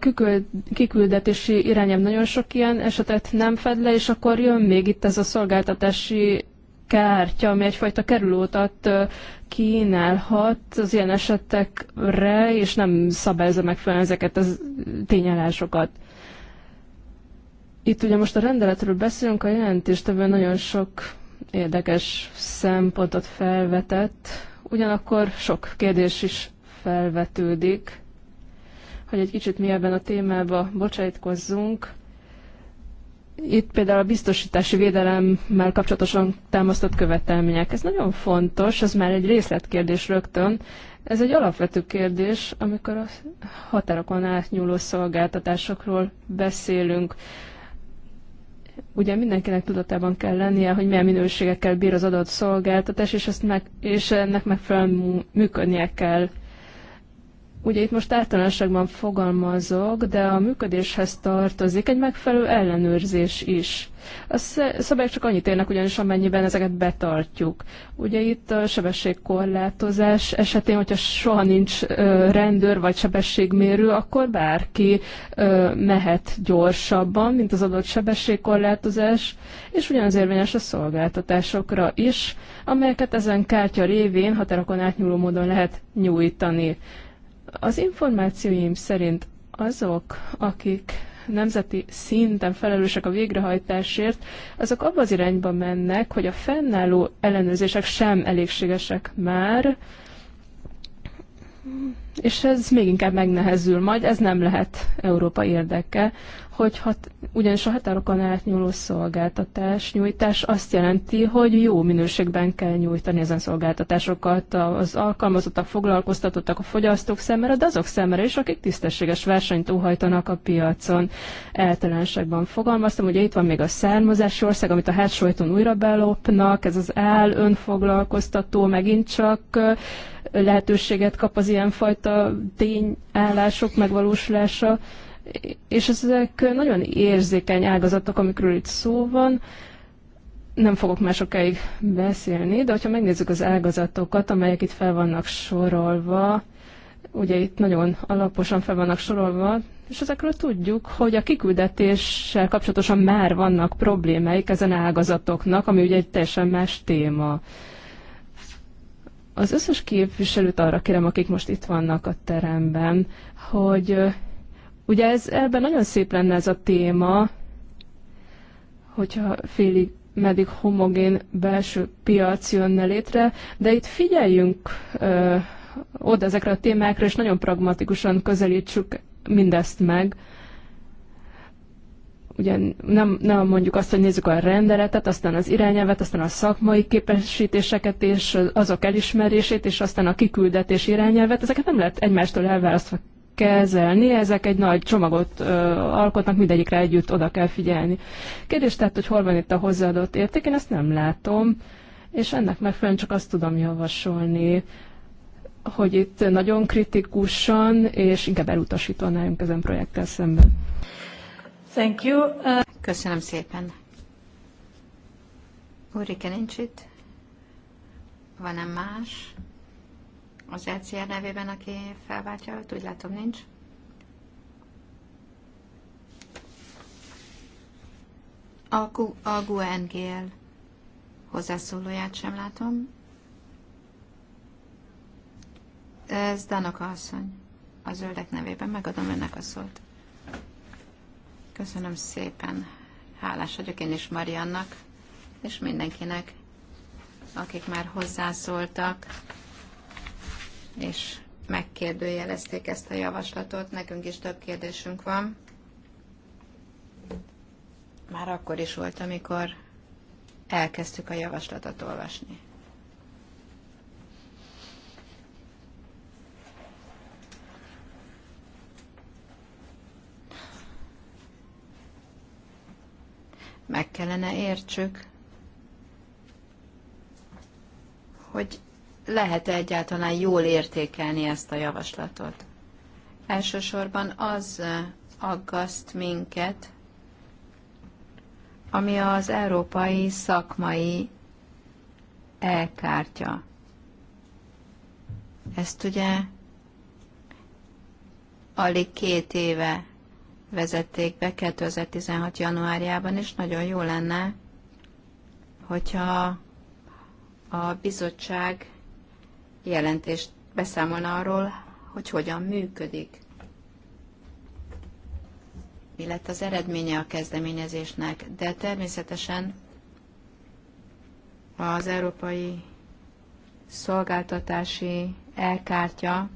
kiküldetési irányem nagyon sok ilyen esetet nem fed le, és akkor jön még itt ez a szolgáltatási kártya, ami egyfajta kerülótat kínálhat az ilyen esetekre, és nem szabályozza fel ezeket a tényállásokat. Itt ugye most a rendeletről beszélünk, a jelentéstevő nagyon sok érdekes szempontot felvetett, ugyanakkor sok kérdés is felvetődik hogy egy kicsit mi ebben a témába bocsájtkozzunk. Itt például a biztosítási védelemmel kapcsolatosan támasztott követelmények. Ez nagyon fontos, ez már egy részletkérdés rögtön. Ez egy alapvető kérdés, amikor a határokon átnyúló szolgáltatásokról beszélünk. Ugye mindenkinek tudatában kell lennie, hogy milyen minőségekkel bír az adott szolgáltatás, és, ezt meg, és ennek megfelelően működnie kell Ugye itt most általánosságban fogalmazok, de a működéshez tartozik egy megfelelő ellenőrzés is. A szabályok csak annyit érnek ugyanis, amennyiben ezeket betartjuk. Ugye itt a sebességkorlátozás esetén, hogyha soha nincs rendőr vagy sebességmérő, akkor bárki mehet gyorsabban, mint az adott sebességkorlátozás, és ugyanaz érvényes a szolgáltatásokra is, amelyeket ezen kártya révén határokon átnyúló módon lehet nyújtani. Az információim szerint azok, akik nemzeti szinten felelősek a végrehajtásért, azok abba az irányba mennek, hogy a fennálló ellenőrzések sem elégségesek már, és ez még inkább megnehezül majd, ez nem lehet Európa érdeke hogy hat, ugyanis a határokon átnyúló szolgáltatás nyújtás azt jelenti, hogy jó minőségben kell nyújtani ezen szolgáltatásokat az alkalmazottak, foglalkoztatottak, a fogyasztók szemére, de azok szemére is, akik tisztességes versenyt óhajtanak a piacon. Eltelenségben fogalmaztam, ugye itt van még a származási ország, amit a hátsó újra belopnak, ez az áll, önfoglalkoztató megint csak lehetőséget kap az ilyenfajta tényállások megvalósulása és ezek nagyon érzékeny ágazatok, amikről itt szó van. Nem fogok már sokáig beszélni, de hogyha megnézzük az ágazatokat, amelyek itt fel vannak sorolva, ugye itt nagyon alaposan fel vannak sorolva, és ezekről tudjuk, hogy a kiküldetéssel kapcsolatosan már vannak problémáik ezen ágazatoknak, ami ugye egy teljesen más téma. Az összes képviselőt arra kérem, akik most itt vannak a teremben, hogy Ugye ez, ebben nagyon szép lenne ez a téma, hogyha félig meddig homogén belső piac jönne létre, de itt figyeljünk ö, oda ezekre a témákra, és nagyon pragmatikusan közelítsük mindezt meg. Ugye nem, nem mondjuk azt, hogy nézzük a rendeletet, aztán az irányelvet, aztán a szakmai képesítéseket és azok elismerését, és aztán a kiküldetés irányelvet, ezeket nem lehet egymástól elválasztva kezelni, ezek egy nagy csomagot ö, alkotnak, mindegyikre együtt oda kell figyelni. Kérdés tehát, hogy hol van itt a hozzáadott érték, én ezt nem látom, és ennek megfelelően csak azt tudom javasolni, hogy itt nagyon kritikusan és inkább elutasítóan álljunk ezen projekttel szemben. Thank you. Uh... Köszönöm szépen. Ulrike nincs itt. Van-e más? az LCR e nevében, aki felváltja őt, úgy látom nincs. A, a GUNGL hozzászólóját sem látom. Ez Danoka asszony. A zöldek nevében megadom önnek a szót. Köszönöm szépen. Hálás vagyok én is Mariannak, és mindenkinek, akik már hozzászóltak és megkérdőjelezték ezt a javaslatot. Nekünk is több kérdésünk van. Már akkor is volt, amikor elkezdtük a javaslatot olvasni. Meg kellene értsük, hogy lehet -e egyáltalán jól értékelni ezt a javaslatot? Elsősorban az eh, aggaszt minket, ami az európai szakmai elkártya. Ezt ugye alig két éve vezették be 2016. januárjában, és nagyon jó lenne, hogyha a bizottság jelentést beszámolna arról, hogy hogyan működik. Mi lett az eredménye a kezdeményezésnek, de természetesen az Európai Szolgáltatási elkártya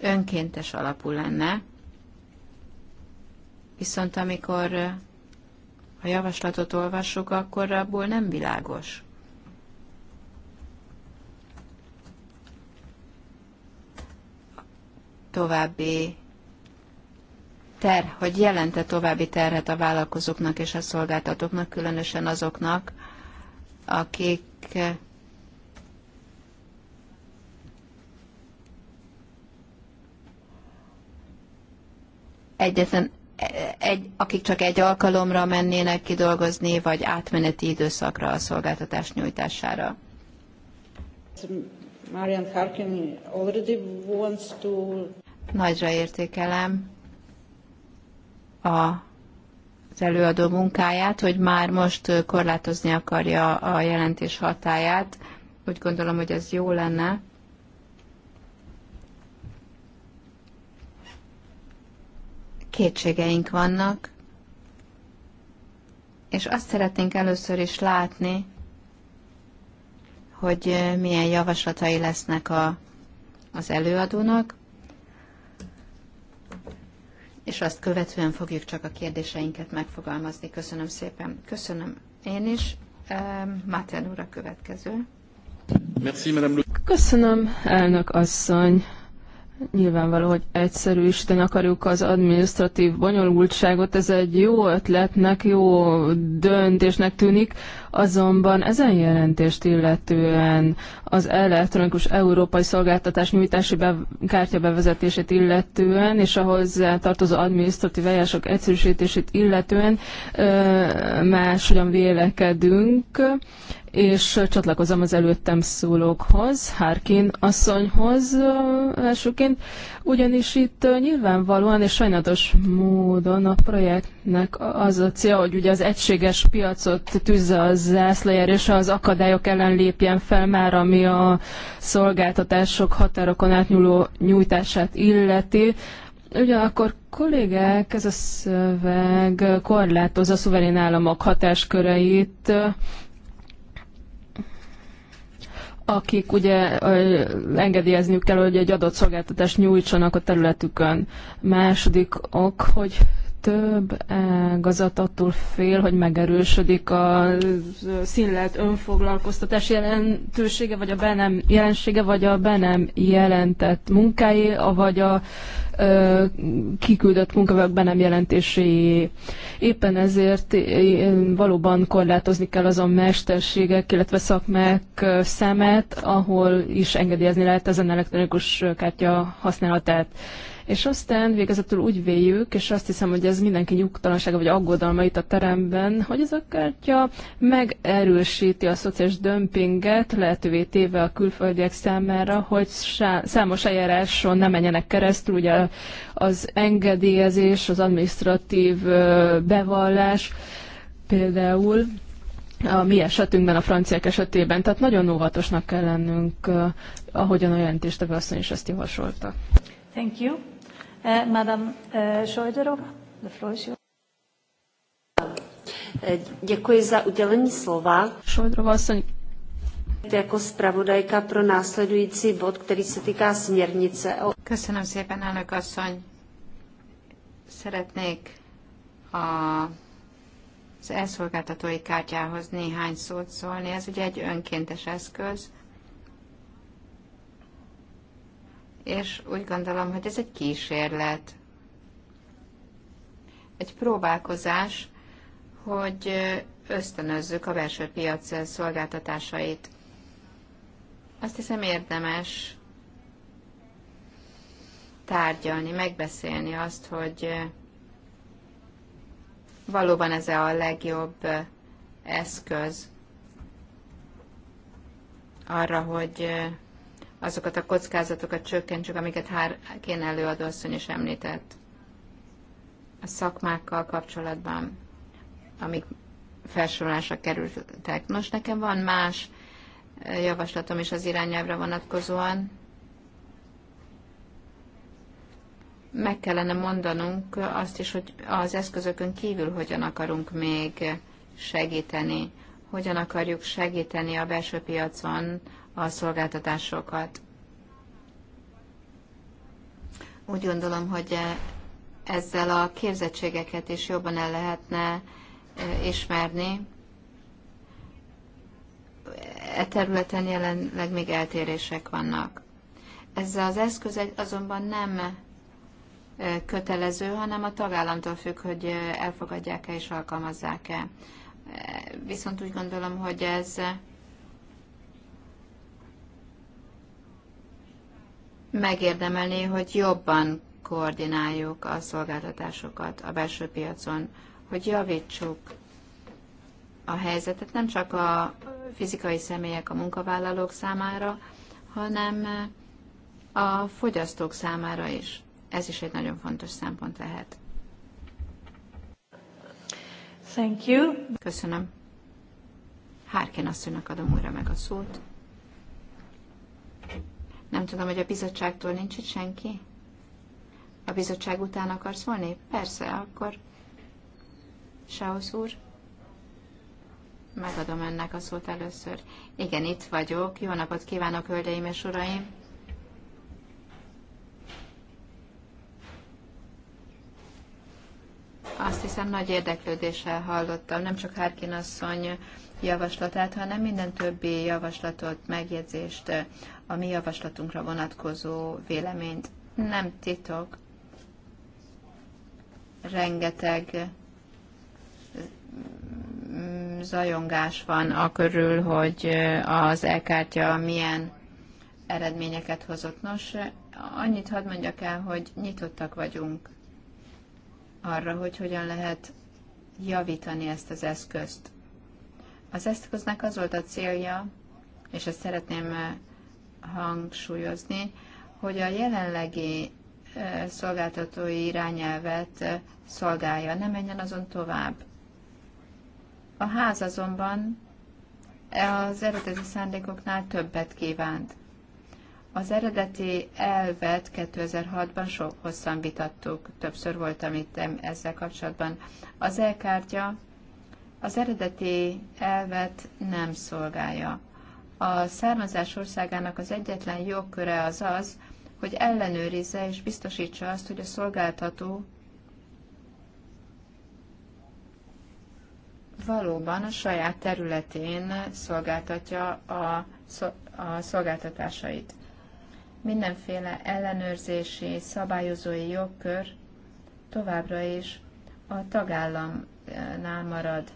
önkéntes alapú lenne, viszont amikor a javaslatot olvassuk, akkor abból nem világos, további ter, hogy jelente további terhet a vállalkozóknak és a szolgáltatóknak, különösen azoknak, akik egyetlen, egy, akik csak egy alkalomra mennének kidolgozni, vagy átmeneti időszakra a szolgáltatás nyújtására. Marian Harkin already wants to Nagyra értékelem a, az előadó munkáját, hogy már most korlátozni akarja a jelentés hatáját. Úgy gondolom, hogy ez jó lenne. Kétségeink vannak, és azt szeretnénk először is látni, hogy milyen javaslatai lesznek a, az előadónak, és azt követően fogjuk csak a kérdéseinket megfogalmazni. Köszönöm szépen. Köszönöm én is. Máten úr a következő. Köszönöm, elnök asszony. Nyilvánvaló, hogy egyszerűsíteni akarjuk az administratív bonyolultságot, ez egy jó ötletnek, jó döntésnek tűnik. Azonban ezen jelentést illetően az elektronikus európai szolgáltatás nyújtási be, kártya bevezetését illetően és ahhoz tartozó adminisztratív eljárások egyszerűsítését illetően máshogyan vélekedünk, és csatlakozom az előttem szólókhoz, Harkin asszonyhoz elsőként, ugyanis itt nyilvánvalóan és sajnálatos módon a projektnek az a célja, hogy ugye az egységes piacot tűzze az zászlajára és az akadályok ellen lépjen fel már, ami a szolgáltatások határokon átnyúló nyújtását illeti. Ugyanakkor kollégák, ez a szöveg korlátoz a szuverén államok hatásköreit, akik ugye engedélyezniük kell, hogy egy adott szolgáltatást nyújtsanak a területükön. Második ok, hogy több ágazat e, attól fél, hogy megerősödik a színlelt önfoglalkoztatás jelentősége, vagy a be nem jelensége, vagy a be nem jelentett munkái, vagy a ö, e, kiküldött munkavállalók be nem jelentéséé. Éppen ezért valóban korlátozni kell azon mesterségek, illetve szakmák e, szemet, ahol is engedélyezni lehet ezen elektronikus kártya használatát. És aztán végezetül úgy véljük, és azt hiszem, hogy ez mindenki nyugtalansága vagy aggodalma itt a teremben, hogy ez a kártya megerősíti a szociális dömpinget, lehetővé téve a külföldiek számára, hogy számos eljáráson nem menjenek keresztül, ugye az engedélyezés, az administratív bevallás például, a mi esetünkben, a franciák esetében. Tehát nagyon óvatosnak kell lennünk, ahogyan a jelentéstevő asszony is ezt javasolta. Thank you. Eh, Madam uh, eh, the floor is yours. Eh, děkuji za udělení slova. Jako zpravodajka pro následující bod, který se týká směrnice. O... Köszönöm szépen, elnök asszony. Szeretnék a, az elszolgáltatói kártyához néhány szót szólni. Ez ugye egy önkéntes eszköz, és úgy gondolom, hogy ez egy kísérlet, egy próbálkozás, hogy ösztönözzük a belső piac szolgáltatásait. Azt hiszem érdemes tárgyalni, megbeszélni azt, hogy valóban ez a legjobb eszköz arra, hogy azokat a kockázatokat csökkentsük, amiket Hárkén előadóasszony is említett a szakmákkal kapcsolatban, amik felsorolásra kerültek. Nos, nekem van más javaslatom is az irányelvre vonatkozóan. Meg kellene mondanunk azt is, hogy az eszközökön kívül hogyan akarunk még segíteni, hogyan akarjuk segíteni a belső piacon a szolgáltatásokat. Úgy gondolom, hogy ezzel a képzettségeket is jobban el lehetne eh, ismerni. E területen jelenleg még eltérések vannak. Ez az eszköz azonban nem eh, kötelező, hanem a tagállamtól függ, hogy eh, elfogadják-e és alkalmazzák-e. Viszont úgy gondolom, hogy ez megérdemelné, hogy jobban koordináljuk a szolgáltatásokat a belső piacon, hogy javítsuk a helyzetet nem csak a fizikai személyek, a munkavállalók számára, hanem a fogyasztók számára is. Ez is egy nagyon fontos szempont lehet. Thank you. Köszönöm. Hárkén asszonynak adom újra meg a szót. Nem tudom, hogy a bizottságtól nincs itt senki? A bizottság után akar szólni? Persze, akkor Sáusz úr, megadom önnek a szót először. Igen, itt vagyok. Jó napot kívánok, hölgyeim és uraim! Azt hiszem, nagy érdeklődéssel hallottam, nem csak Harkin asszony javaslatát, hanem minden többi javaslatot, megjegyzést, a mi javaslatunkra vonatkozó véleményt. Nem titok, rengeteg mm, zajongás van a körül, hogy az elkártya milyen eredményeket hozott. Nos, annyit hadd mondjak el, hogy nyitottak vagyunk arra, hogy hogyan lehet javítani ezt az eszközt. Az eszköznek az volt a célja, és ezt szeretném eh, hangsúlyozni, hogy a jelenlegi eh, szolgáltatói irányelvet eh, szolgálja, ne menjen azon tovább. A ház azonban az eredeti szándékoknál többet kívánt. Az eredeti elvet 2006-ban sok hosszan vitattuk, többször voltam itt ezzel kapcsolatban. Az elkártya az eredeti elvet nem szolgálja. A származás országának az egyetlen jogköre az az, hogy ellenőrizze és biztosítsa azt, hogy a szolgáltató valóban a saját területén szolgáltatja a, a szolgáltatásait. Mindenféle ellenőrzési, szabályozói jogkör továbbra is a tagállamnál marad.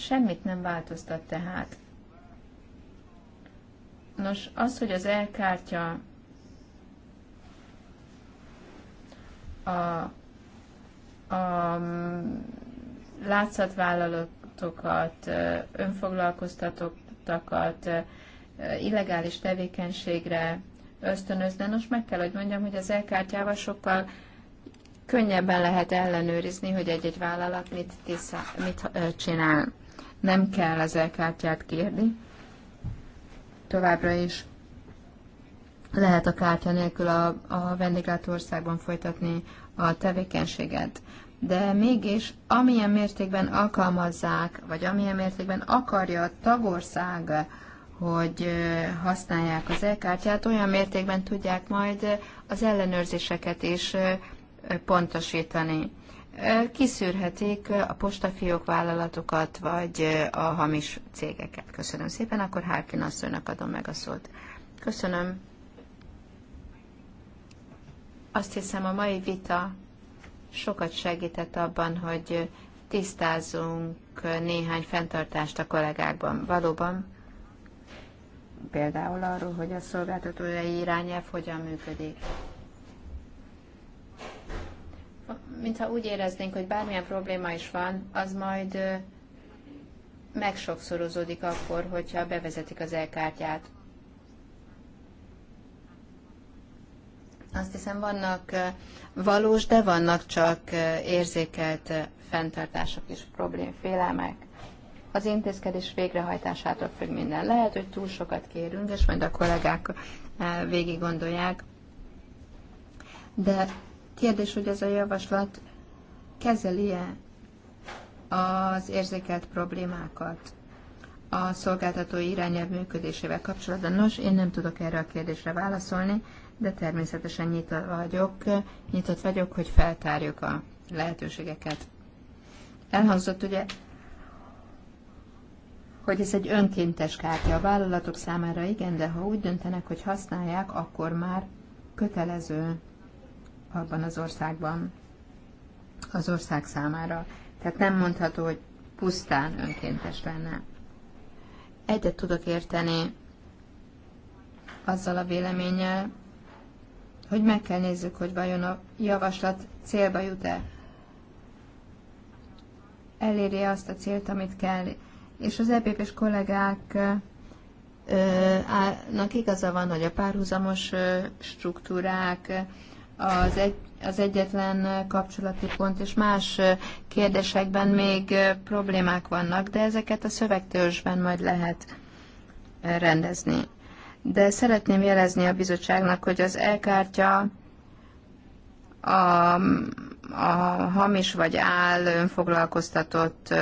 Semmit nem változtat tehát. Nos, az, hogy az elkártya a, a mm, látszatvállalatokat, önfoglalkoztatottakat illegális tevékenységre ösztönözne. Nos, meg kell, hogy mondjam, hogy az elkártyával sokkal könnyebben lehet ellenőrizni, hogy egy-egy vállalat mit, tisza, mit csinál nem kell az e-kártyát kérni. Továbbra is lehet a kártya nélkül a, a vendéglátországban folytatni a tevékenységet. De mégis, amilyen mértékben alkalmazzák, vagy amilyen mértékben akarja a tagország, hogy használják az e-kártyát, olyan mértékben tudják majd az ellenőrzéseket is pontosítani kiszűrhetik a postafiók vállalatokat, vagy a hamis cégeket. Köszönöm szépen, akkor Hárkin asszonynak adom meg a szót. Köszönöm. Azt hiszem, a mai vita sokat segített abban, hogy tisztázunk néhány fenntartást a kollégákban. Valóban, például arról, hogy a szolgáltatói irányelv hogyan működik mintha úgy éreznénk, hogy bármilyen probléma is van, az majd megsokszorozódik akkor, hogyha bevezetik az elkártyát. Azt hiszem vannak valós, de vannak csak érzékelt fenntartások és problémfélelmek. Az intézkedés végrehajtásától függ minden. Lehet, hogy túl sokat kérünk, és majd a kollégák végig gondolják. De Kérdés, hogy ez a javaslat kezeli-e az érzékelt problémákat a szolgáltatói irányelv működésével kapcsolatban. Nos, én nem tudok erre a kérdésre válaszolni, de természetesen nyitott vagyok, nyitott vagyok, hogy feltárjuk a lehetőségeket. Elhangzott ugye, hogy ez egy önkéntes kártya a vállalatok számára, igen, de ha úgy döntenek, hogy használják, akkor már kötelező abban az országban az ország számára. Tehát nem mondható, hogy pusztán önkéntes lenne. Egyet tudok érteni azzal a véleménnyel, hogy meg kell nézzük, hogy vajon a javaslat célba jut-e. Eléri azt a célt, amit kell. És az EPP-s kollégáknak igaza van, hogy a párhuzamos struktúrák, az, egy, az egyetlen kapcsolati pont, és más kérdésekben még problémák vannak, de ezeket a szövegtörzsben majd lehet rendezni. De szeretném jelezni a bizottságnak, hogy az elkártya a, a hamis vagy áll önfoglalkoztatott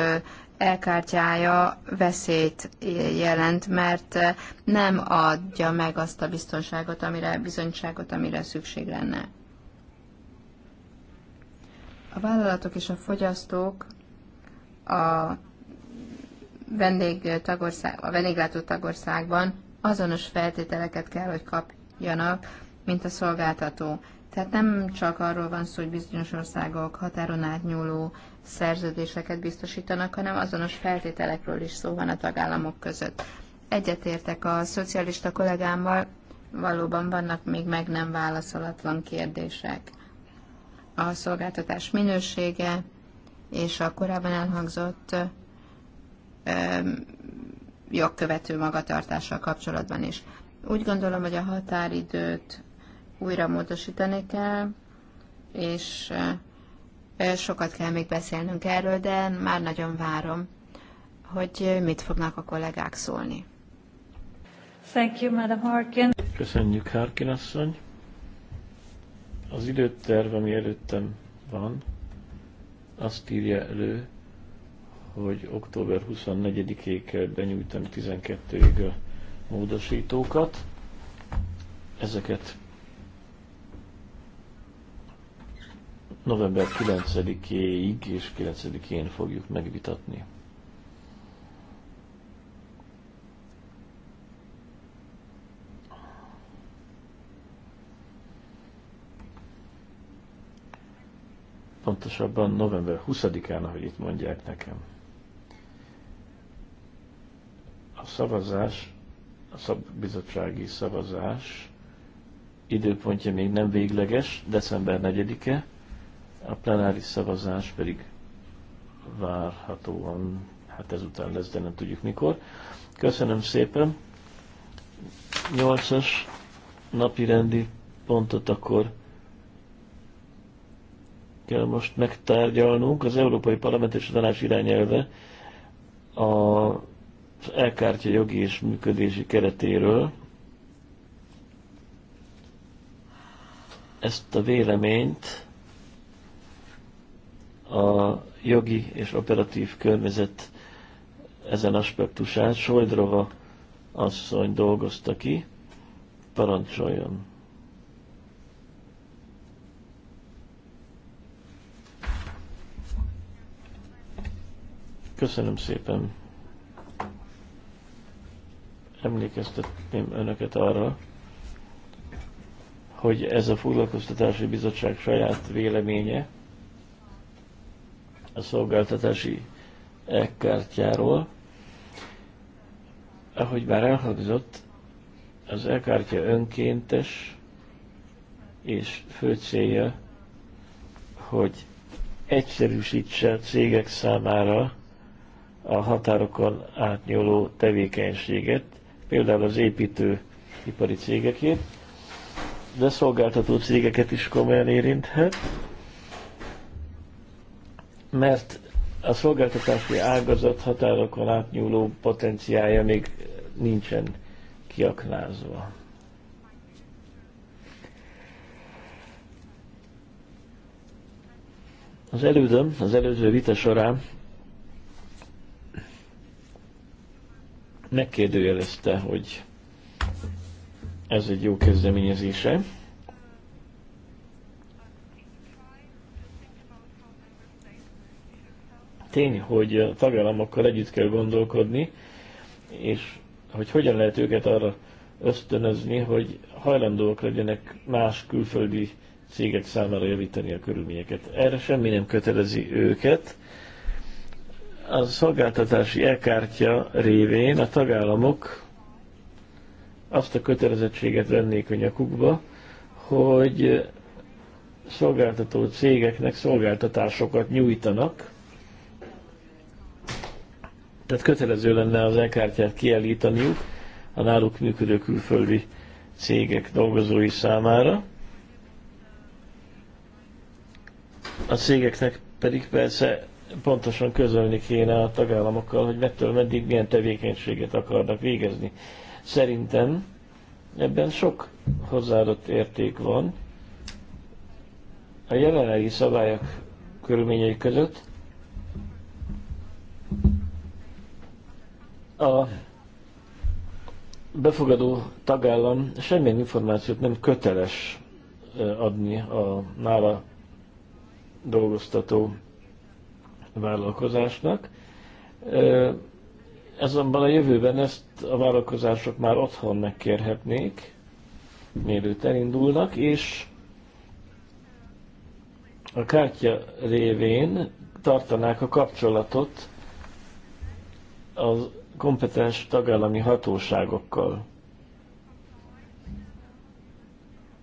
elkártyája veszélyt jelent, mert nem adja meg azt a biztonságot, amire bizonyságot, amire szükség lenne. A vállalatok és a fogyasztók a, vendég eh, tagország, a vendéglátó tagországban azonos feltételeket kell, hogy kapjanak, mint a szolgáltató. Tehát nem csak arról van szó, hogy bizonyos országok határon átnyúló szerződéseket biztosítanak, hanem azonos feltételekről is szó van a tagállamok között. Egyetértek a szocialista kollégámmal, valóban vannak még meg nem válaszolatlan kérdések a szolgáltatás minősége és a korábban elhangzott jogkövető magatartással kapcsolatban is. Úgy gondolom, hogy a határidőt újra módosítani kell, és sokat kell még beszélnünk erről, de már nagyon várom, hogy mit fognak a kollégák szólni. Thank you, Madam Harkin. Köszönjük, Harkin asszony. Az időterv, ami előttem van, azt írja elő, hogy október 24-ig kell benyújtani 12-ig a módosítókat. Ezeket november 9-éig és 9-én fogjuk megvitatni. pontosabban november 20-án, ahogy itt mondják nekem. A szavazás, a szabbizottsági szavazás időpontja még nem végleges, december 4-e, a plenáris szavazás pedig várhatóan, hát ezután lesz, de nem tudjuk mikor. Köszönöm szépen. 8-as napi rendi pontot akkor kell most megtárgyalnunk. Az Európai Parlament és a Tanács irányelve az elkártya jogi és működési keretéről. Ezt a véleményt a jogi és operatív környezet ezen aspektusát Sojdrova asszony dolgozta ki. Parancsoljon! Köszönöm szépen. Emlékeztetném önöket arra, hogy ez a foglalkoztatási bizottság saját véleménye a szolgáltatási e-kártyáról. Ahogy már elhangzott, az e-kártya önkéntes, és fő célja, hogy egyszerűsítse a cégek számára a határokon átnyúló tevékenységet, például az építő ipari cégekét, de szolgáltató cégeket is komolyan érinthet, mert a szolgáltatási ágazat határokon átnyúló potenciája még nincsen kiaknázva. Az elődöm, az előző vita során megkérdőjelezte, hogy ez egy jó kezdeményezése. Tény, hogy a tagállamokkal együtt kell gondolkodni, és hogy hogyan lehet őket arra ösztönözni, hogy hajlandóak legyenek más külföldi cégek számára javítani a körülményeket. Erre semmi nem kötelezi őket, a szolgáltatási e-kártya révén a tagállamok azt a kötelezettséget vennék a nyakukba, hogy szolgáltató cégeknek szolgáltatásokat nyújtanak, tehát kötelező lenne az e-kártyát kiállítaniuk a náluk működő külföldi cégek dolgozói számára. A cégeknek pedig persze pontosan közölni kéne a tagállamokkal, hogy mettől meddig milyen tevékenységet akarnak végezni. Szerintem ebben sok hozzáadott érték van. A jelenlegi szabályok körülményei között a befogadó tagállam semmilyen információt nem köteles adni a nála dolgoztató vállalkozásnak. Ezonban a jövőben ezt a vállalkozások már otthon megkérhetnék, mielőtt elindulnak, és a kártya révén tartanák a kapcsolatot a kompetens tagállami hatóságokkal.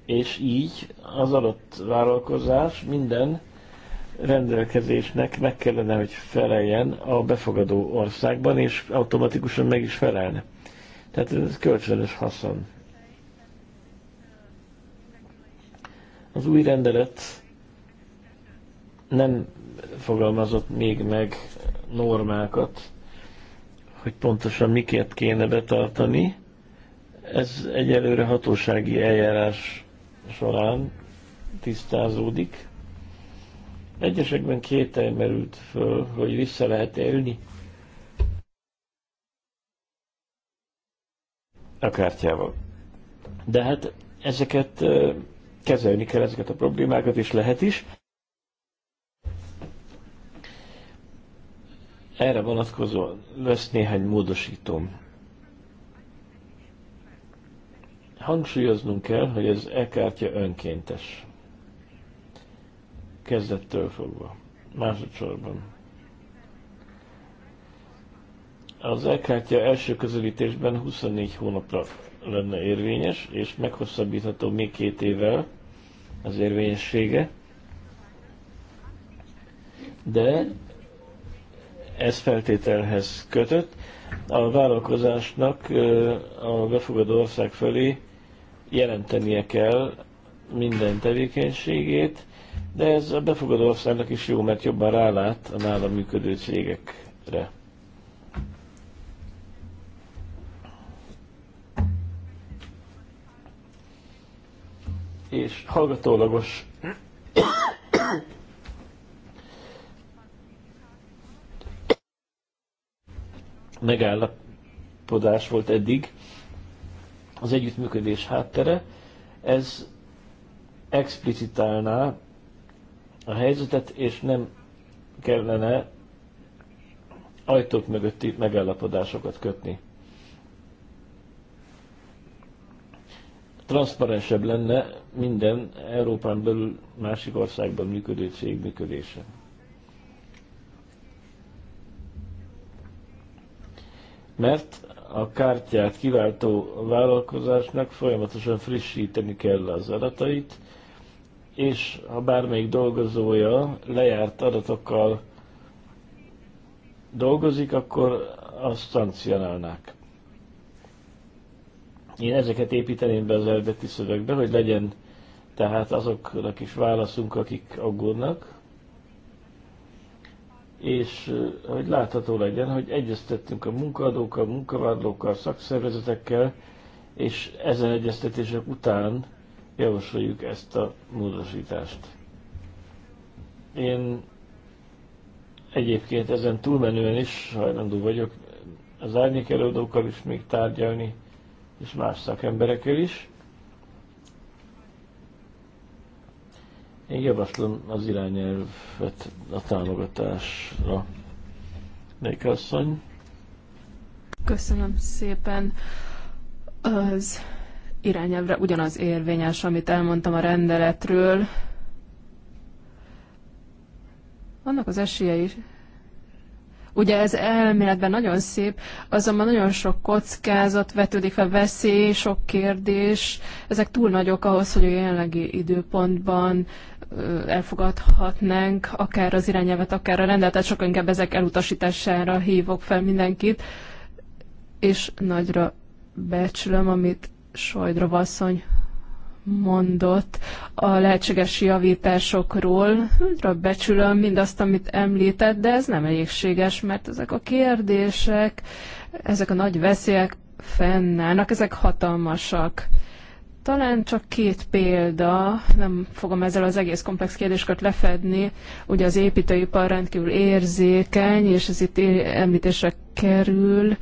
És így az adott vállalkozás minden rendelkezésnek meg kellene, hogy feleljen a befogadó országban, és automatikusan meg is felelne. Tehát ez kölcsönös haszon. Az új rendelet nem fogalmazott még meg normákat, hogy pontosan miket kéne betartani. Ez egyelőre hatósági eljárás során tisztázódik. Egyesekben kétel merült föl, hogy vissza lehet élni a kártyával. De hát ezeket kezelni kell, ezeket a problémákat, is lehet is. Erre vonatkozóan lesz néhány módosítom. Hangsúlyoznunk kell, hogy ez e-kártya önkéntes kezdettől fogva. Másodszorban. Az elkártya első közelítésben 24 hónapra lenne érvényes, és meghosszabbítható még két évvel az érvényessége. De ez feltételhez kötött. A vállalkozásnak a befogadó ország felé jelentenie kell minden tevékenységét, de ez a befogadó országnak is jó, mert jobban rálát a nála működő cégekre. És hallgatólagos megállapodás volt eddig az együttműködés háttere. Ez explicitálná a helyzetet, és nem kellene ajtók mögötti megállapodásokat kötni. Transzparensebb lenne minden Európán belül másik országban működő cég működése. Mert a kártyát kiváltó vállalkozásnak folyamatosan frissíteni kell az adatait, és ha bármelyik dolgozója lejárt adatokkal dolgozik, akkor azt szankcionálnák. Én ezeket építeném be az eredeti szövegbe, hogy legyen tehát azoknak is válaszunk, akik aggódnak, és eh, hogy látható legyen, hogy egyeztettünk a munkaadókkal, munkavállalókkal, szakszervezetekkel, és ezen egyeztetések után javasoljuk ezt a módosítást. Én egyébként ezen túlmenően is hajlandó vagyok az árnyék előadókkal is még tárgyalni, és más szakemberekkel is. Én javaslom az irányelvet a támogatásra. asszony? Köszönöm szépen az irányelvre ugyanaz érvényes, amit elmondtam a rendeletről. Annak az is. Ugye ez elméletben nagyon szép, azonban nagyon sok kockázat vetődik fel, veszély, sok kérdés. Ezek túl nagyok ahhoz, hogy a jelenlegi időpontban elfogadhatnánk akár az irányelvet, akár a rendeletet, sokkal inkább ezek elutasítására hívok fel mindenkit, és nagyra becsülöm, amit Sajdrov asszony mondott a lehetséges javításokról. Úgyra becsülöm mindazt, amit említett, de ez nem elégséges, mert ezek a kérdések, ezek a nagy veszélyek fennállnak, ezek hatalmasak. Talán csak két példa, nem fogom ezzel az egész komplex kérdéskört lefedni. Ugye az építőipar rendkívül érzékeny, és ez itt említésre kerül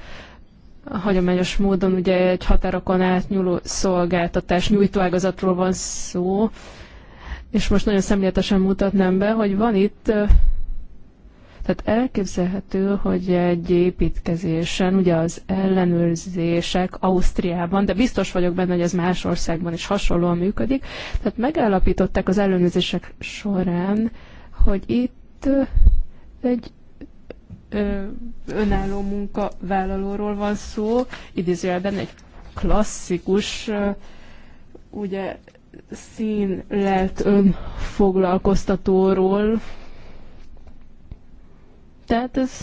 hagyományos módon ugye egy határokon átnyúló szolgáltatás nyújtóágazatról van szó, és most nagyon szemléletesen mutatnám be, hogy van itt, tehát elképzelhető, hogy egy építkezésen ugye az ellenőrzések Ausztriában, de biztos vagyok benne, hogy ez más országban is hasonlóan működik, tehát megállapították az ellenőrzések során, hogy itt egy önálló munkavállalóról van szó, idézőjelben egy klasszikus, ugye szín lett önfoglalkoztatóról. Tehát ez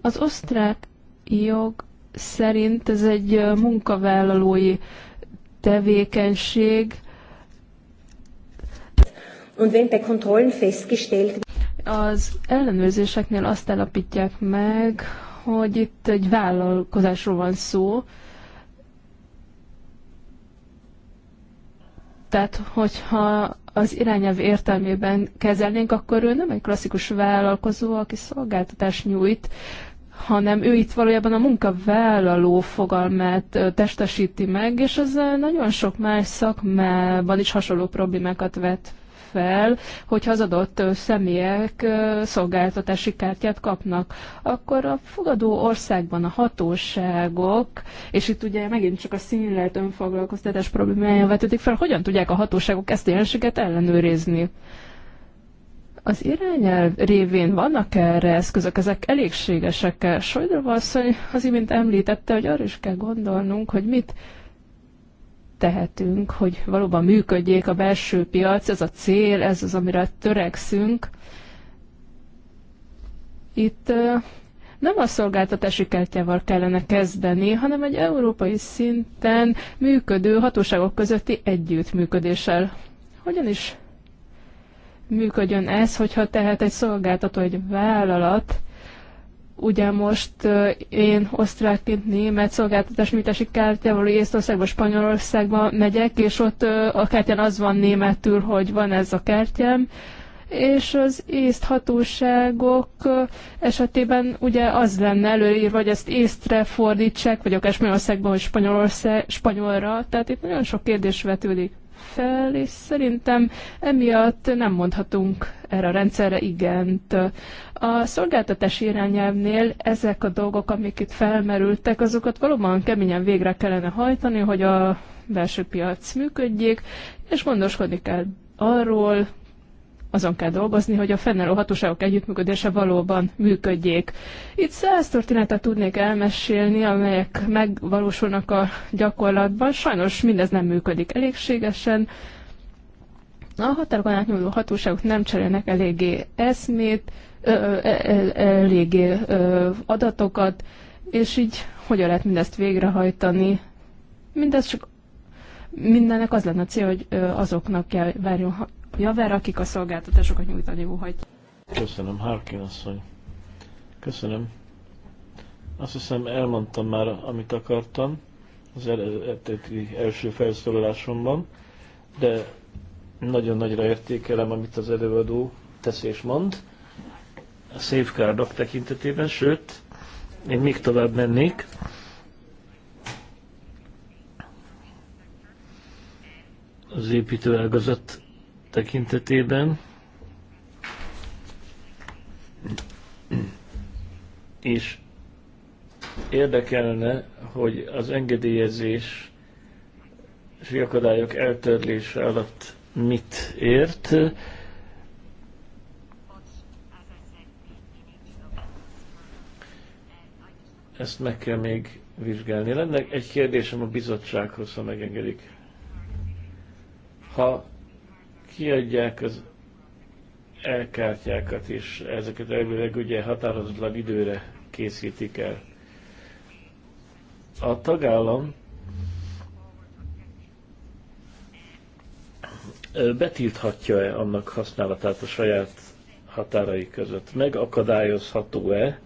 az osztrák jog szerint ez egy munkavállalói tevékenység. Und wenn bei Kontrollen festgestellt az ellenőrzéseknél azt állapítják meg, hogy itt egy vállalkozásról van szó, Tehát, hogyha az irányelv értelmében kezelnénk, akkor ő nem egy klasszikus vállalkozó, aki szolgáltatást nyújt, hanem ő itt valójában a munkavállaló fogalmát testesíti meg, és ez nagyon sok más szakmában is hasonló problémákat vet fel, hogyha az adott személyek szolgáltatási kártyát kapnak, akkor a fogadó országban a hatóságok, és itt ugye megint csak a színlelt önfoglalkoztatás problémája vetődik fel, hogyan tudják a hatóságok ezt a jelenséget ellenőrizni? Az irányelv révén vannak erre eszközök, ezek elégségesek-e? Sojdrova asszony az imént említette, hogy arra is kell gondolnunk, hogy mit tehetünk, hogy valóban működjék a belső piac, ez a cél, ez az, amire törekszünk. Itt nem a szolgáltatási kártyával kellene kezdeni, hanem egy európai szinten működő hatóságok közötti együttműködéssel. Hogyan is működjön ez, hogyha tehet egy szolgáltató, egy vállalat Ugye most én osztrákként német szolgáltatás nyújtási kártyával Észtországba, Spanyolországba megyek, és ott a kártyán az van németül, hogy van ez a kártyám, és az észt hatóságok esetében ugye az lenne előírva, hogy ezt észtre fordítsák, vagy akár Spanyolországban, vagy Spanyolország, spanyolra, tehát itt nagyon sok kérdés vetődik fel, és szerintem emiatt nem mondhatunk erre a rendszerre igent. A szolgáltatási irányelvnél ezek a dolgok, amik itt felmerültek, azokat valóban keményen végre kellene hajtani, hogy a belső piac működjék, és gondoskodni kell arról, azon kell dolgozni, hogy a fennálló hatóságok együttműködése valóban működjék. Itt száz történetet tudnék elmesélni, amelyek megvalósulnak a gyakorlatban. Sajnos mindez nem működik elégségesen. A határokon átnyúló hatóságok nem cserélnek eléggé eszmét, e, e, eléggé adatokat, és így hogyan lehet mindezt végrehajtani. Mindez csak mindennek az lenne a cél, hogy azoknak kell várjon javára, akik a szolgáltatásokat nyújtani hogy. Köszönöm, Harkin asszony. Köszönöm. Azt hiszem elmondtam már, amit akartam az eredeti első felszólalásomban, de nagyon nagyra értékelem, amit az előadó tesz és mond a safeguardok tekintetében, sőt, én még tovább mennék. Az építőágazat tekintetében, és érdekelne, hogy az engedélyezés és akadályok eltörlése alatt mit ért. Ezt meg kell még vizsgálni. Lenne egy kérdésem a bizottsághoz, ha megengedik. Ha kiadják az elkártyákat, és ezeket elvileg ugye határozatlan időre készítik el. A tagállam betilthatja-e annak használatát a saját határai között? Megakadályozható-e,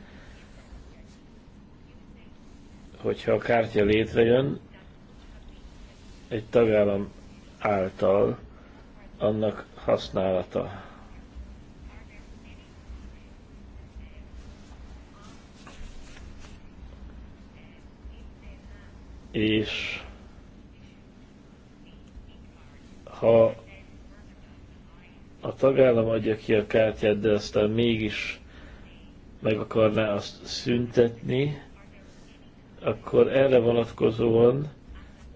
hogyha a kártya létrejön egy tagállam által, annak használata. És ha a tagállam adja ki a kártyát, de aztán mégis meg akarná azt szüntetni, akkor erre vonatkozóan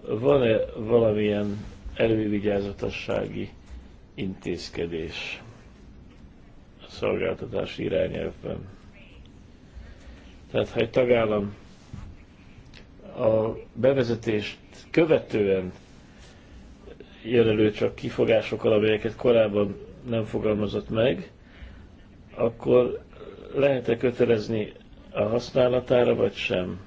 van-e valamilyen elővigyázatossági intézkedés a szolgáltatás irányelvben. Tehát ha egy tagállam a bevezetést követően jön elő csak kifogásokkal, amelyeket korábban nem fogalmazott meg, akkor lehet-e kötelezni a használatára, vagy sem?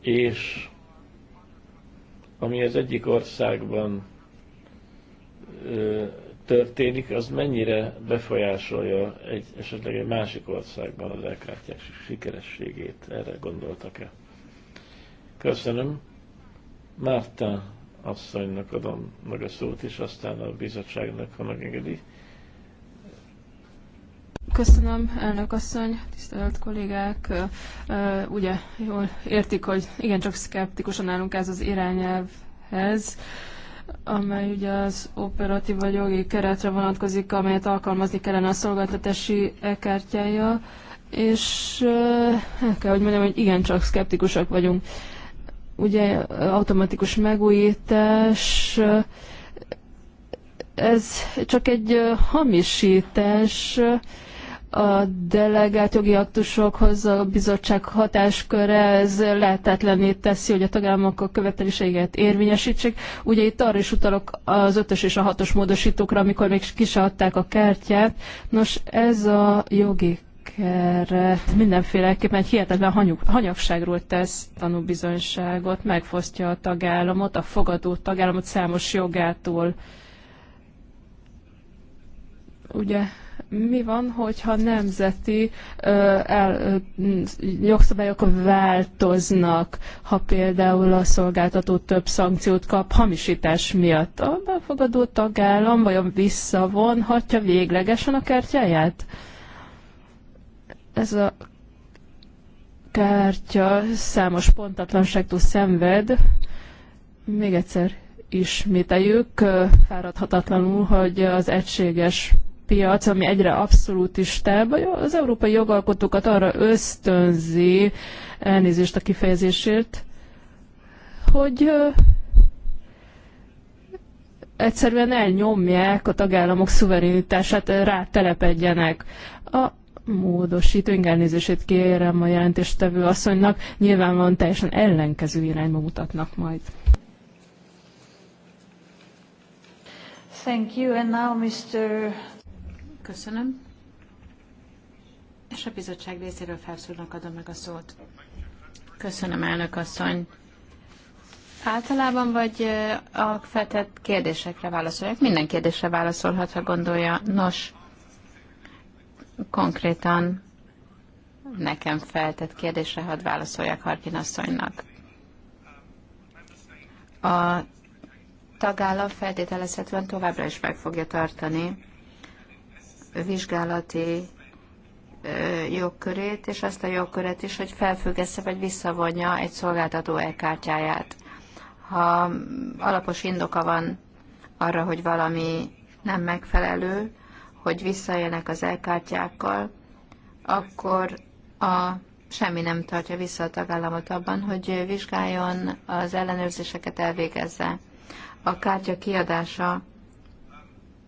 És ami az egyik országban ö, történik, az mennyire befolyásolja egy, esetleg egy másik országban az elkártyák sikerességét? Erre gondoltak-e? Köszönöm. Márta asszonynak adom meg a szót, és aztán a bizottságnak, ha megengedi. Köszönöm, elnök asszony, tisztelt kollégák. Ugye jól értik, hogy igencsak szkeptikusan állunk ez az irányelvhez amely ugye az operatív vagy jogi keretre vonatkozik, amelyet alkalmazni kellene a szolgáltatási e-kártyája, és el kell, hogy mondjam, hogy igencsak szkeptikusak vagyunk. Ugye automatikus megújítás, ez csak egy hamisítás, a delegált jogi aktusokhoz a bizottság hatásköre, ez lehetetlené teszi, hogy a tagállamok a követeléseiket érvényesítsék. Ugye itt arra is utalok az ötös és a hatos módosítókra, amikor még ki se adták a kártyát. Nos, ez a jogi keret mindenféleképpen egy hihetetlen hanyug, hanyagságról tesz tanúbizonyságot, megfosztja a tagállamot, a fogadó tagállamot számos jogától ugye mi van, hogyha nemzeti ö, el, ö, jogszabályok változnak, ha például a szolgáltató több szankciót kap hamisítás miatt? A befogadó tagállam vajon visszavonhatja véglegesen a kártyáját? Ez a kártya számos pontatlanságtól szenved. Még egyszer ismételjük fáradhatatlanul, hogy az egységes piac, ami egyre abszolútistább, az európai jogalkotókat arra ösztönzi, elnézést a kifejezésért, hogy egyszerűen elnyomják a tagállamok szuverenitását, rátelepedjenek. A módosító elnézését kérem a jelentéstevő asszonynak, nyilvánvalóan teljesen ellenkező irányba mutatnak majd. Thank you, and now Mr. Köszönöm. És a bizottság részéről felszólnak adom meg a szót. Köszönöm, elnök asszony. Általában vagy a feltett kérdésekre válaszolják? Minden kérdésre válaszolhat, ha gondolja. Nos, konkrétan nekem feltett kérdésre hadd válaszoljak Harkin asszonynak. A tagállam feltételezhetően továbbra is meg fogja tartani vizsgálati jogkörét, és azt a jogköret is, hogy felfüggesse vagy visszavonja egy szolgáltató e-kártyáját. Ha alapos indoka van arra, hogy valami nem megfelelő, hogy visszaélnek az elkártyákkal, akkor a, semmi nem tartja vissza a tagállamot abban, hogy vizsgáljon, az ellenőrzéseket elvégezze. A kártya kiadása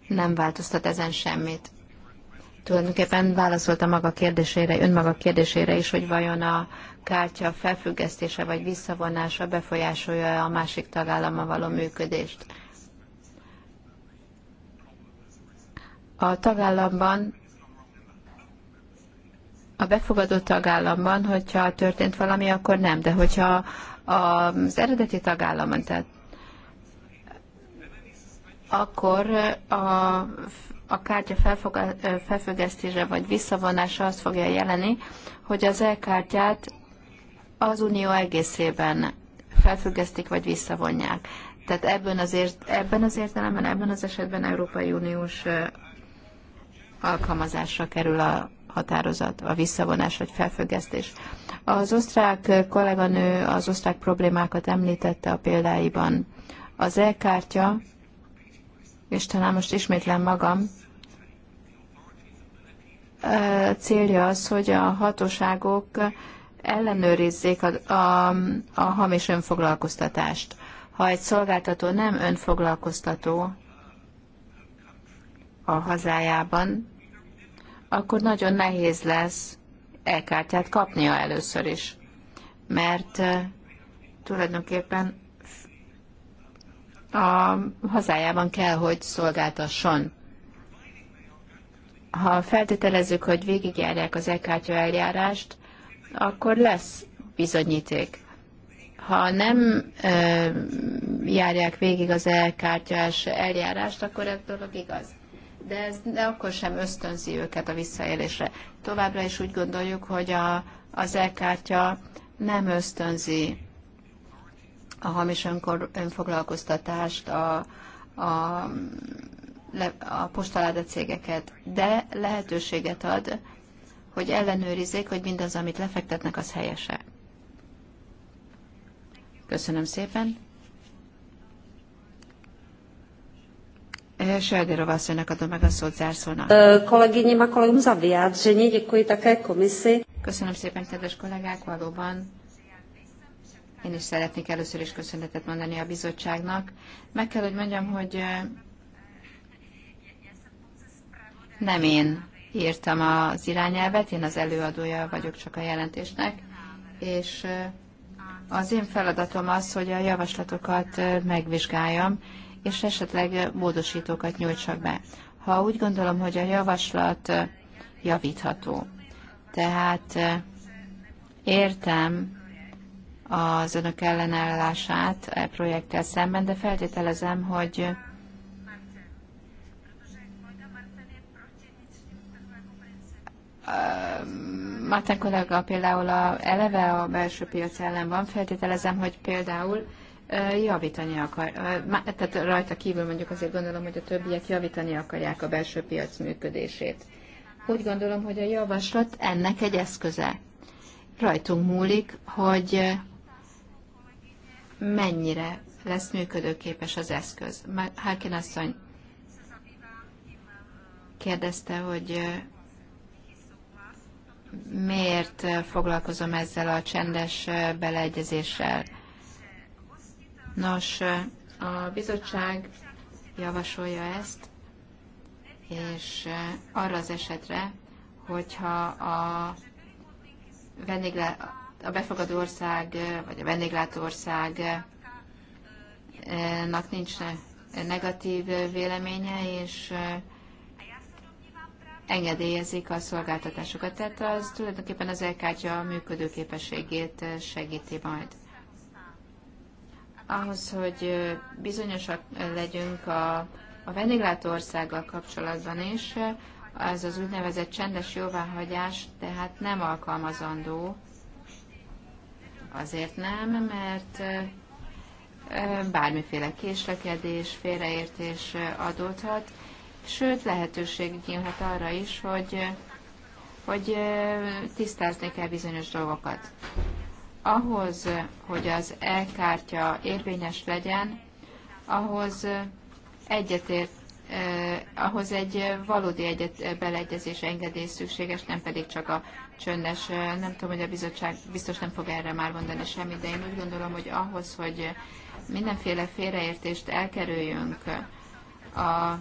nem változtat ezen semmit tulajdonképpen válaszolta maga kérdésére, önmaga kérdésére is, hogy vajon a kártya felfüggesztése vagy visszavonása befolyásolja a másik tagállama való működést. A tagállamban a befogadó tagállamban, hogyha történt valami, akkor nem, de hogyha az eredeti tagállamban, tehát akkor a a kártya felfüggesztése vagy visszavonása azt fogja jelenni, hogy az e-kártyát az unió egészében felfüggesztik vagy visszavonják. Tehát ebben az, ért, ebben az értelemben, ebben az esetben Európai Uniós alkalmazásra kerül a határozat, a visszavonás vagy felfüggesztés. Az osztrák kolléganő az osztrák problémákat említette a példáiban. Az e-kártya és talán most ismétlem magam, célja az, hogy a hatóságok ellenőrizzék a, a, a hamis önfoglalkoztatást. Ha egy szolgáltató nem önfoglalkoztató a hazájában, akkor nagyon nehéz lesz e-kártyát kapnia először is, mert tulajdonképpen a hazájában kell, hogy szolgáltasson. Ha feltételezzük, hogy végigjárják az e-kártya eljárást, akkor lesz bizonyíték. Ha nem ö, járják végig az elkártyás eljárást, akkor ez dolog igaz. De ez de akkor sem ösztönzi őket a visszaélésre. Továbbra is úgy gondoljuk, hogy a, az elkártya nem ösztönzi a hamis önkor, önfoglalkoztatást, a, a, a postaláda cégeket, de lehetőséget ad, hogy ellenőrizzék, hogy mindaz, amit lefektetnek, az helyese. Köszönöm szépen. Šelderova asszonynak adom meg a szót zárszónak. Kolegyním a kolegům za vyjádření, děkuji také komisi. Köszönöm szépen, kedves kollégák, valóban én is szeretnék először is köszönetet mondani a bizottságnak. Meg kell, hogy mondjam, hogy nem én írtam az irányelvet, én az előadója vagyok csak a jelentésnek, és az én feladatom az, hogy a javaslatokat megvizsgáljam, és esetleg módosítókat nyújtsak be. Ha úgy gondolom, hogy a javaslat javítható, tehát értem az önök ellenállását e projekttel szemben, de feltételezem, hogy Máten kollega például a, eleve a belső piac ellen van, feltételezem, hogy például javítani akar, tehát rajta kívül mondjuk azért gondolom, hogy a többiek javítani akarják a belső piac működését. Úgy gondolom, hogy a javaslat ennek egy eszköze. Rajtunk múlik, hogy mennyire lesz működőképes az eszköz. Hákin asszony kérdezte, hogy miért foglalkozom ezzel a csendes beleegyezéssel. Nos, a bizottság javasolja ezt, és arra az esetre, hogyha a vendégle, a befogadó ország, vagy a vendéglátó országnak eh, nincs negatív véleménye, és eh, engedélyezik a szolgáltatásokat. Tehát az tulajdonképpen az elkártya működőképességét eh, segíti majd. Ahhoz, hogy bizonyosak legyünk a, a vendéglátó országgal kapcsolatban is, az az úgynevezett csendes jóváhagyás, tehát nem alkalmazandó Azért nem, mert bármiféle késlekedés, félreértés adódhat, sőt lehetőség nyílhat arra is, hogy, hogy tisztázni kell bizonyos dolgokat. Ahhoz, hogy az e-kártya érvényes legyen, ahhoz egyetért, eh, ahhoz egy valódi egyet, beleegyezés engedély szükséges, nem pedig csak a csöndes. Nem tudom, hogy a bizottság biztos nem fog erre már mondani semmit, de én úgy gondolom, hogy ahhoz, hogy mindenféle félreértést elkerüljünk a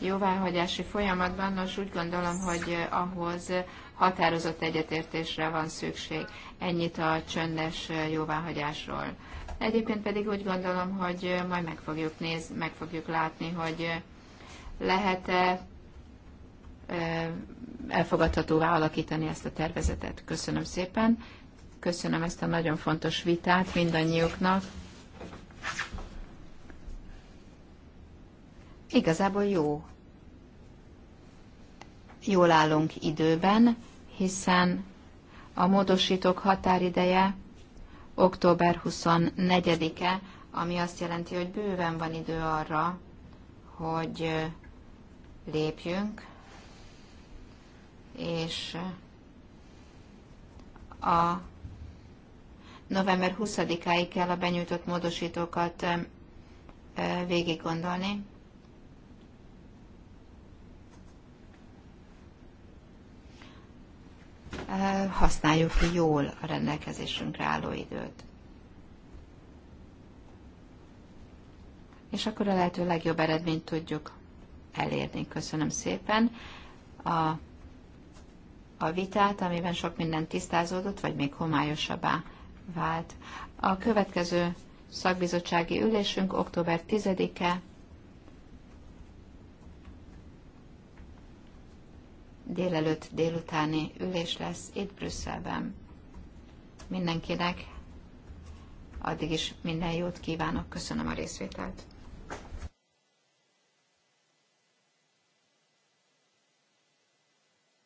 jóváhagyási folyamatban, nos úgy gondolom, hogy ahhoz határozott egyetértésre van szükség. Ennyit a csöndes jóváhagyásról. Egyébként pedig úgy gondolom, hogy majd meg fogjuk nézni, meg fogjuk látni, hogy lehet-e elfogadhatóvá alakítani ezt a tervezetet. Köszönöm szépen, köszönöm ezt a nagyon fontos vitát mindannyiuknak. Igazából jó. Jól állunk időben, hiszen a módosítók határideje október 24-e, ami azt jelenti, hogy bőven van idő arra, hogy lépjünk és a november 20-áig kell a benyújtott módosítókat végig gondolni. Használjuk jól a rendelkezésünkre álló időt. És akkor a lehető legjobb eredményt tudjuk elérni. Köszönöm szépen. A a vitát, amiben sok minden tisztázódott, vagy még homályosabbá vált. A következő szakbizottsági ülésünk október 10-e délelőtt délutáni ülés lesz itt Brüsszelben. Mindenkinek addig is minden jót kívánok, köszönöm a részvételt.